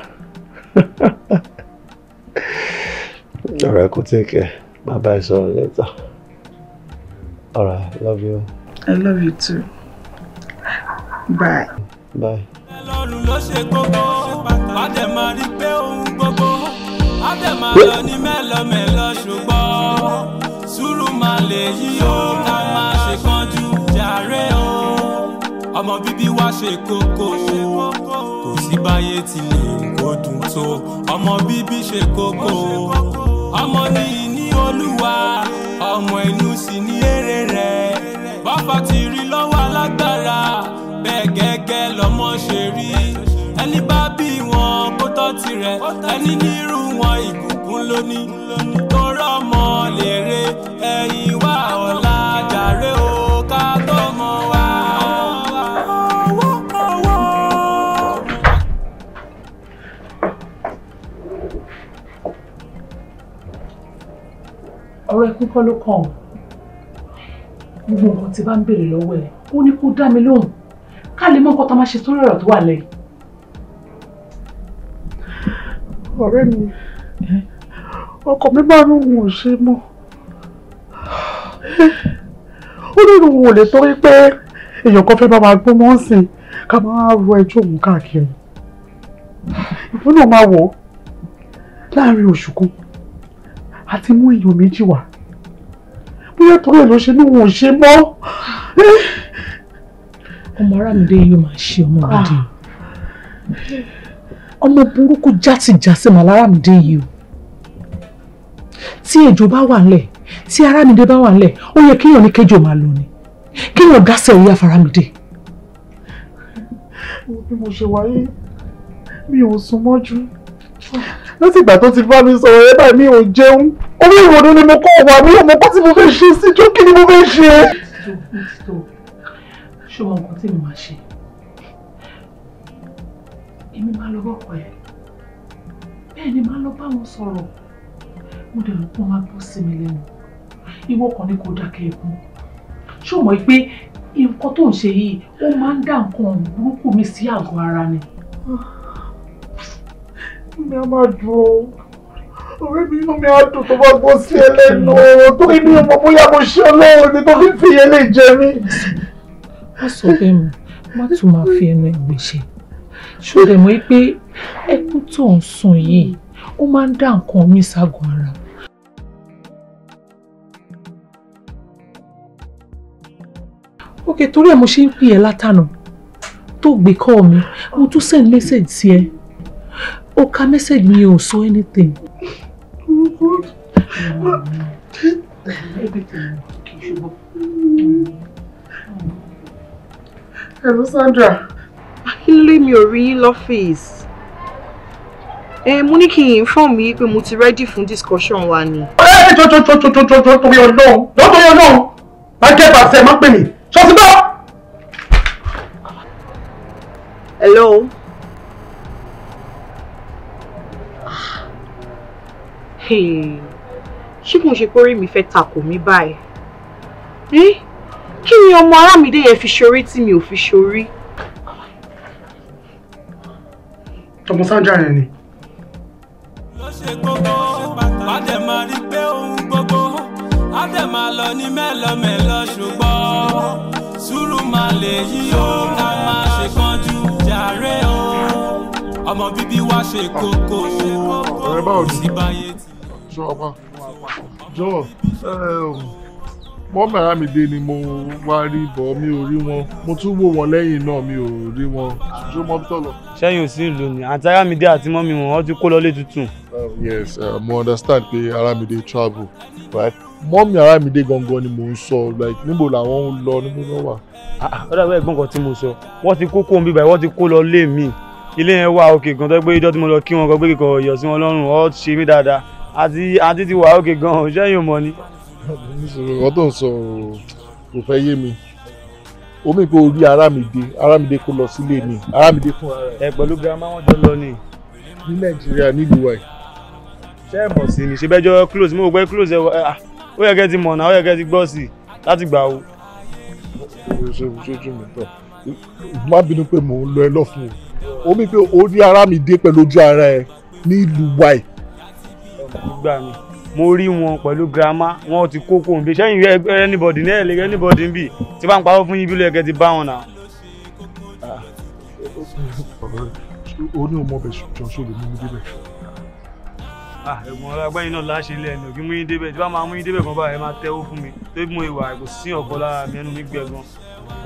ọ̀rẹ́ kò tẹ̀kẹ̀ bye, ẹ̀ sọ̀rọ̀ lẹ́tà. All right, love you. I love you too. Bye. Bye. Ọmọ bíbí wa ṣe kókó kò sí báyé tilẹ̀ kó dùn tó, ọmọ bíbí ṣe kókó ọmọ ni ìní olúwa ọmọ inú sì ní èrè rẹ̀ bọ́pọ̀ ti rí lọ́wọ́ alágbára bẹ́ẹ̀ gẹ́gẹ́ lọ́mọ ṣe rí ẹni bá bí wọn kó tọ́ tirẹ̀ ẹni nírú wọn ìbùkún lóní tó rọ́ ọmọ lèrè ẹ̀yìn wá ọ̀la. ẹkún kọ́ ló kàn gbogbo nǹkan tí bá ń béèrè lọ́wọ́ ẹ̀ ó ní kó dá mi lóhùn ká lè mọ nǹkan tá a máa ṣe sórí ọ̀rọ̀ tó wà lẹ́yìn. ọ̀rẹ́ mi ọkọ mi bá lóun ò ṣe mọ́ ó ní òun ò lè torí pé èèyàn kan fẹ́ bá máa gbó mọ́ sí ká máa rọ ẹjọ́ òun káàkiri ìfún máa wọ̀ láàárín oṣù kan àti mú èèyàn méjì wá bóyá tọrọ ẹ ló ṣe ní òun ò ṣe mọ́. ọmọ aráàlú yóò máa ṣe ọmọ òde ah. ọmọ burúkú játìjásí màláramídé yìí o tí ejò bá wà ńlẹ̀ tí arámídé bá wà ńlẹ̀ ó yẹ kéèyàn ní kéjò máa lọ ni kéèyàn dásẹ̀ orí afárámídé. bí mo ṣe wáyé mi ò sùn mọ́jú láti ìgbà tó ti bá mi sọ̀rọ̀ ẹ báyìí mi ò jẹun orí ìwòdó ni mo kọ́ wà mí ọmọ kọ́ tí mo fẹ́ ṣe sí tó kí ni mo fẹ́ ṣe. ṣé wọn kò tí mi máa ṣe èmi máa lọ bọ́pọ̀ ẹ̀ bẹ́ẹ̀ ni máa lọ bá wọn sọ̀rọ̀ mo dẹ̀ rò pé wọ́n máa gbọ́ sí mi lẹ́nu ìwọ kan ni kò dákẹ́ ẹ̀kún ṣé o mọ̀ pé nǹkan tó ń ṣe yìí ó máa ń dá nǹkan burúkú mi sí àgọ́ ara ni. mi á máa dùn ọ́ ọ̀rẹ́ mi inú mi á dùn tó bá gbọ́ sí ẹlẹ́nu torí mi ò mọ̀ bóyá mo ṣe ọlọ́run ni tó fi fi ẹlẹ́ jẹ mí. wọ́n sọ bẹ́ẹ̀ mọ́ má tún máa fi ẹnu ẹ̀ gbèsè ṣòro mọ́ pé ẹkún tó ń sùn yìí ó máa ń dá nǹkan mi ságọ̀ ara. òkè torí ẹ̀ mo ṣe ń pè ẹ́ látànà tó gbé call mi mo tún send message sí ẹ ó ka message mi ò sọ anything good. Hello, Sandra. Akílé mi ò rí yín lọ́fíìsì. Ẹ mo ní kí n inform yín pé mo ti ready fún discussion wa ni. Ẹ jọ jọ jọ jọ jọ jọ jọ torí Ọlọ́run jọ torí Ọlọ́run má jẹ́ bàtẹ́ má pè mí sọ sí bá. Hello. ṣé kò ń ṣe pórí mi fẹ́ takò mí báyìí eh, kí ni ọmọ arámidé yẹn fi ṣorí tí mi ò fi ṣorí. tọmọ sájà yẹn ni. ló ṣe gbogbo wàá dẹ̀ máa rí pé ohun gbogbo á dẹ̀ máa lọ ní mẹ́lọmẹ́lọ ṣùgbọ́n sùúrù máa lè yí o ká máa ṣe kánjú jàre o ọmọ bíbí wa ṣe kókó ṣe kókó sí báyé ti ṣọwọ́ jọ̀wọ́ um, wọ́n mi dé ni mo wá rí bọ̀ mi ò rí wọn mo tún wò wọ́n lẹ́yìn náà mi ò rí wọn ṣó mọ́ tó lọ. sẹ́yìn ò sí ìlú ni àti Aramide àti mọ́mi wọn wọ́n ti kó lọ lé um, yes uh, mo understand pé Aramide travel right mọ́mí Aramide gangan ni mò ń sọ like níbo làwọn ń lọ níbo ló wà. ọ̀dà ah, ah, bẹ́ẹ̀ gbọ́n kan tí mo sọ wọ́n ti kó kóun bíbá wọ́n ti kó lọ lé mi ilé yẹn wà òkè kan tó gbé ijọ́ tí mo lọ kí wọn kan gbé kíkan ọ̀yọ́ wọn lọ́rùn ọ́ ṣe mí dáadáa àti àti ti wà òkè gan-an ṣẹ́yìn mọ́ ni. wọ́n tó ń sọ kò fẹ́ yé mi omi pé orí Aramide Aramide kó lọ sílé ni Aramide fún ara ẹ. ẹ pẹ̀lú girama wọn jọ lọ ni. ní Nàìjíríà nílùú wa yìí. ṣé ẹ mọ̀ sí ni ṣe close mo gbé close ẹ wọ ó yẹ kẹ́ ti mọ̀ náà ó yẹ kẹ́ ti gbọ́ sí i láti gbà o. ṣojú mi tọ má bínú pé mò ń lọ ẹ lọ́fun o omi pé orí Aramide pẹ̀lú ojú ara ẹ nílùú wa yìí gbà mí mo rí wọn pẹ̀lú girama wọn ti kókó nbí sẹ́yìn rẹ anybody náà lè anybody nbí tí bá ń parọ́ fún yín bí lóye kẹ́ ti bá wọn nà. o ní ọmọ bẹ jọ ṣe lè mú mi débẹ̀. Ah, ẹ̀gbọ́n ọlọ́gbọ́n yìí náà láṣẹ ilé ẹ̀nà kí mú yín débẹ̀ tí bá máa mú yín débẹ̀ gan báyìí ẹ máa tẹ́wó fún mi torí mo ìwà kò sí ọ̀kọ́ lára mi ẹnu mi gbẹ gan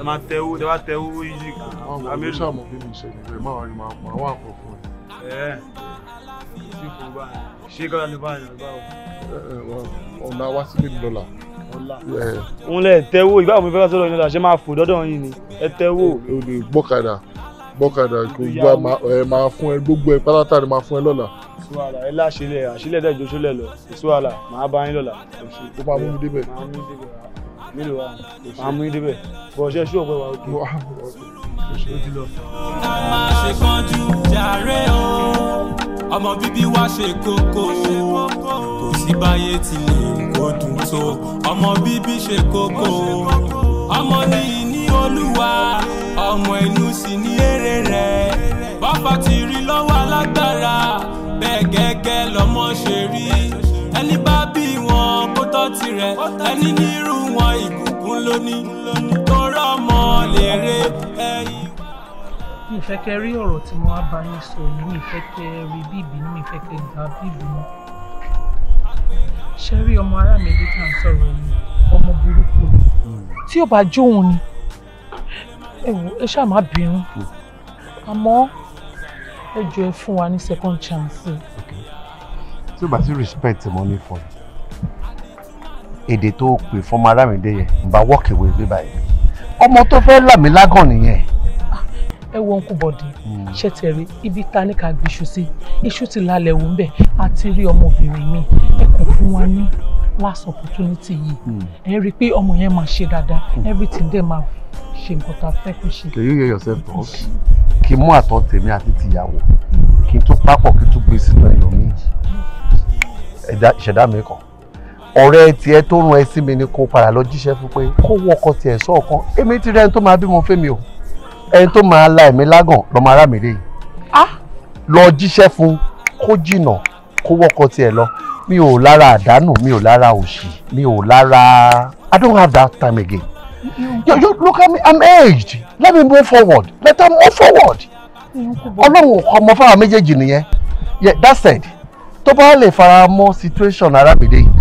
ẹ máa tẹ́wó ẹ bá tẹ́wó yìí. àwọn ọmọ mi sàmọ̀ bí mi ṣe ìrẹ̀ máa rí máa pa wá àpò fún ẹ ṣé kọ́lá ló bá yàn báwo. ọ̀nà wa sílé mi lọ́la. òun lẹ tẹ́wọ́ ìbáwọ̀ mi fẹ́ sọ́dọ̀ yín lọ́la ṣé máa fò dọ́dọ̀ yín ni ẹ tẹ́wọ́. o lè gbọ́kadà gbọ́kadà kò gbà máa fún ẹ gbogbo ẹ pátá ni máa fún ẹ lọ́la ìṣúwàlà ẹ láṣẹlẹ àṣẹlẹ dẹjọ ṣọlẹ lọ ìṣúwàlà màá bá yín lọ́la. ó máa mú mi débẹ̀. máa mú mi débẹ̀ mélòó wa àmú bọ̀ ṣe ṣú ọ̀pẹ wa òkè. wà á lọ. ká máa ṣe kánjú jàre o ọmọ bíbí wa ṣe kókó kò sí báyé tí lè kó dùn tó ọmọ bíbí ṣe kókó ọmọ ní ìní olúwa ọmọ inú sì ní èrè rẹ̀ bàbá ti rí lọ́wọ́ alágbára bẹ́ẹ̀ gẹ́gẹ́ lọ́mọ ṣe rí ẹni bá bí wọn kó tọ́ tirẹ̀ ẹni nírú wọn ìbùkún lónìí tọrọ ọmọ lè rè ẹ̀yìn. mi ì fẹ́ kẹ́ rí ọ̀rọ̀ tí mo wá bá yín sọ yìí mi ì fẹ́ kẹ́ rí bí ìbínú mi ì fẹ́ kẹ́ gbà bí ṣé rí ọmọ ará mi dókítà ń sọ̀rọ̀ yìí ọmọ burúkú tí ò bá jóun ni ẹ ṣáà má bínú àmọ́ ẹ jọ̀ọ́ ẹ fún wa ní second chance. tí o bá sí respect money, for you èdè tó pè fọmọ arámìdé yẹn ń bá walk away bí báyìí ọmọ tó fẹ́ làmì lágàn nìyẹn. Ah, ẹ wo ń kú bọ̀dì ṣètẹ̀rí ibi ta ní ká gbìṣù sí iṣu ti lálẹ́ wò ń bẹ̀ àti rí ọmọbìnrin mi ẹ kò fún wa ní last opportunity yìí hmm. ẹ rí i pé ọmọ yẹn máa ṣe dáadáa hmm. everything dẹ̀ máa ṣe nǹkan tá a fẹ́ kó ṣe. can you hear yourself talk kí n mú àtọ̀ tèmi àti tìyàwó kí n tún pápọ̀ kí n tún gbé sínú ẹ̀yọ̀ mi ìṣẹ̀dá mi kàn ọ̀rẹ́ tiẹ̀ tó rún ẹ sí mi ni kó padà lọ jíṣẹ́ fún pé kó wọkọ̀ tiẹ̀ sọ̀kan èmi ti rẹ́ni tó máa bímọ fẹ́mi o ẹni tó máa la ẹ̀mí lágàn lọ́mọ ará mi lè ah! lọ jíṣẹ́ fún kó jìnà kó wọkọ̀ tiẹ̀ lọ mi ò lára àdánù mi ò lára òṣì mi ò lára I don't have that time again Yo, you look at me I'm aged let me move forward let me move forward ọlọ́run ò kọ́ ọmọ fáwọn méjèèjì nìyẹn yeah that said tó bá lè fara mọ́ situation arábìnrin yìí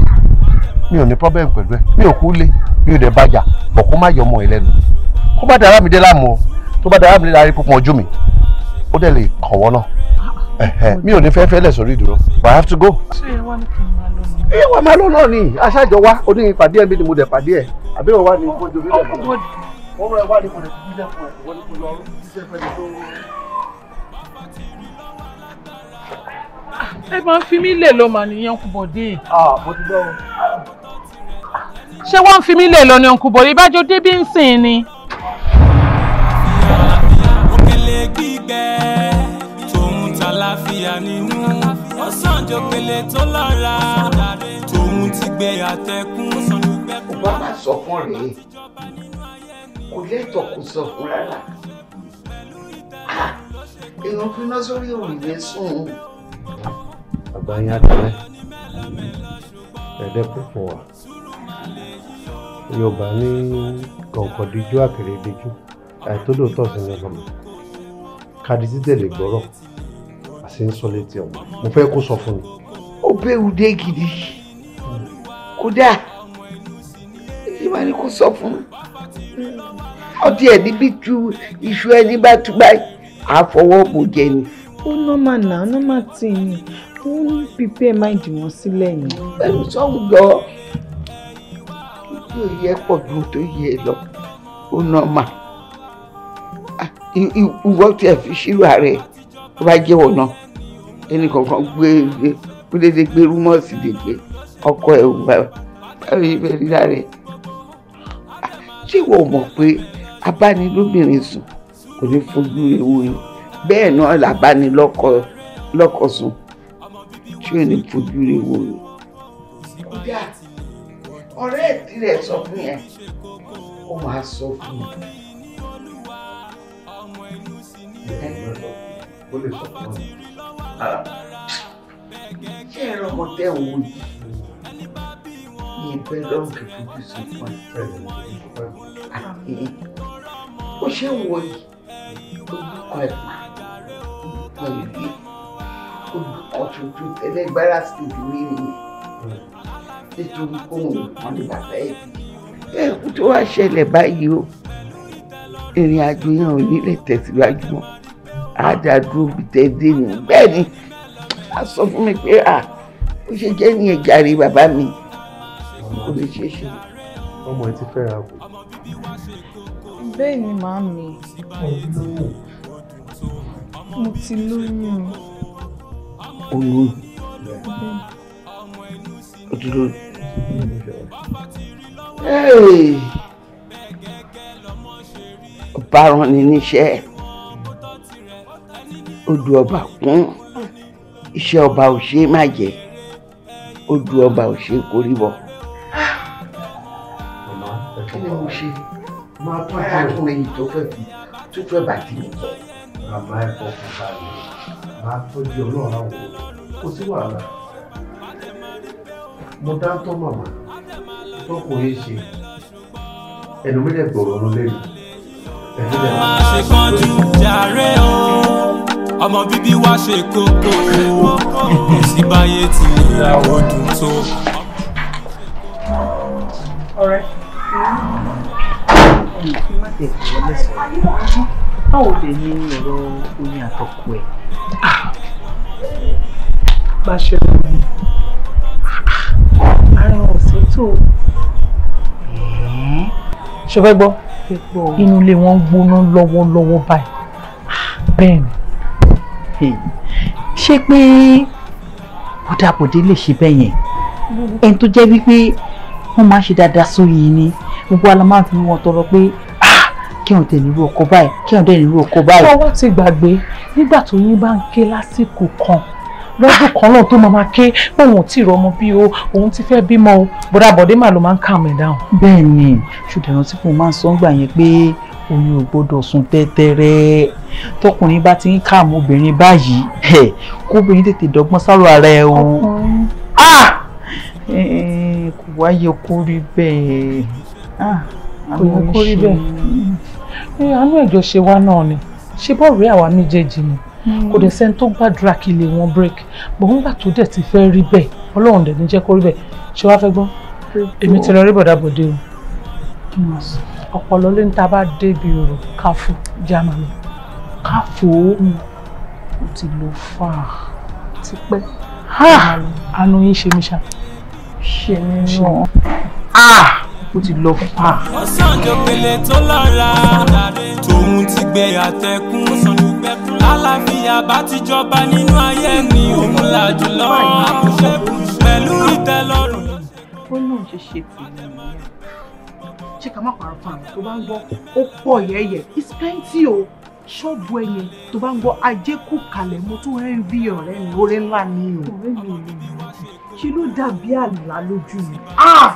mi ò ní problem pẹ̀lú ẹ mi ò kú lé mi ò dẹ̀ bàjà bọ̀ kó má yọ ọmọ yìí lẹ́nu kó bá dara mi dé láàmú o tó bá dara mi dé láàrin púpọ̀ ojú mi ó dẹ̀ lè kọ̀wọ́ náà mi ò ní fẹ́ fẹ́lẹ̀ sórí ìdúró but I have to go. ṣé ẹ wá ní kí n máa lọ náà. ẹ wà máa lọ náà ni aṣáájọ wa ó ní ìpàdé ẹbí ni mo dẹ̀ pàdé ẹ àbí wọn wá ní kó jọ bílẹ̀ mọ́ wọn rẹ wá ní kó jọ bílẹ̀ fún ẹ wọn ní kó lọ ṣiṣẹ́ fẹ́ ni tó. Ah, ẹ máa ń fi mí lè lọ màníyàn kúbọ̀dé. Ah, mo ti gbọ́ o ṣé wọ́n ń fi mí lè lọ ní ọkùnrin bọ̀ ìbájọ́ débí ń sìn ni. ó sàn bá sọ fún ọ̀rẹ́ yìí kò lẹ́tọ̀ọ́ kò sọ fún rárá ah, èèyàn fi iná sórí òrùlé sùn. àgbáyé àtàlẹ́ ẹ̀ẹ́dẹ́gbẹ̀fọ̀ wa. Yorùbá ní kọ̀ǹkọ̀díjú àkèrèdíjú àìtólóòótọ́ sí ni ọlọ́mọ káàdì títẹ̀lé gbọ́rọ̀ àti ń sọ létí ọmọ mo fẹ́ kó sọ fún mi. ó bẹ́ẹ̀ wù dé gidi kódà èyí máa ní kó sọ fún mi ọtí ẹ̀ níbi ju iṣu ẹni bá tú báyìí àfọwọ́pọ̀ jẹ ni. ó nọ́mà náà nọ́mà tì ní ó ń pípẹ́ máìdì wọn sílẹ̀ ni. pẹ̀lú sọ́hùn gbọ́ tí ò yẹ pọ̀ ju tó yẹ lọ ó nà mà ìwọ tí ẹ fi ṣírò ààrẹ tó bá jẹ́ ọ̀nà ẹnì kankan gbé gbé kó dédé gbé rúmọ́ọ̀sì dègbé ọkọ ẹ̀ wà báwo ni bẹ́ẹ̀ nílá rẹ̀ ṣé ìwọ mọ̀ pé abánilóbìnrin sùn kò ní fojú ewu yìí bẹ́ẹ̀ náà làbánilọ́kọ lọ́kọ sùn tí ò ní fojú ewu yìí ọ̀rẹ́ rẹ̀ sọ fún yẹn ó máa sọ fún mi. ó lè sọ fún mi. ṣé ẹ lọ́mọ tẹ́ ò wò yìí? ní ẹgbẹ́ lọ́ọ̀kì fojú sí fún ẹ. àti ó ṣe ń wò yìí olùkọ́ ẹ̀ pa olùkọ́ ìwé olùkọ́ tuntun ẹlẹ́gbára sí ìdílé nìyẹn nítorí kóhùn wọn ní bàbá ẹ̀ ẹ̀kú tó wá ṣẹlẹ̀ báyìí o ìrìn àjò yẹn ò ní lè tẹ̀síwájú mọ́ àdàdúró bí tẹ̀dé nù bẹ́ẹ̀ ni a sọ fún mi pé à ó ṣe jẹ́ ní ẹ̀jàre bàbá mi kò lè ṣe é ṣe. ọmọ ẹ ti fẹ́ ra kù. bẹ́ẹ̀ ni màámi mo ti lóyún. oyún ó dúró. ọba rán ni níṣẹ́ odù ọba kún iṣẹ́ ọba ò ṣe má jẹ́ odù ọba ò ṣe kórí bọ̀. kí ni mo ṣe máa tún arákùnrin yìí tó fẹ́ fi tó fẹ́ bàtí mi. bàbá ẹ̀kọ́ fún bàbá mi máa tọ́jú ọlọ́run àwọn kò sí wàhálà mo dáńtọ́ màmá tọkùnrin ṣe ẹnu mi lè gbọ̀rọ̀ ọ̀run lẹ́nu. Má ṣe kánjú jàre o, ọmọ bíbí wa ṣe kókó o, èsì báyé ti ìyàwó dùn tó. báwo lè ní ọ̀rọ̀ oyin àtọkù ẹ̀? Ah! Bá ṣe so. Hmm. ṣe fẹ́ gbọ́ inú ilé wọn ń gbóná lọ́wọ́lọ́wọ́ báyìí bẹ́ẹ̀ ni hmm. ṣé pé bùdàbùdé lè ṣe bẹ́ẹ̀ yẹn ẹni tó jẹ́ wípé wọ́n máa ṣe dáadáa sórí ni gbogbo ala máa ń fi wọn tọrọ pé ah! kí ọ̀n tẹ̀lé irú ọkọ báyìí kí ọ̀n tẹ̀lé irú ọkọ báyìí. tọwọ́ ti gbàgbé nígbà tó yín bá ń ké lásìkò kan lọ́dún kan náà tó máa ma ké pé òun ò tí ì rọmọ bí o òun ti fẹ́ bímọ o bọ́dà bọ́dé mà ló máa ń calm me down. bẹ́ẹ̀ ni ṣùgbọ́n ìrántí fún un máa ń sọ ń gbà yẹn pé oyún ò gbọ́dọ̀ sùn tẹ́tẹ́rẹ́ tọkùnrin bá ti ń kààmú obìnrin báyìí kóbìnrin tètè dọ́gbọ́n sáró ara ah! ẹ o kò wáyé kó rí bẹ́ẹ̀ ah! kò yẹ kó rí bẹ́ẹ̀ àánú ẹ̀jọ̀ ṣe wá náà ni ṣe bọ́ọ̀rù kò dẹ̀ sẹ́ni tó gbàdúrà kí ilé wọn break bọ̀ nígbà tó dẹ̀ ti fẹ́ rí bẹ́ẹ̀ ọlọ́run dẹ̀ ní jẹ́ kó rí bẹ́ẹ̀ ṣé wàá fẹ́ gbọ́ èmi ti lọ rí bọ̀dá bòde o ọ̀pọ̀lọ ló ń ta bá débi òrò káfù jámánì káfù ó ti lò fà á ti pẹ́ àánú yín ṣe mí ṣá ṣe mí náà ó ti lọ fà á. ó sàn jọ tó lára tòun ti gbé àtẹkùn àlàáfíà bá ti jọba nínú ayé mi òun là jùlọ àkùṣe pẹ̀lú ìtẹ́lọ́rùn. ó náà ṣe ṣètò nìyẹn ṣé ká má pàrọ̀ fún àwọn tó bá ń gbọ́ ó pọ̀ yẹ́yẹ́ it's plenty o ṣọ́ọ̀bù ẹyẹ tó bá ń gbọ́ ajé kù kalẹ̀ mo tún rẹ́ ń bí ọ̀rẹ́ mi oore ńlá ni o. ọ̀rẹ́ mi ò lè rántí ṣe ló dàbí àlá lójú mi. ah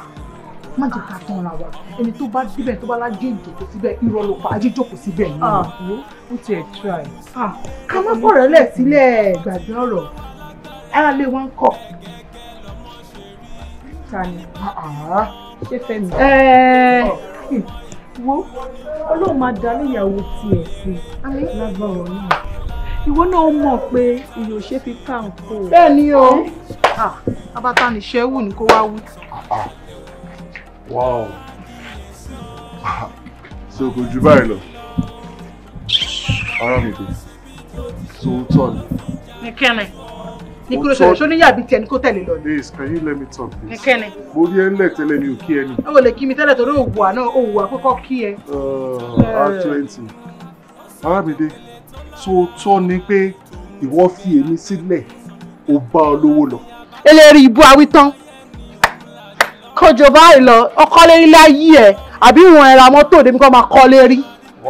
má jẹ́ ká tán ra wa ẹni tó bá síbẹ̀ tó bá lájẹ́ ìjòkó síbẹ̀ irọ́ ló pa ajé jòkó síbẹ̀ ni ah. ó ti ẹ̀ try. Ah, ká má fọ̀rọ̀ lẹ̀ sílẹ̀ gbàgbé ọ̀rọ̀ ara lè wọ́n kọ̀. ta ni ah, ṣé fẹ́mi. wo ọlọ́run máa darí ìyàwó tiẹ̀ sí i lágbára náà ìwọ náà mọ̀ pé ìyò ṣe fi ká nǹkan. bẹ́ẹ̀ ni o abátaniṣẹ́ wù ní kó wá wí wow so kò jù báyìí lọ ara mi kò so tọ́ ni. nìkẹ́ni ní kúrò ṣẹlẹ̀ ṣó níyà bíi tiẹ̀ ní kó ni. please can you let me talk please. nìkẹ́ni. mo rí ẹ ńlẹ̀ tẹ́lẹ̀ mi ò kí ẹ ni. o lè kí mi tẹ́lẹ̀ torí òwúwa náà òwúwa kókó kí ẹ. r uh, eh. twenty arábìnrin tó tọ́ ni pé ìwọ fi èmi sílẹ̀ ó bá olówó lọ. eléyìí ibú awítán kọjọ báyìí lọ ọkọlé ilé ayé ẹ àbí ìwọ̀n ẹ̀ra mọ́tò débi kọ́ máa kọ́lé rí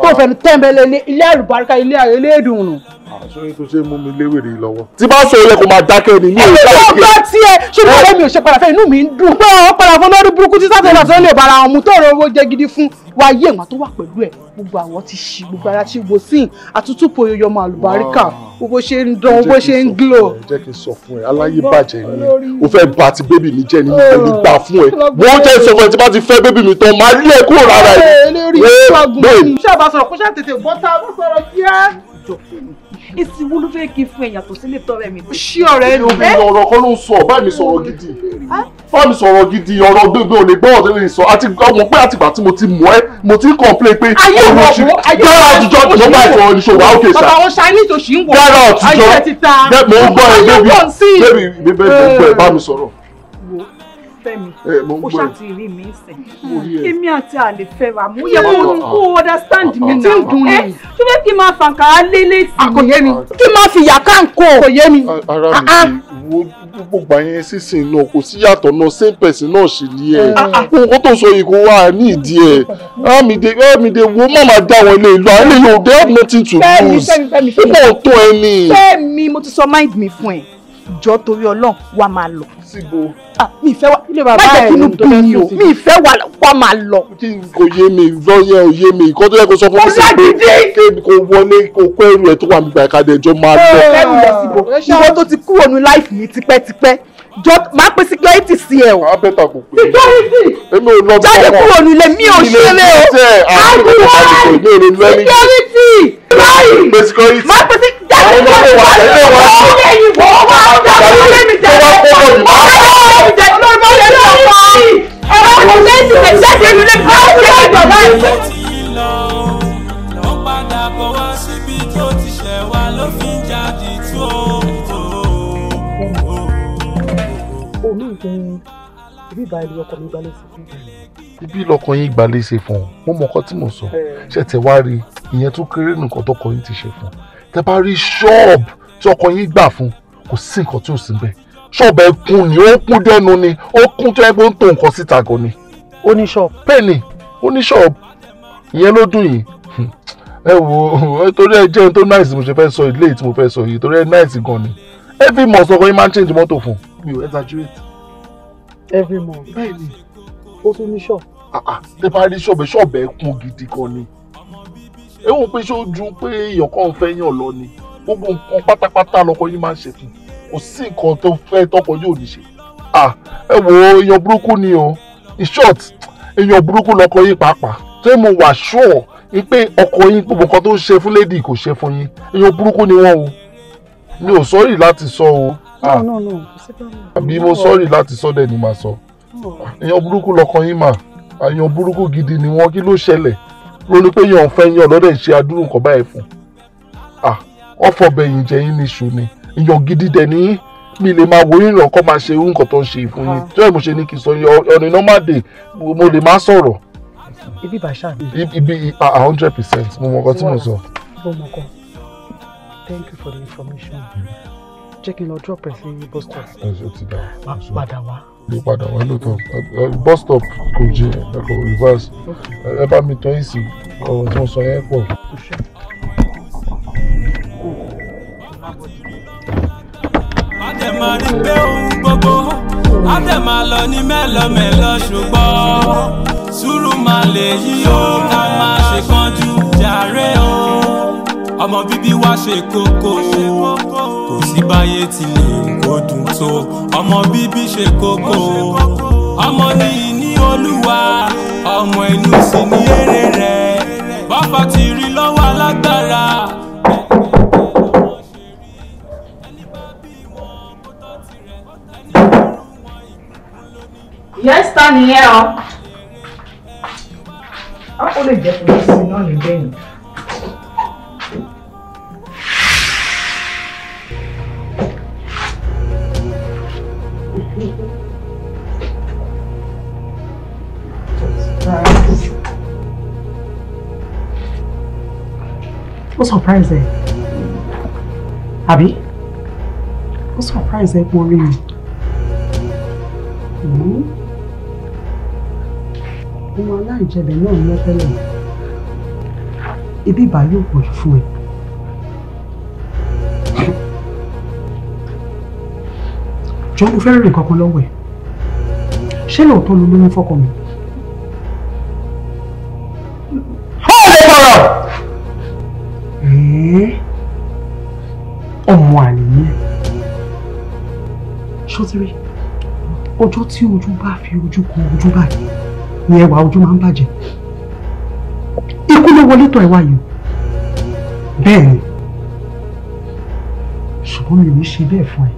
tó fẹ́ tẹ́ńbẹ́lẹ́ ilé ẹ̀rù baríka ilé ẹ̀rù ilé ìdùnnú ṣé tó ṣe mú mi léwèrè lọ́wọ́. tí bá sọ yẹ kó máa dákẹ́ ni mi ò dákẹ́. ìwọ gbọ́ tiẹ̀ ṣùgbọ́n ọ̀rẹ́ mi ò ṣe padà fẹ́ inú mi ń dùn. pé ọ padà fún lórí burúkú tí sátẹ̀ náà tó lè bára wọn mú tó rọ owó jẹ gidi fún wa yé ìwà tó wà pẹ̀lú ẹ̀ gbogbo àwọn ti ṣì gbogbo ara ti wò sí àtútù poyoyo ọmọ àlùbáríkà bó ṣe ń dán bó ṣe ń glow. jẹ́ kí n sọ fún ẹ aláyé bàjẹ́ ni o fẹ́ bà ti bébì mi jẹ́ ni mo gbà fún ẹ wọ́n jẹ́ sọ fún ẹ tí bá ti fẹ́ bébì mi tán máa lé ẹ kúrò lára ẹ. ṣé àbá sọ̀rọ̀ kó ṣáà tètè bọ́ta bó sọ̀rọ̀ kíá èsì wo ló fẹ́ kí fún ẹ̀yà tó sílé tọrẹ mi. ṣí ọ̀rẹ́ ni obìnrin ọ̀rọ̀ kan ló ń sọ bá mi sọ̀rọ̀ gidi bá mi sọ̀rọ̀ gidi ọ̀rọ̀ gbogbo ò lè gbọ́ ọ̀dọ́ lè sọ àti ọmọ pé àtìgbà tí mo ti mọ̀ ẹ́ mo ti ń complain pé òun ṣì gbára àtijọ́ mo bá ìfọ̀ oníṣòwò àókè sá bàbá oṣù mo ń gbọ́ ẹ bébí bébí bébí bá mi sọ̀rọ̀ fẹ́ mi eh, ó ṣàti mi sìn èmi àti àlè fẹ́ra mú yẹ kó ah, ah, kó understand ah, mi náà ẹ tó eh, fẹ́ kí n máa fàǹkàrà lé létí. kò yé mi kí n máa fi ìyà kánkó kò yé mi. ara mi wo gbogbo àyẹn sísìn náà kò sí yàtọ̀ náà same person náà ṣì ní ẹ kó tó sọ yìí kó wà ní ìdí ẹ Àmídé Àmídé wo má máa dá wọn lé ìlú àwọn yóò they have nothing to lose ó bọ̀ tó ẹni. fẹ́mi mo ti sọ mind mi fún ẹ jọ torí Ọlọ́run wàá máa lọ síbo. ah mi ìfẹ́ wa ilé bàbá ẹ̀ ní tó fẹ́ sùn sí. mi ìfẹ́ wa wà máa lọ. kí n kò yé mi lọ yẹn ò yé mi nǹkan tó yẹ kó sọ fún mi sí pé kébi kò wọlé kò kó ẹrù ẹ̀ tó wà mí gbà ká máa lọ. ẹ ẹ lọ síbo ìwọ tó ti kúrò ní láìfì mi tipẹ́tipẹ́ jọ máa pe security sí ẹ o. abẹ́ta kò pé security jáde kúrò nílé mi ò ṣeré o àbúrò security báyìí máa pe security jáde kúrò nílé mi ò ṣeré o ọ̀rẹ́ yìí wọ́n wá jáde kúrò nílé mi jáde ọ̀rẹ́ yìí wọ́n jáde kúrò nílé mi ọ̀rẹ́ yìí wọ́n jáde kúrò nílé mi ọ̀rẹ́ yìí wọ́n jáde kúrò nílé mi ọ̀rẹ́ yìí wọ́n jáde kúrò nílé mi ọ̀rẹ́ yìí wọ́n jáde kúrò nílé mi ọ̀rẹ́ yìí wọ́n jáde kúrò nílé mi ọ̀rẹ́ yìí wọ́n jáde kúrò nílé mi ọ̀rẹ́ yìí wọ́n jáde kúrò nílé mi ọ̀rẹ́ yìí wọ́n jáde kúrò nílé mi ọ̀rẹ́ yìí wọ́n jáde kúrò nílé mi ọ̀rẹ́ yìí wọ́n jáde kúrò nílé mi ọ̀rẹ́ yìí wọ́n jáde kúrò nílé mi ọ̀rẹ́ yìí wọ́n jáde kúrò nílé mi jáde kúrò nílé mi jáde kúrò nílé mi jáde kúrò nílé mi jáde kúrò nílé mi jáde kúrò nílé mi jáde kúrò nílé mi ọ̀rẹ́ yìí wọ́n jáde ibi ìbá ẹni ọkọ mi gbalẹ̀ sí fún mi. ibi ìlọkàn yín gbalẹ̀ ṣe fún un mo mọ̀ ọkọ tí mo sọ ṣẹ̀tẹ̀ wá rí ìyẹn tún kéré nìkan tọkọ yín ti ṣe fún un tẹ bá rí ṣọ́ọ̀bù tí ọkọ yín gbà fún kò sí nǹkan tí ò sí bẹ́ẹ̀ ṣọ́ọ̀bù ẹ kún ni ó kún dẹ́nu ni ó kún tó ẹgbẹ́ ń tó nǹkan síta gan ni. oníṣọ́ọ̀bù. pẹ́ẹ́nì oníṣọ́ọ̀bù ìyẹn ló dùn yìí ẹ wo torí ẹ jẹun tó náìsì mo ṣe fẹ́ sọ ilé tí mo fẹ́ sọ yìí torí ẹ náìsì gan ni every month ọkọ yín máa ń change mọ́tò fún mi ò exaggerate every month. bẹ́ẹ̀ni ó tún ní ah, ah, ṣọ́ọ̀bù. tẹ bá rí ṣọ́ọ̀bù ṣọ́ọ̀bù ẹ̀ kún gidi gan ni ẹ̀wọ̀n pé ṣó ju pé èèyàn kan fẹ́ yàn lọ ni gbogbo nǹkan pátápátá lọkọ yín máa ń ṣe fún kò sí nǹkan tó fẹ́ tọkọ yóò ní ṣe ah, ẹ wo èèyàn burúkú ni o in short èèyàn burúkú lọkọ yín pàápàá tó mo wà sure pé ọkọ yín gbogbo nǹkan tó ń ṣe fún lady kò ṣe fún yín èèyàn burúkú ni wọ́n o mi ò sọ́rí láti sọ o Ah. no no no. àbí mo sọ́ọ̀rì láti sọ́dẹ̀ ni màá sọ oh. èèyàn burúkú lọkàn yín mà àyàn burúkú gidi ni wọ́n kí ló ṣẹlẹ̀ ló ní pé yàn fẹ́ yàn lọ́dẹ̀ ṣe àdúrú nǹkan báyìí fún Ah, fọbẹ̀ yìn jẹ́ yín níṣu ni èèyàn gidi dẹ̀ ní mi lè máa wo yín lọ́kọ́ máa ṣe irú nǹkan tó ń ṣe fún yín tí ah. mo ṣe ní kí n sọ ọ̀nà iná má dé mo lè má sọ̀rọ̀. ibi bàṣà mi. ibi a hundred percent mo mọ̀ nǹkan tí mo sọ. mo mọ̀ kan thank you for the information. Mm -hmm jẹ́ kí n lọ drop ẹ̀ sí bus stop. ẹ ṣe ti dà má padà wá. lè padà wá lóòótọ́ bus stop kò jẹ ẹ reverse ẹ bá mi tọ́ ìsìn ọ̀rọ̀ tí wọ́n sọ yẹn pọ̀. adẹ máa rí pé ohun gbogbo adẹ máa lọ ní mẹ́lọmẹ́lọ ṣùgbọ́n sùúrù máa lè yí o ká máa ṣe kánjú jàre o ọmọ bíbí wa ṣe kókó kò sí báyé tí lè kó dùn tó ọmọ bíbí ṣe kókó ọmọ ní ìní olúwa ọmọ inú sì ní èrè rẹ bàbá ti rí lọ́wọ́ alágbára. Yes, ta nìyẹn o. Ó jẹ́ kó lọ sí iná lè ó surprise ẹ àbí ó surprise ẹ pé orí mi hmm? ọmọ aláìjẹbẹ náà ń lọ tẹ́lẹ̀ ibi ìbá yóò pọ̀ fún ẹ. jọ́ mo fẹ́ràn nǹkan kan lọ́wọ́ ẹ̀ ṣé lóòótọ́ ló lóyún fọ́kọ mi. ọmọ àlè ni ẹ ṣọtiri ọjọ́ tí ojú bá fi ojú kan ojú báyìí ni ẹwà ojú máa ń bàjẹ́ ikú ló wọlé tọ̀ ẹwà yìí bẹ́ẹ̀ ni ṣùgbọ́n mi ò ní ṣe bẹ́ẹ̀ fún ẹ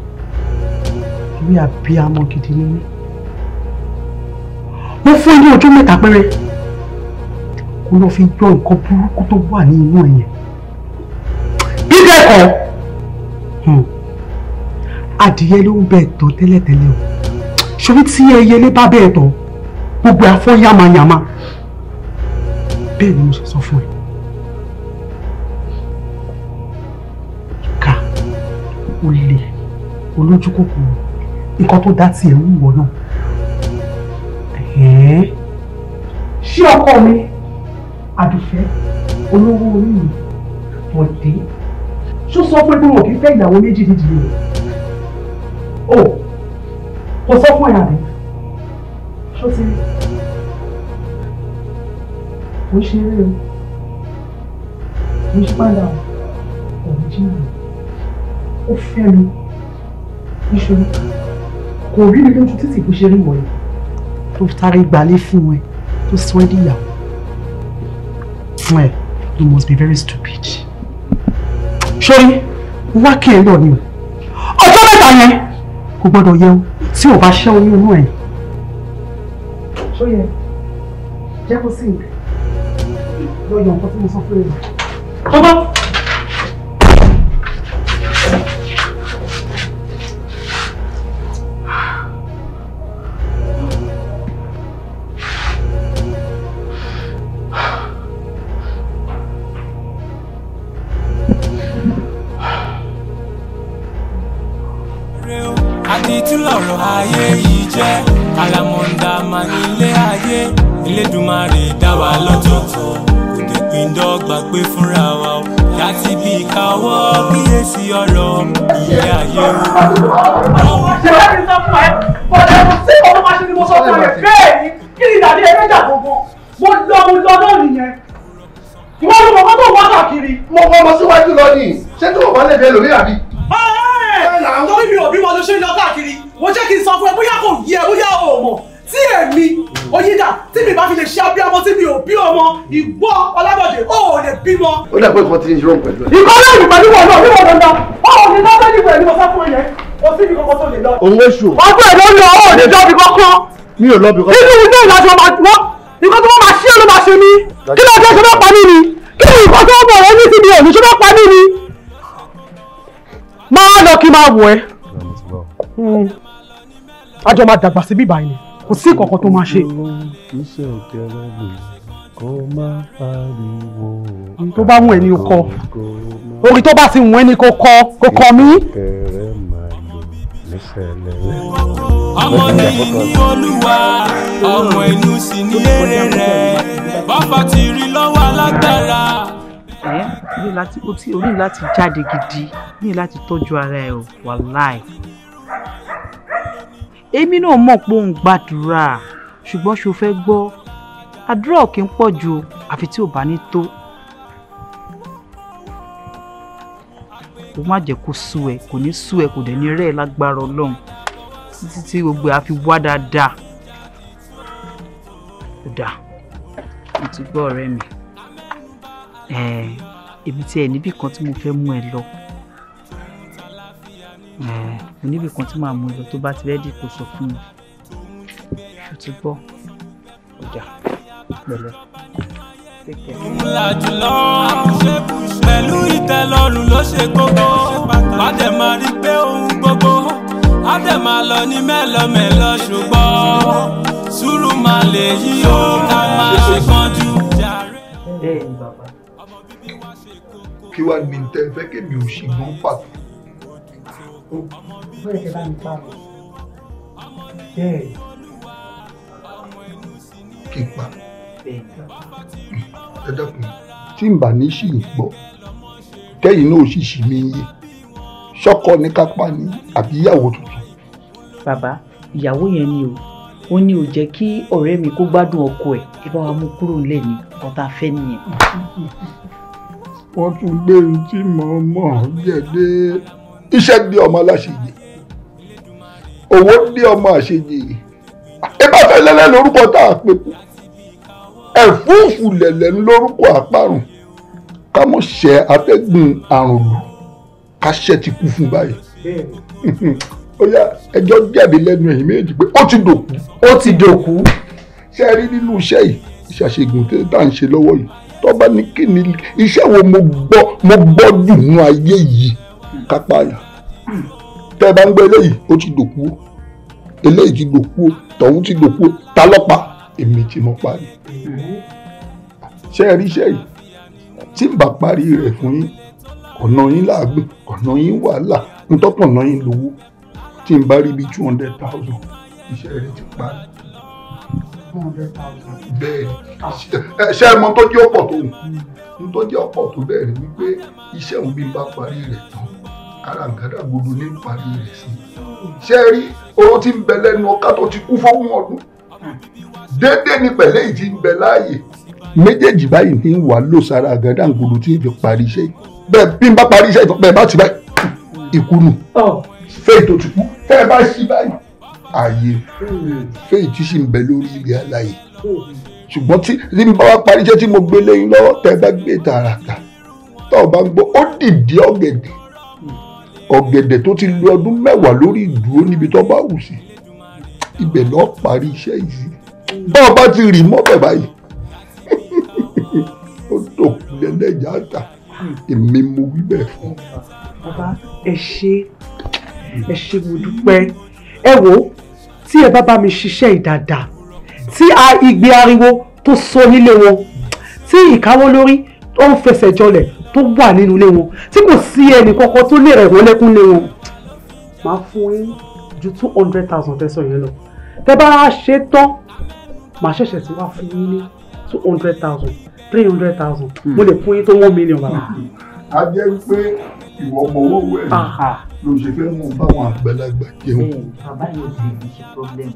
torí àbíamọ gidi ni mí mo fún ẹ ní ọjọ́ mẹ́ta péré kó lọ fi yọ nǹkan burúkú tó wà ní inú ẹ bẹ́ẹ̀ kọ́ hmm. adìyẹ ló ń bẹ tán tẹ́lẹ̀tẹ́lẹ̀ o ṣòwò tí ẹyẹlé bá bẹ́ẹ̀ tán gbogbo afọ́ yamayama bẹ́ẹ̀ ni mo ṣe sọ fún ẹ. ìka olè olójú kòkòrò nǹkan tó dá tiẹ̀ ń wọ̀ náà ṣé ọkọ mi àdùfẹ́ olówó orí mi bọ̀dé ṣó sọ fún ẹ pé wọn kì í fẹ́ ìyàwó méjì dídì rẹ̀ o kò sọ fún ẹ àbí ṣó ti rí kò ṣe eré o kò ṣe padà o original ó fẹ́ mi ìṣòro kò rí mi lójú títì kò ṣe rí wọ̀nyí tó táré gbalé fún ẹ tó sọ ẹ́ dìyàwó fún ẹ you must be very stupid sórí wá kí ẹ lọ ni o ọjọ́ mẹ́ta yẹn kò gbọ́dọ̀ yẹun tí ò bá ṣẹ́ oyún inú ẹ̀. ó yẹ kó sí ìgbẹ́ lọ́yọ̀ nǹkan tí mo sọ fún ẹ. dà pé nǹkan ti ń rán pẹ̀lú ẹ. ìkọ́lé ìgbà níwọ̀n náà níwọ̀n dandan báwo ni dábẹ́ nígbà ẹni mo sá fún ẹ̀yẹ kò sí ibi kankan tó lè lọ. òun oṣù. ọgbẹ́ ló ń lọ ó ní jọ́bi kankan. mi ò lọ́bi kankan. nínú ilé ìlàjọ máa wọ́n nǹkan tó wọ́n máa ṣí ẹ̀rọ máa ṣe mí. kí ló dé ṣọlá pa mí ni kí ni nǹkan tó wọ́n bọ̀ rẹ ní síbi òní ṣọlá pa mí ni. máa lọ kí máa wọ ẹ. àjọ hmm. máa dàgbà sí bíbá yìí kò sí kankan tó máa ṣe. kì í ṣe òkè ọlọ́gbìn tó bá wù ẹ́ ni o kọ orí tó bá sì wù ẹ́ ni kò kọ kò kọ mí. ọmọ ní inú olúwa ọmọ inú sì ní èrè rẹ̀ bàbá ti rí lọ́wọ́ alágbára. o ní láti jáde gidi o ní láti tọ́jú ara ẹ o wàláì èmi náà mọ̀ pé òun gbàdúrà ṣùgbọ́n ṣo fẹ́ gbọ́ àdúrà ò kí ń pọ̀ ju àfi tí ò bá ní tó kó má jẹ́ kó sú ẹ kò ní sú ẹ kò dẹ̀ ní rẹ́ ẹ lágbára ọlọ́run títí tí gbogbo àfi wá dáadáa kò dà mo ti gbọ́ ọ̀rẹ́ mi èmi tí ẹ níbì kan tí mo fẹ́ mú ẹ lọ mo níbì kan tí màá mú ẹ lọ tó bá ti rẹ́dì kó sọ fún mi ṣùtúbọ̀ kò dà pẹ̀lẹ́. pẹ̀lú ìtẹ́lọ́rùn ló ṣe kókó wá dẹ̀ máa rí pé ohun gbogbo á dẹ̀ máa lọ ní mẹ́lọmẹ́lọ ṣùgbọ́n sùúrù máa lè yí o ká máa ṣe kánjú. kí wàá ní tẹ fẹ́ kémi ò ṣì gbọ́n pàtó. bóyá ẹ bá ẹ dákun tí n bà ní sì ń gbọ́ kẹ́yìn náà sì sì mí yé sọ́kọ ní kápá ni àbí ìyàwó tuntun. bàbá ìyàwó yẹn ni o ó ní ò jẹ́ kí ọ̀rẹ́ mi kó gbádùn ọkọ ẹ̀ ẹ bá wa mú kúrò nílẹ̀ ní ọ̀tá fẹ́ nìyẹn. wọ́n tún gbé ohun tí mo mọ̀ jẹ́ dé iṣẹ́ dé ọmọ aláṣejì owó dé ọmọ àṣejì ìbáfẹ́ lẹ́lẹ́ lórúkọ tá a pè kú ẹ̀fúùfù lẹ̀lẹ̀ ń lórúkọ àparùn ká mọ̀ ṣẹ́ atẹ́gùn àrùn lù ká ṣẹ́ ti kú fún báyìí ó yá ẹjọ́ jáde lẹ́nu ẹ̀yìn méjì pé ó ti dòkú. ó ti dòkú. ṣé ẹ rí nínú iṣẹ́ yìí ìṣàṣègùn tá à ń ṣe lọ́wọ́ yìí tọ́ba ní kí ni iṣẹ́ wo mo gbọ́ mo gbọ́ jù nínú ayé yìí kápá yà tẹ́ ẹ bá ń gbọ́ eléyìí ó ti dòkú eléyìí ti dòkú tọ̀hún ti dòkú ta èmi tí mo parí ṣé ẹ rí iṣẹ́ yìí tí n bá parí rẹ̀ fún yín ọ̀nà yín làágùn ọ̀nà yín wàhálà n tọ́pọ̀ ọ̀nà yín lówó tí n bá rí bíi two hundred thousand iṣẹ́ rẹ̀ ti parí. bẹ́ẹ̀ ah. ṣé ẹ mọ tó jẹ́ ọ̀pọ̀ tó hmm. n tó jẹ́ ọ̀pọ̀ tó bẹ́ẹ̀ ni wípé iṣẹ́ òun bí n bá parí rẹ̀ tán ara gbogbo ní parí rẹ̀ sí. Hmm. ṣé ẹ rí oró tí ń bẹ lẹ́nu ọká tó ti kú fọ́gún ọdún hmm déédéé ni pẹ̀lẹ́ yìí ti ń bẹ láàyè méjèèjì báyìí ní wàá lò sára àgàdàǹgòdò tí ìfi parí iṣẹ́ bẹ́ẹ̀ bí n bá parí iṣẹ́ ìtọ́ bẹ́ẹ̀ bá ti báyìí ikú nù fẹ́ẹ̀ tó ti kú tẹ́ ẹ bá sí báyìí ààyè fẹ́ẹ̀ tí sì ń bẹ lórí ilẹ̀ aláyè ṣùgbọ́n tí tí n bá wá parí iṣẹ́ tí mo gbé lẹ́yìn lọ́wọ́ tẹ́ ẹ bá gbé tààràtà tọ́ ọ bá ń gbọ́ ó dìdí ọ̀gẹ̀dẹ̀ ọ̀gẹ̀dẹ̀ tó ti lo ọdún mẹ́wàá lórí ìdúró níbi tó bá wù sí ibẹ̀ lọ́ọ́ parí iṣẹ́ yìí bá a bá ti rì mọ́bẹ̀ báyìí ó tó lẹ́lẹ́jà ta èmi mo wí bẹ́ẹ̀ fún. bàbá ẹ ṣe ẹ ṣe mo dúpẹ́ ẹ wo tí ẹ bá bá mi ṣiṣẹ́ ìdàdà tí a igbe ariwo tó sọ nílé wọn tí ìkáwọ́ lórí tó ń fẹsẹ̀ jọlẹ̀ tó wà nínú ilé wọn tí kò sí ẹnì kankan tó lè rẹ̀ wọ́n lẹ́kún lé wọn. màá fún yín ju two hundred thousand tẹ́sán yẹn lọ tẹ́ bá ṣe tán màá ṣẹ̀ṣẹ̀ tí wàá fún yín ní two hundred thousand three hundred thousand hmm. mo lè fún yín tó one million bàbá. a jẹ́ pé ìwọ ọmọ owó owó ẹ̀ ló ṣe fẹ́ mọ̀ báwọn àgbàlagbà jẹun. bàbá yóò fi ibi ṣe problem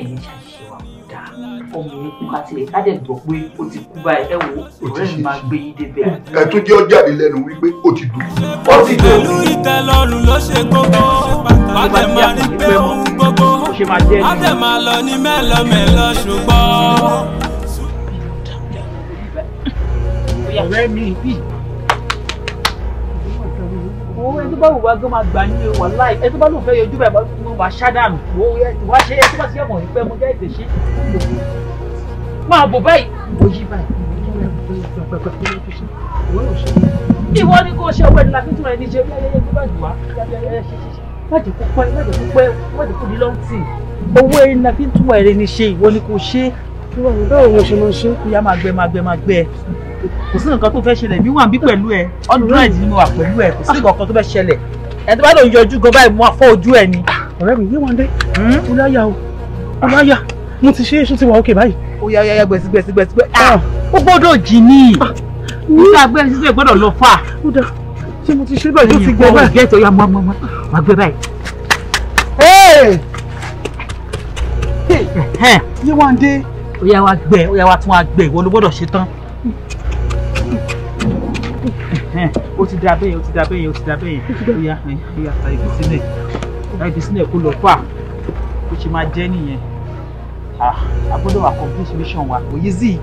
ẹ̀yin ṣàṣìṣe wa kò dáa ọmọ mi kú kátìlẹ̀ kádẹ̀ gbọ́ pé ó ti kú báyìí ẹ wo ọ̀rẹ́ mi máa gbé yín débẹ̀. ẹ tún jẹ́ ọjà mi lẹ́nu wípé ó ti dùn. ó ti dùn. pẹ̀lú ìtẹ́lọ́rùn ló ṣe gbogbo bàtẹ́ máa ní pé òun gbogbo bàtẹ́ máa lọ ní mẹ́lọmẹ́lọ ṣùgbọ́n. ọ̀rẹ́ mi bíi ẹni tó bá wù wá gan máa gbà yín wà láì ẹni tó bá lóun fẹ́ yọjú bẹ́ẹ̀ bá mo bá ṣádàmù wo wá ṣe ẹni tó bá ti yẹ mọ̀ ní pẹ́ mo jẹ́ ètè ṣe máa bò báyìí mo yí báyìí ìwọ ni kò ṣe owó ẹni la fi tún ẹni ṣe yẹ́yẹ́ tó bá jù wá láti kó pẹ́ láti kó pẹ́ láti kó di lọ́ǹtì owó ẹni la fi tún ẹni ṣe ìwọ ni kò ṣe é kí wàá ní báwo mo ṣe máa ṣe. kó yá máa gbẹ máa gbẹ máa gbẹ kò sí nǹkan tó fẹ́ ṣẹlẹ̀ mi wà bí pẹ̀lú ẹ hundred ni mo wà pẹ̀lú ẹ kò sí nǹkan tó fẹ́ ṣẹlẹ̀ ẹ tó bá lòun yọjú gan báyìí mo fọ́ ojú ẹ ni. ọ̀rẹ́ mi Yéwándé ó hmm? láyà o ó láyà mo ti ṣe é ṣó ti wà ókè báyìí. ó yá yá yá gbèsè gbèsè gbèsè gbèsè ah, ah. ó gbọ́dọ̀ jì ah. ní nígbà gbé ẹni sísè gbọ́dọ̀ lọ fà. ṣé mo ti ṣe báyìí ó ti gbẹ báyìí. gẹ́tọ̀ ya ó yá wa gbẹ ó yá wa tún wa gbẹ ìwọ ló gbọ́dọ̀ ṣe tán ó ti dà bẹ́yẹn ó ti dà bẹ́yẹn ó ti dà bẹ́yẹn ó yá ó yá ta ibi sílẹ̀ ta ibi sílẹ̀ kó lọ fà ó ṣe máa jẹ́ nìyẹn a gbọ́dọ̀ wà complete mission wa kò yí sí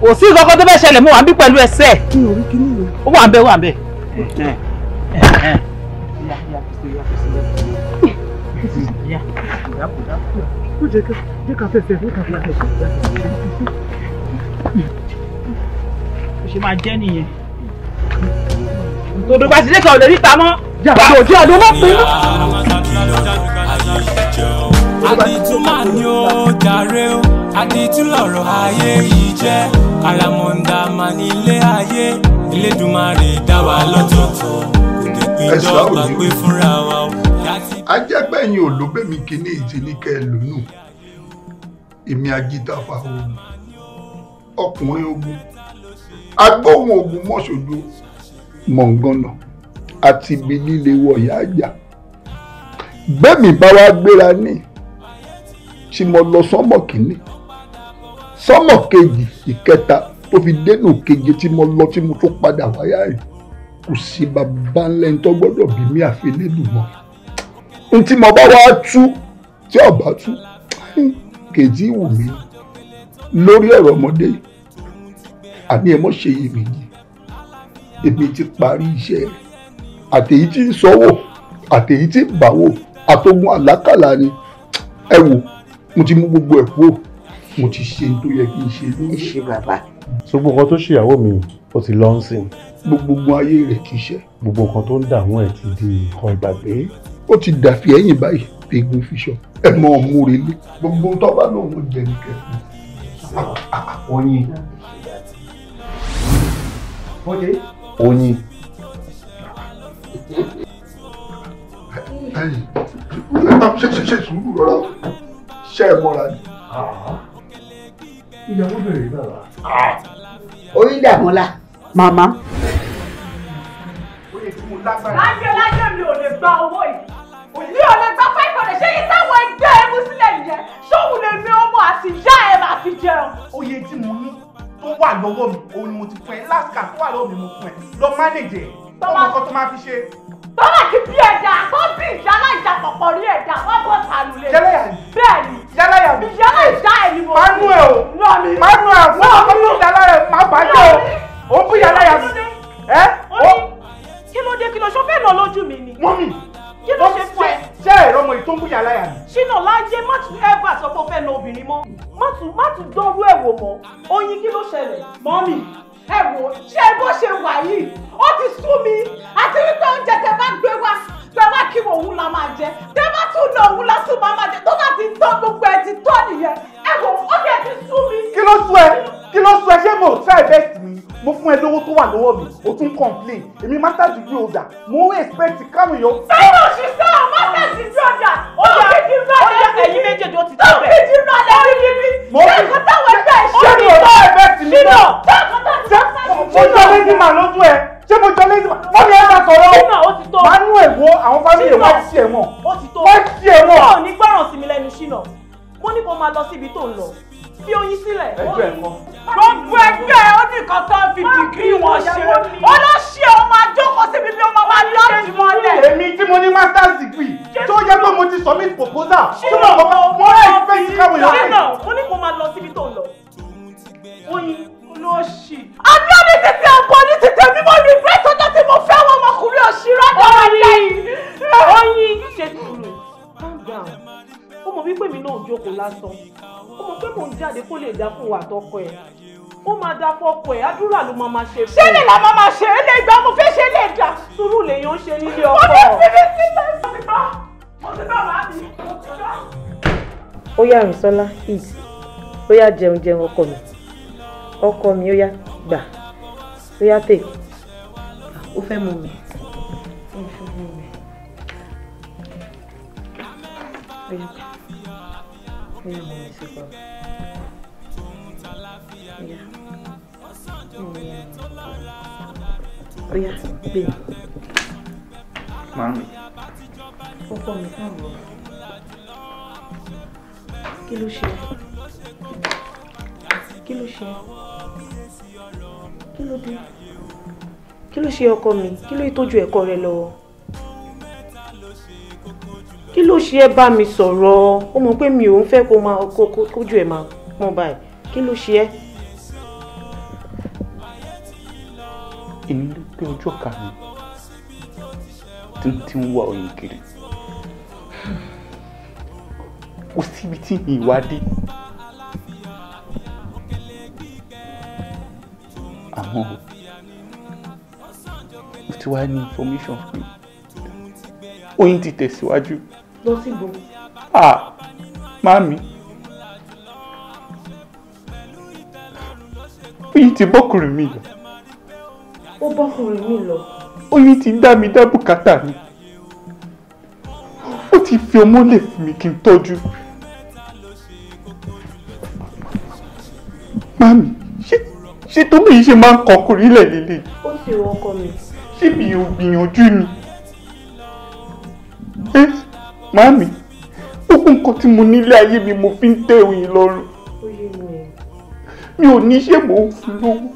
kò sí kankan tó fẹ́ ṣẹlẹ̀ mo wà ń bí pẹ̀lú ẹsẹ̀ ó wà ń bẹ wà ń bẹ ya ya ya ya ya ya ya ya ó jẹ́ ká fẹ́fẹ́ ó kàfé àfẹ́fẹ́ ó ṣe máa jẹ́ nìyẹn tòdó bá ti dé kan ò lè rí pamọ́. yàtọ̀ òjò àdó má pinnu. àdìtú máa ní ó jàre ó àdìtú lọ̀rọ̀ ayé yìí jẹ́ àràmọ̀ǹdà máa ní ilé ayé Elédùmarè dá wa lọ́tọ̀ọ̀tọ̀ kò dé pín dọ́gba pé fúnra wa ó ajẹ́pẹ̀yìn olóbẹ̀mí kínní ìtìníkẹ́ lónù èmi ajítafa ogun ọkùnrin ogun agbóhùn ogun mọ́ṣojú mọ̀ngànà àti ibi líle wọ̀yá àjà gbẹ̀mí bá wá gbéra ní tí mo lọ sọ́mọ̀ kínní sọ́mọ̀ kejì ìkẹta tó fi dénú keje tí mo lọ tí mo tún padà wáyà yìí kò sí bàbá ńlẹ́ńtọ́ gbọ́dọ̀ bí mi àfi lẹ́dùn mọ́ ntí mo bá wá tú tí ọba tú kèjì wù mí lórí ọ̀rọ̀ ọmọdé àní ẹ mọ̀ ṣe iyèméjì èmi ti parí iṣẹ́ àtèyí tí ń sọ́wọ́ àtèyí tí ń bàwọ́ àtògùn àlákàlà ni ẹ wò mo ti mú gbogbo ẹ̀ kúrò mo ti ṣe tó yẹ kí n ṣe lórí. ẹ ṣe bàbá. gbogbo nǹkan tó ṣèyàwó mi ó ti lọ́nsìn. gbogbo ayé rẹ̀ kìí ṣe. gbogbo nǹkan tó ń dààmú ẹ̀ ti di nǹkan ó ti dàfi ẹ̀yìn báyìí fègùn fiṣọ ẹ mọ ọmúrelé gbogbo tó bá lòun jẹ nìkẹ́ oyin oyin ẹ̀yìn ṣe ṣe ṣe sùúrù rọra ṣe é mọ́ra ni. ìyàwó bẹ̀rẹ̀ bàbá. oyin dàmọ́lá. màmá. ó yẹ kí mo lágbára. lájọ lájọ mi ò lè gba owó yìí mi ò lè gba five hundred ṣé ìtàwọn ẹgbẹ́ ẹ mú sílẹ̀ yẹn ṣóhun lè mi ọmọ àti ìyá ẹ máa fi jẹun. oyè tí mo ní tó wà lọ́wọ́ mi òun ni mo ti fún ẹ láàkà tó wà lọ́wọ́ mi mo fún ẹ lọ mánéjẹ ọmọ kan tó máa fi ṣe. tọ́lá ti bí ẹja kó bí ìyálà ìjà pọ̀pọ̀ rí ẹja wọ́n bọ̀ sànù lé. yálà yà mí. bẹ́ẹ̀ni yálà yà mí. ìyálà ìjà ẹ ni mo. manu ẹ o manu ẹ fún ọkọ mi yálà ẹ má bàjẹ́ o ò ń bú yálà yà mí. kí ló dé kí ló ṣọ́ fẹ́ lọ lójú mi ni. mọ́mì kí ló ṣe fún ẹ. ṣé ẹ̀rọ ọmọ ìtó ń bú yàrá ṣínà láyé má tún ẹgbà sọ pé o fẹ́ lọ obìnrin mọ́ má tún má tún dọ́rú ẹ̀ wò mọ́ oyin kí ló ṣẹlẹ̀ mọ́mì ẹ wò ṣé ẹ bó ṣe wà yìí ó ti sú mi àti wípé oúnjẹ tẹ bá gbé wá tẹ bá kí wọ òun la máa jẹ tẹ bá tún lọ òun la tún máa máa jẹ tó bá ti tán gbogbo ẹ ti tán nìyẹn ẹ wò ó yẹ ti sú mi. kí ló sú ẹ kí ló sú ẹ ṣé mo try best mi mo fún ẹ lówó tó wà lọ́wọ́ mi o tún complain èmi master degree holder mo ń expect káwọn èèyàn. sẹ́yìn òṣì sá master degree holder ó yà ó yà ẹ̀yin méjèèjì ó ti tó bẹ̀. ó ti rọ lórí níbi ṣé nǹkan táwọn ẹgbẹ́ ṣe ṣé mi ò ẹgbẹ́ ti mi lọ. ṣé mo jọ lazy man lójú ẹ ṣé mo jọ lazy man wọ́n ní ẹ máa sọ̀rọ̀ manu ẹ̀wọ́ àwọn family ẹ̀ wọ́n ti ẹ̀ mọ̀ wọ́n ti ẹ̀ mọ̀. ṣínà ò ní gbọ́ràn sí mi lẹ́nu ṣínà mo ní kó máa lọ síbi tó ń lọ fi oyin sílẹ̀. ẹgbẹ́ ẹ̀kọ́. gbogbo ẹgbẹ́ ó ní nǹkan tó fi dìgírí wọn ṣe ọlọ́ṣẹ́ ọmọ àjọkọ síbi bí ọmọ wa lọ́ọ̀tì mọ́lẹ̀. èmi tí mo ní masters degree tó yẹ pé mo ti submit proposal tí mo kọ́ mọ́ ẹ̀ pé kí káwọn èèyàn rẹ̀. mo ní kó máa lọ síbi tó ń lọ. oyin olóṣì. àbí ó ní títí àpò ní títí ẹbí mo rí ìgbẹ́ tó tí mo fẹ́ wọn ọmọkùnrin òṣìrọ́dọ̀ rẹ̀ ó mọ wípé mi náà jókòó lásán ó mọ pé mò ń jáde kó lè dá fún wa àtọkọ ẹ ó máa dá fọkọ ẹ àdúrà ló máa máa ṣe fún un. ṣé lè la máa máa ṣe é lè gbà mo fẹ́ ṣe lè dà. sùúrù lèèyàn ń ṣe nílé ọkọ. mo ti fi mi sílẹ̀. ó yá Rìnsọ́lá eat ó yá jẹun jẹun ọkọ mi ọkọ mi ó yá gbà ó yá tè ó fẹ́ mú mi. Thank you ní ọmọ ìṣèkọ. Oya gbé. Màmí. Ọkọ mi káàbọ̀. Kí ló ṣe? Kí ló ṣe? Kí ló dé? Kí ló ṣe ọkọ mi? Kí ló ìtọ́jú ẹ̀kọ́ rẹ lọ́wọ́? kí ló ṣe ẹ bá mi sọ̀rọ̀ ó mọ̀ pé mi ò ń fẹ́ kó máa kójú ẹ̀ máa pọ́n báyìí kí ló ṣe ẹ́. èyí ló pé ọjọ́ karùn-ún tí ń ti ń wá oyin kiri kò síbi tí ìwádìí àmọ́ mo ti wá ní information fún mi oyin ti tẹ̀síwájú lọ síbo. ah mami oyin ti bọ́kùnrin mi lọ. ó bọ́kùnrin mi lọ. oyin ti dá mi dá bùkátà mi ó ti fi ọmọ lè fún mi kí n tọ́jú. mami ṣé ṣé tó bí ṣe máa ń kọkùnrin lẹ̀ lélẹ̀. ó ṣe ọkọ mi. ṣé mi ò gbìyànjú ni. Mami, gbogbo nǹkan tí mo nílé ayé mi mo fi ń tẹ̀wé lọ́rùn mi ò ní ṣe mò ń fún lówó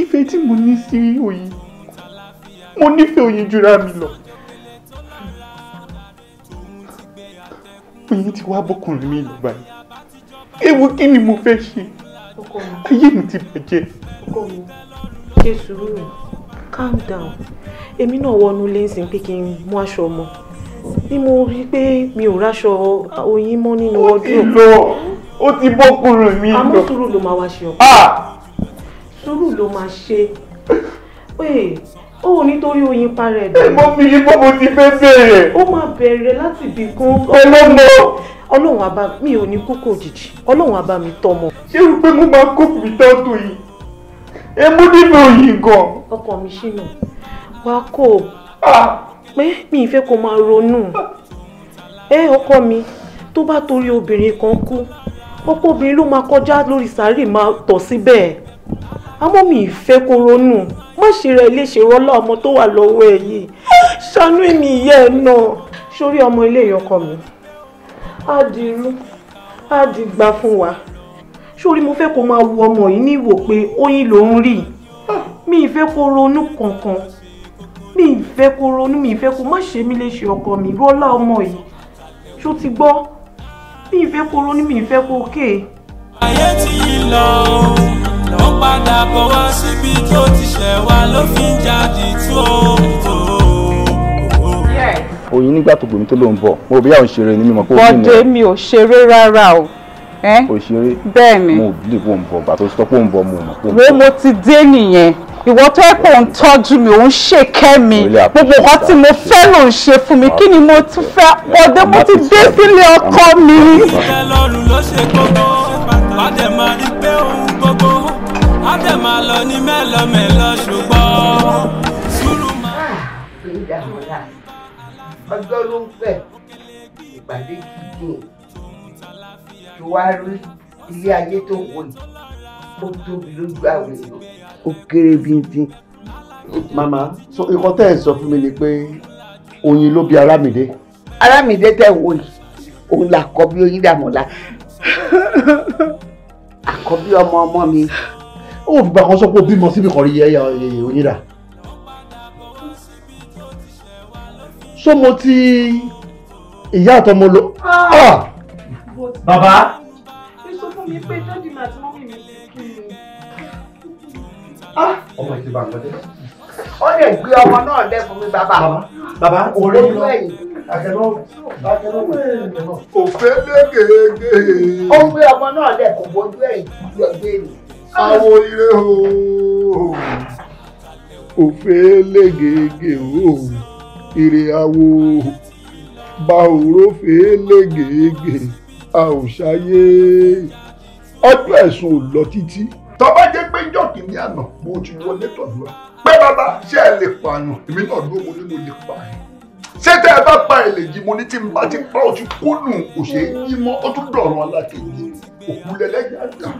ìfẹ́ tí mo ní sí oyin mo nífẹ̀ẹ́ oyin jura mi lọ oyin ti wá bọ́kùnrin mi lọ báyìí ewu kí ni mo fẹ́ ṣe ayé mi ti bàjẹ́. ọkọ mi ṣe sùúrù calm down èmi náà wọnú lẹ́sìn pé kí n mú aṣọ ọmọ bí mo rí i pé mi ò ráṣọ oyin mọ́ nínú ọdún. ó ti lọ ó ti bọ́kùnrin mi lọ. àmọ́ sùúrù ló máa wá ṣe ọkọ ah! sùúrù ló máa ṣe ó nítorí oyin parẹ́ dùn. mo fi yín bó mo ti fẹ́ bẹ̀rẹ̀. ó máa bẹ̀rẹ̀ láti ibì kan. ọlọ́mọ. ọlọ́run àbá mi ò ní kókó òjijì ọlọ́run àbá mi tọmọ. ṣé o pé mo máa kó mi tọ́tù yìí èmo nífẹ̀ẹ́ oyin gan. ọkọ mi ṣìnà wá kò pé mi ìfẹ́ kó máa ronú ẹ ọkọ mi tó bá torí obìnrin kan kú ọ̀pọ̀ obìnrin ló máa kọjá lórí sàárè máa tọ̀ síbẹ̀ àmọ́ mi ìfẹ́ kó ronú má ṣe rẹ léṣe rọ́lá ọmọ tó wà lọ́wọ́ ẹ yìí ṣàánú èmi ìyá ẹ náà sórí ọmọ ilé ìyọkọ mi àdìrú àdìgbà fún wa sórí mo fẹ́ kó máa wo ọmọ yìí ní ìwò pé oyin lòún rí mi ìfẹ́ kó ronú kankan mi ìfẹ́ kó ronú mi ìfẹ́ kó má ṣe mí léṣe ọkọ mi rọ́lá ọmọ yìí ṣó ti gbọ́ mi ìfẹ́ kó ronú mi ìfẹ́ kó ké. ayé tí yí lọ ló padà bọ̀ wá síbi tó ti ṣẹ̀ wá ló fi ń jáde tó tó. oyin nígbà tó gbèmí tó ló ń bọ̀ mo ò bí àwọn ìṣeré ni mi mọ̀ pé ó ní. bọ́dé mi ò ṣeré rárá o òṣèré bẹ́ẹ̀ ni mo ò lè bó ń bọ̀ bàtò sọ pé ó ń bọ̀ mo mọ̀ pé ó ń bọ̀. wo mo ti dé nìyẹn ìwọ tó ẹ kò ń tọ́jú mi ò ń ṣèkẹ́ mi gbogbo nǹkan tí mo fẹ́ ló ń ṣe fún mi kí ni mo tún fẹ́ ọdẹ mo ti dé sílé ọkọ mi. ìfẹ́ lọ́rùn ló ṣe kókó ọdẹ máa rí pé òun gbogbo ọdẹ máa lọ ní mẹ́lọmẹ́lọ ṣùgbọ́n sùúrù máa. ọjọ́ ló ń pẹ́ ìpàdé gígùn tó wá rí ilé ayé tó wọ̀ yìí ó tóbi lójú àwọn èèyàn ó kéré bíntín. màmá so nǹkan tẹ́ ẹ̀ sọ fún mi ni pé oyin ló bí arámìdé. arámìdé tẹ̀ wò yìí òun là kọ́ bí oyin dàmọ́lá àkọ́bí ọmọ ọmọ mi. ó fi gbà kan sọ pé ó bímọ síbi kan rí yẹ́yà oyin dà. so mo ti ìyá àtọmọ lo. Ah! Ah! bàbá. ẹ sọ fún mi pé dádì màtí wọn ọmọ ìdí bá ń wọlé. ó lè gbé ọmọ náà lẹ́fun mi bàbá. bàbá òré ló òfé légèége. ó gbé ọmọ náà lẹ́kùn bójú ẹ̀yìn lọ gbèrè. àwo ire ooo òfé légèége ooo ire awo ba òró fé légèége a ò ṣayé ọdún ẹ̀sùn ò lọ títí. tọ́bajẹ́ níjọ́ kìíní àná mo ti wọlé tọ̀dúrà pé bàbá ṣé ẹ lè pààyàn èmi náà dúró mo ní mo lè pààyàn ṣé tẹ́ ẹ bá pa èlè yìí mo ní tí n bá ti pa ó ti kúnnù kò mọ́ ó tún dọ̀rùn alákejì òkú lẹ́lẹ́yà dà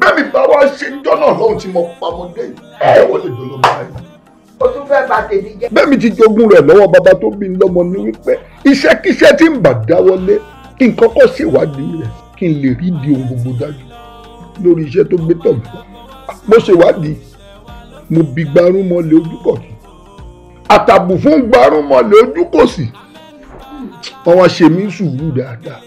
bẹ́ẹ̀ni báwa ṣe ń jọ́nà lọ́hùn tí mo pamọ́dé yìí ẹ wọlé dọ́lọ́ báyìí. o tún fẹ́ bà tèmi jẹ́. bẹ́ẹ̀ni ti jogún rẹ̀ lọ́wọ́ bàbá tó bí mi lọ́mọ ní wípé iṣẹ́kíṣẹ́ tí ń bà dáwọ́lé kí n kọ́kọ́ ṣèwádìí rẹ̀ kí n lè rí di ohun gbogbo dájú lórí iṣẹ́ tó gbé tọ̀ mo ṣèwádìí mo bi gbarúmọlẹ̀ ojúkọ̀kí àtàbù fún gbarúmọlẹ̀ ojúkòsì wọ́n wá ṣe mí sùúrù dáadáa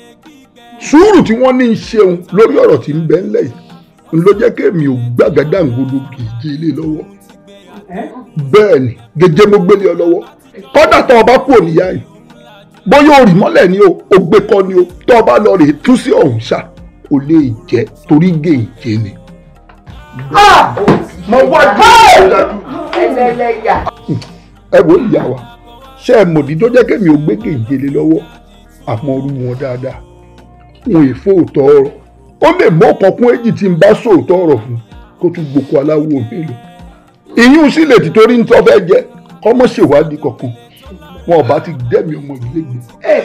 sùúrù tí wọ́n ní í ṣeun lórí ọ̀rọ̀ tí ń bẹ ńlẹ̀ yìí ń ló jẹ́ kémi ò gbàgádà ń gbọdọ̀ gèje ilé lọ́wọ́ bẹ́ẹ̀ ni gèje mo gbélé ọ lọ́wọ́ kọ́dà tó o bá kú òníyá yìí bóyá o rì mọ́lẹ̀ ni o ò gbé kọ́ ni o tó o bá lọ rè é tú sí ọ̀hún ṣá o lè jẹ́ torí gèje ni mo wá ẹlẹ́lẹ́yà. ẹ wo ìyá wa ṣé ẹ mọ̀ dídọ́ jẹ́ kẹ́mi ò gbé gèǹgèlè lọ́wọ́ àmọ́ orú wọn dáadáa wọn è fó òótọ́ ọ̀rọ̀ ó lè mọ ọkàn kún èjì tí ń bá sóòótọ́ ọ̀rọ̀ fún kó tún gbòkó aláwo mi lò ìyún sì lè ti torí ń tọ́ fẹ́ jẹ ọmọ ṣèwádìí kankan wọn ọba ti dẹ́mi ọmọ ìdílé eh!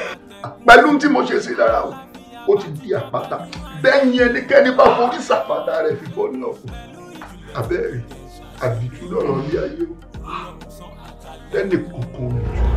pẹ̀lú tí mo ṣe sí lára o ó ti di àpáta bẹ́yìn ẹnikẹ́ni bá forí sàpàdà rẹ̀ fífọ́ ní ọ̀pọ̀ abẹ́rẹ́ àbìtú lọ́rọ̀ ní ayé o lẹ́nìkùnkùn nìyẹn.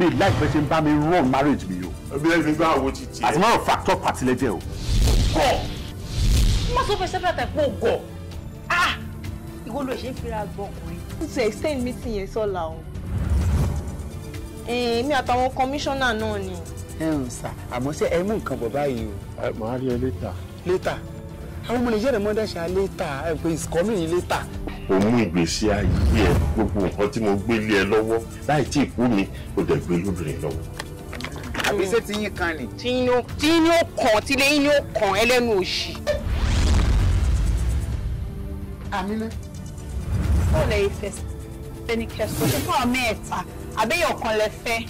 mi láìpẹ́ ṣe ń bá mi run marriage mi o. ẹbí ẹni gbá àwo ti tiẹ̀. àtìmọ́ factor party lẹ́jẹ̀ o. gọ̀ má sọ fún ẹsẹ̀ fẹ́ràn tàìpọ̀ gọ̀ ah ìwọ ló ṣe ń fira gbọ́ ọkùnrin. ó ti extend meeting yẹn sọ́la o. èmi àtàwọn kọmíṣánná náà ni. ẹ ǹ sà àmọ́ ṣé ẹ mú nǹkan bọ̀ báyìí o. màá rí ẹ létà. létà àwọn ọmọ nàìjíríà mọ́ dáṣà létà ẹgbẹ́ ìsìkọ́mì yìí létà. òun ìgbésí ayé ẹ gbogbo nǹkan tí mo gbé lé ẹ lọ́wọ́ láì tí ì kú mi kò dẹ̀ gbé lóbìnrin lọ́wọ́. àbí ṣé tí yín kan ni. tí yín ó kàn tí lè yín ó kàn ẹlẹ́nu òṣì. àmínà. ó lè fẹsẹ̀ fẹ́ ní kẹsàn-án fún ọmọ ẹ̀ta àbẹ́yẹ̀ ọ̀kan lẹ fẹ́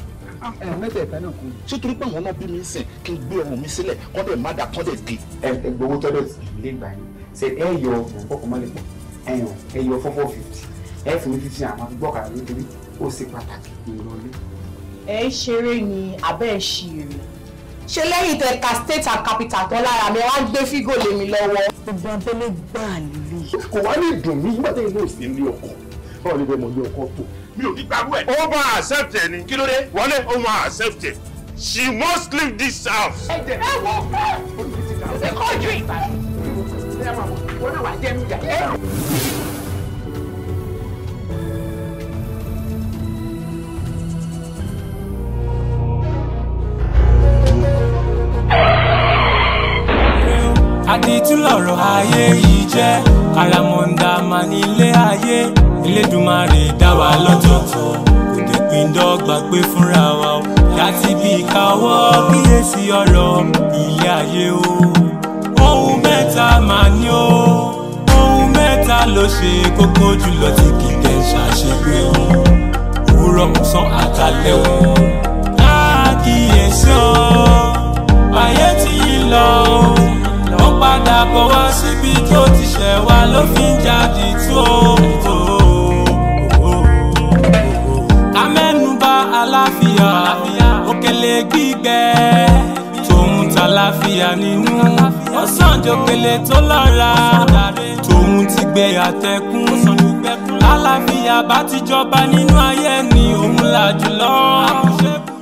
ẹ mẹ́tẹ̀ẹ̀ta náà kú. ṣé torí pé àwọn náà bí mi ń sìn kí n gbé ọrùn mi sílẹ̀ kọ́ dẹ̀ má da kọ́ dẹ̀ gé. ẹ ẹ gbowó tọ́lẹ̀tì ilé ìgbà yẹn ṣe ẹ yọ ọkọ̀mọ́lẹ̀ pọ̀ ẹ yọ ẹ yọ fọ́fọ́ fifty ẹ fún mi fifty àwọn gbọ́kàrà nítorí ó ṣe pàtàkì ìrọ̀lẹ́. ẹ ṣeré ni abẹ́ ẹ̀ ṣì rè ṣe lẹ́yìn tẹ ka state and capital tán lára mi wá ń gbé fígò lèmi lọ́wọ́. gbogbo abẹ́lé gbà lélẹ̀. kò wá ní ìdùnnú nígbà tí ìlú òsì ń lé ọkọ̀ báwo ni bẹ́ẹ̀ mọ̀ ní ọkọ̀ tó mi ò ní gbarú ẹ̀. ó máa accept ẹ ni. kí ló dé. wọlé ó accept ẹ. she must leave this house. ẹ jẹ ẹ wọ ẹ kọjú ìbàdàn. ẹ máa wọ wọn náà wà á jẹ mi jà. àdìtú lọ̀rọ̀ ayé yìí jẹ́ àràmọ̀ǹdà mà nílé ayé Elédùmarè dá wa lọ́tọ̀ọ̀tọ̀ kò dé pín dọ́gba pé fúnra wa o láti bí ìkáwọ́ kíyèsí ọ̀rọ̀ ilé ayé o ohun mẹ́ta mà ní o ohun mẹ́ta ló ṣe kókó jùlọ tí kì í dẹ̀ ṣàṣepé o òwúrọ̀ mọ̀sán àtàlẹ́ o láàkíyèsí o ayé ti yí lọ o padà bọ̀ wá síbi tó ti ṣẹ̀ wá ló fi ń jáde tó tó. ká aláfíà òkèlè gbígbẹ tòun tàláfíà nínú ó sàn jòkèlè tó lọ́ra tòun ti gbé àtẹkùn aláfíà bá ti jọba nínú ayé ni òun là jùlọ.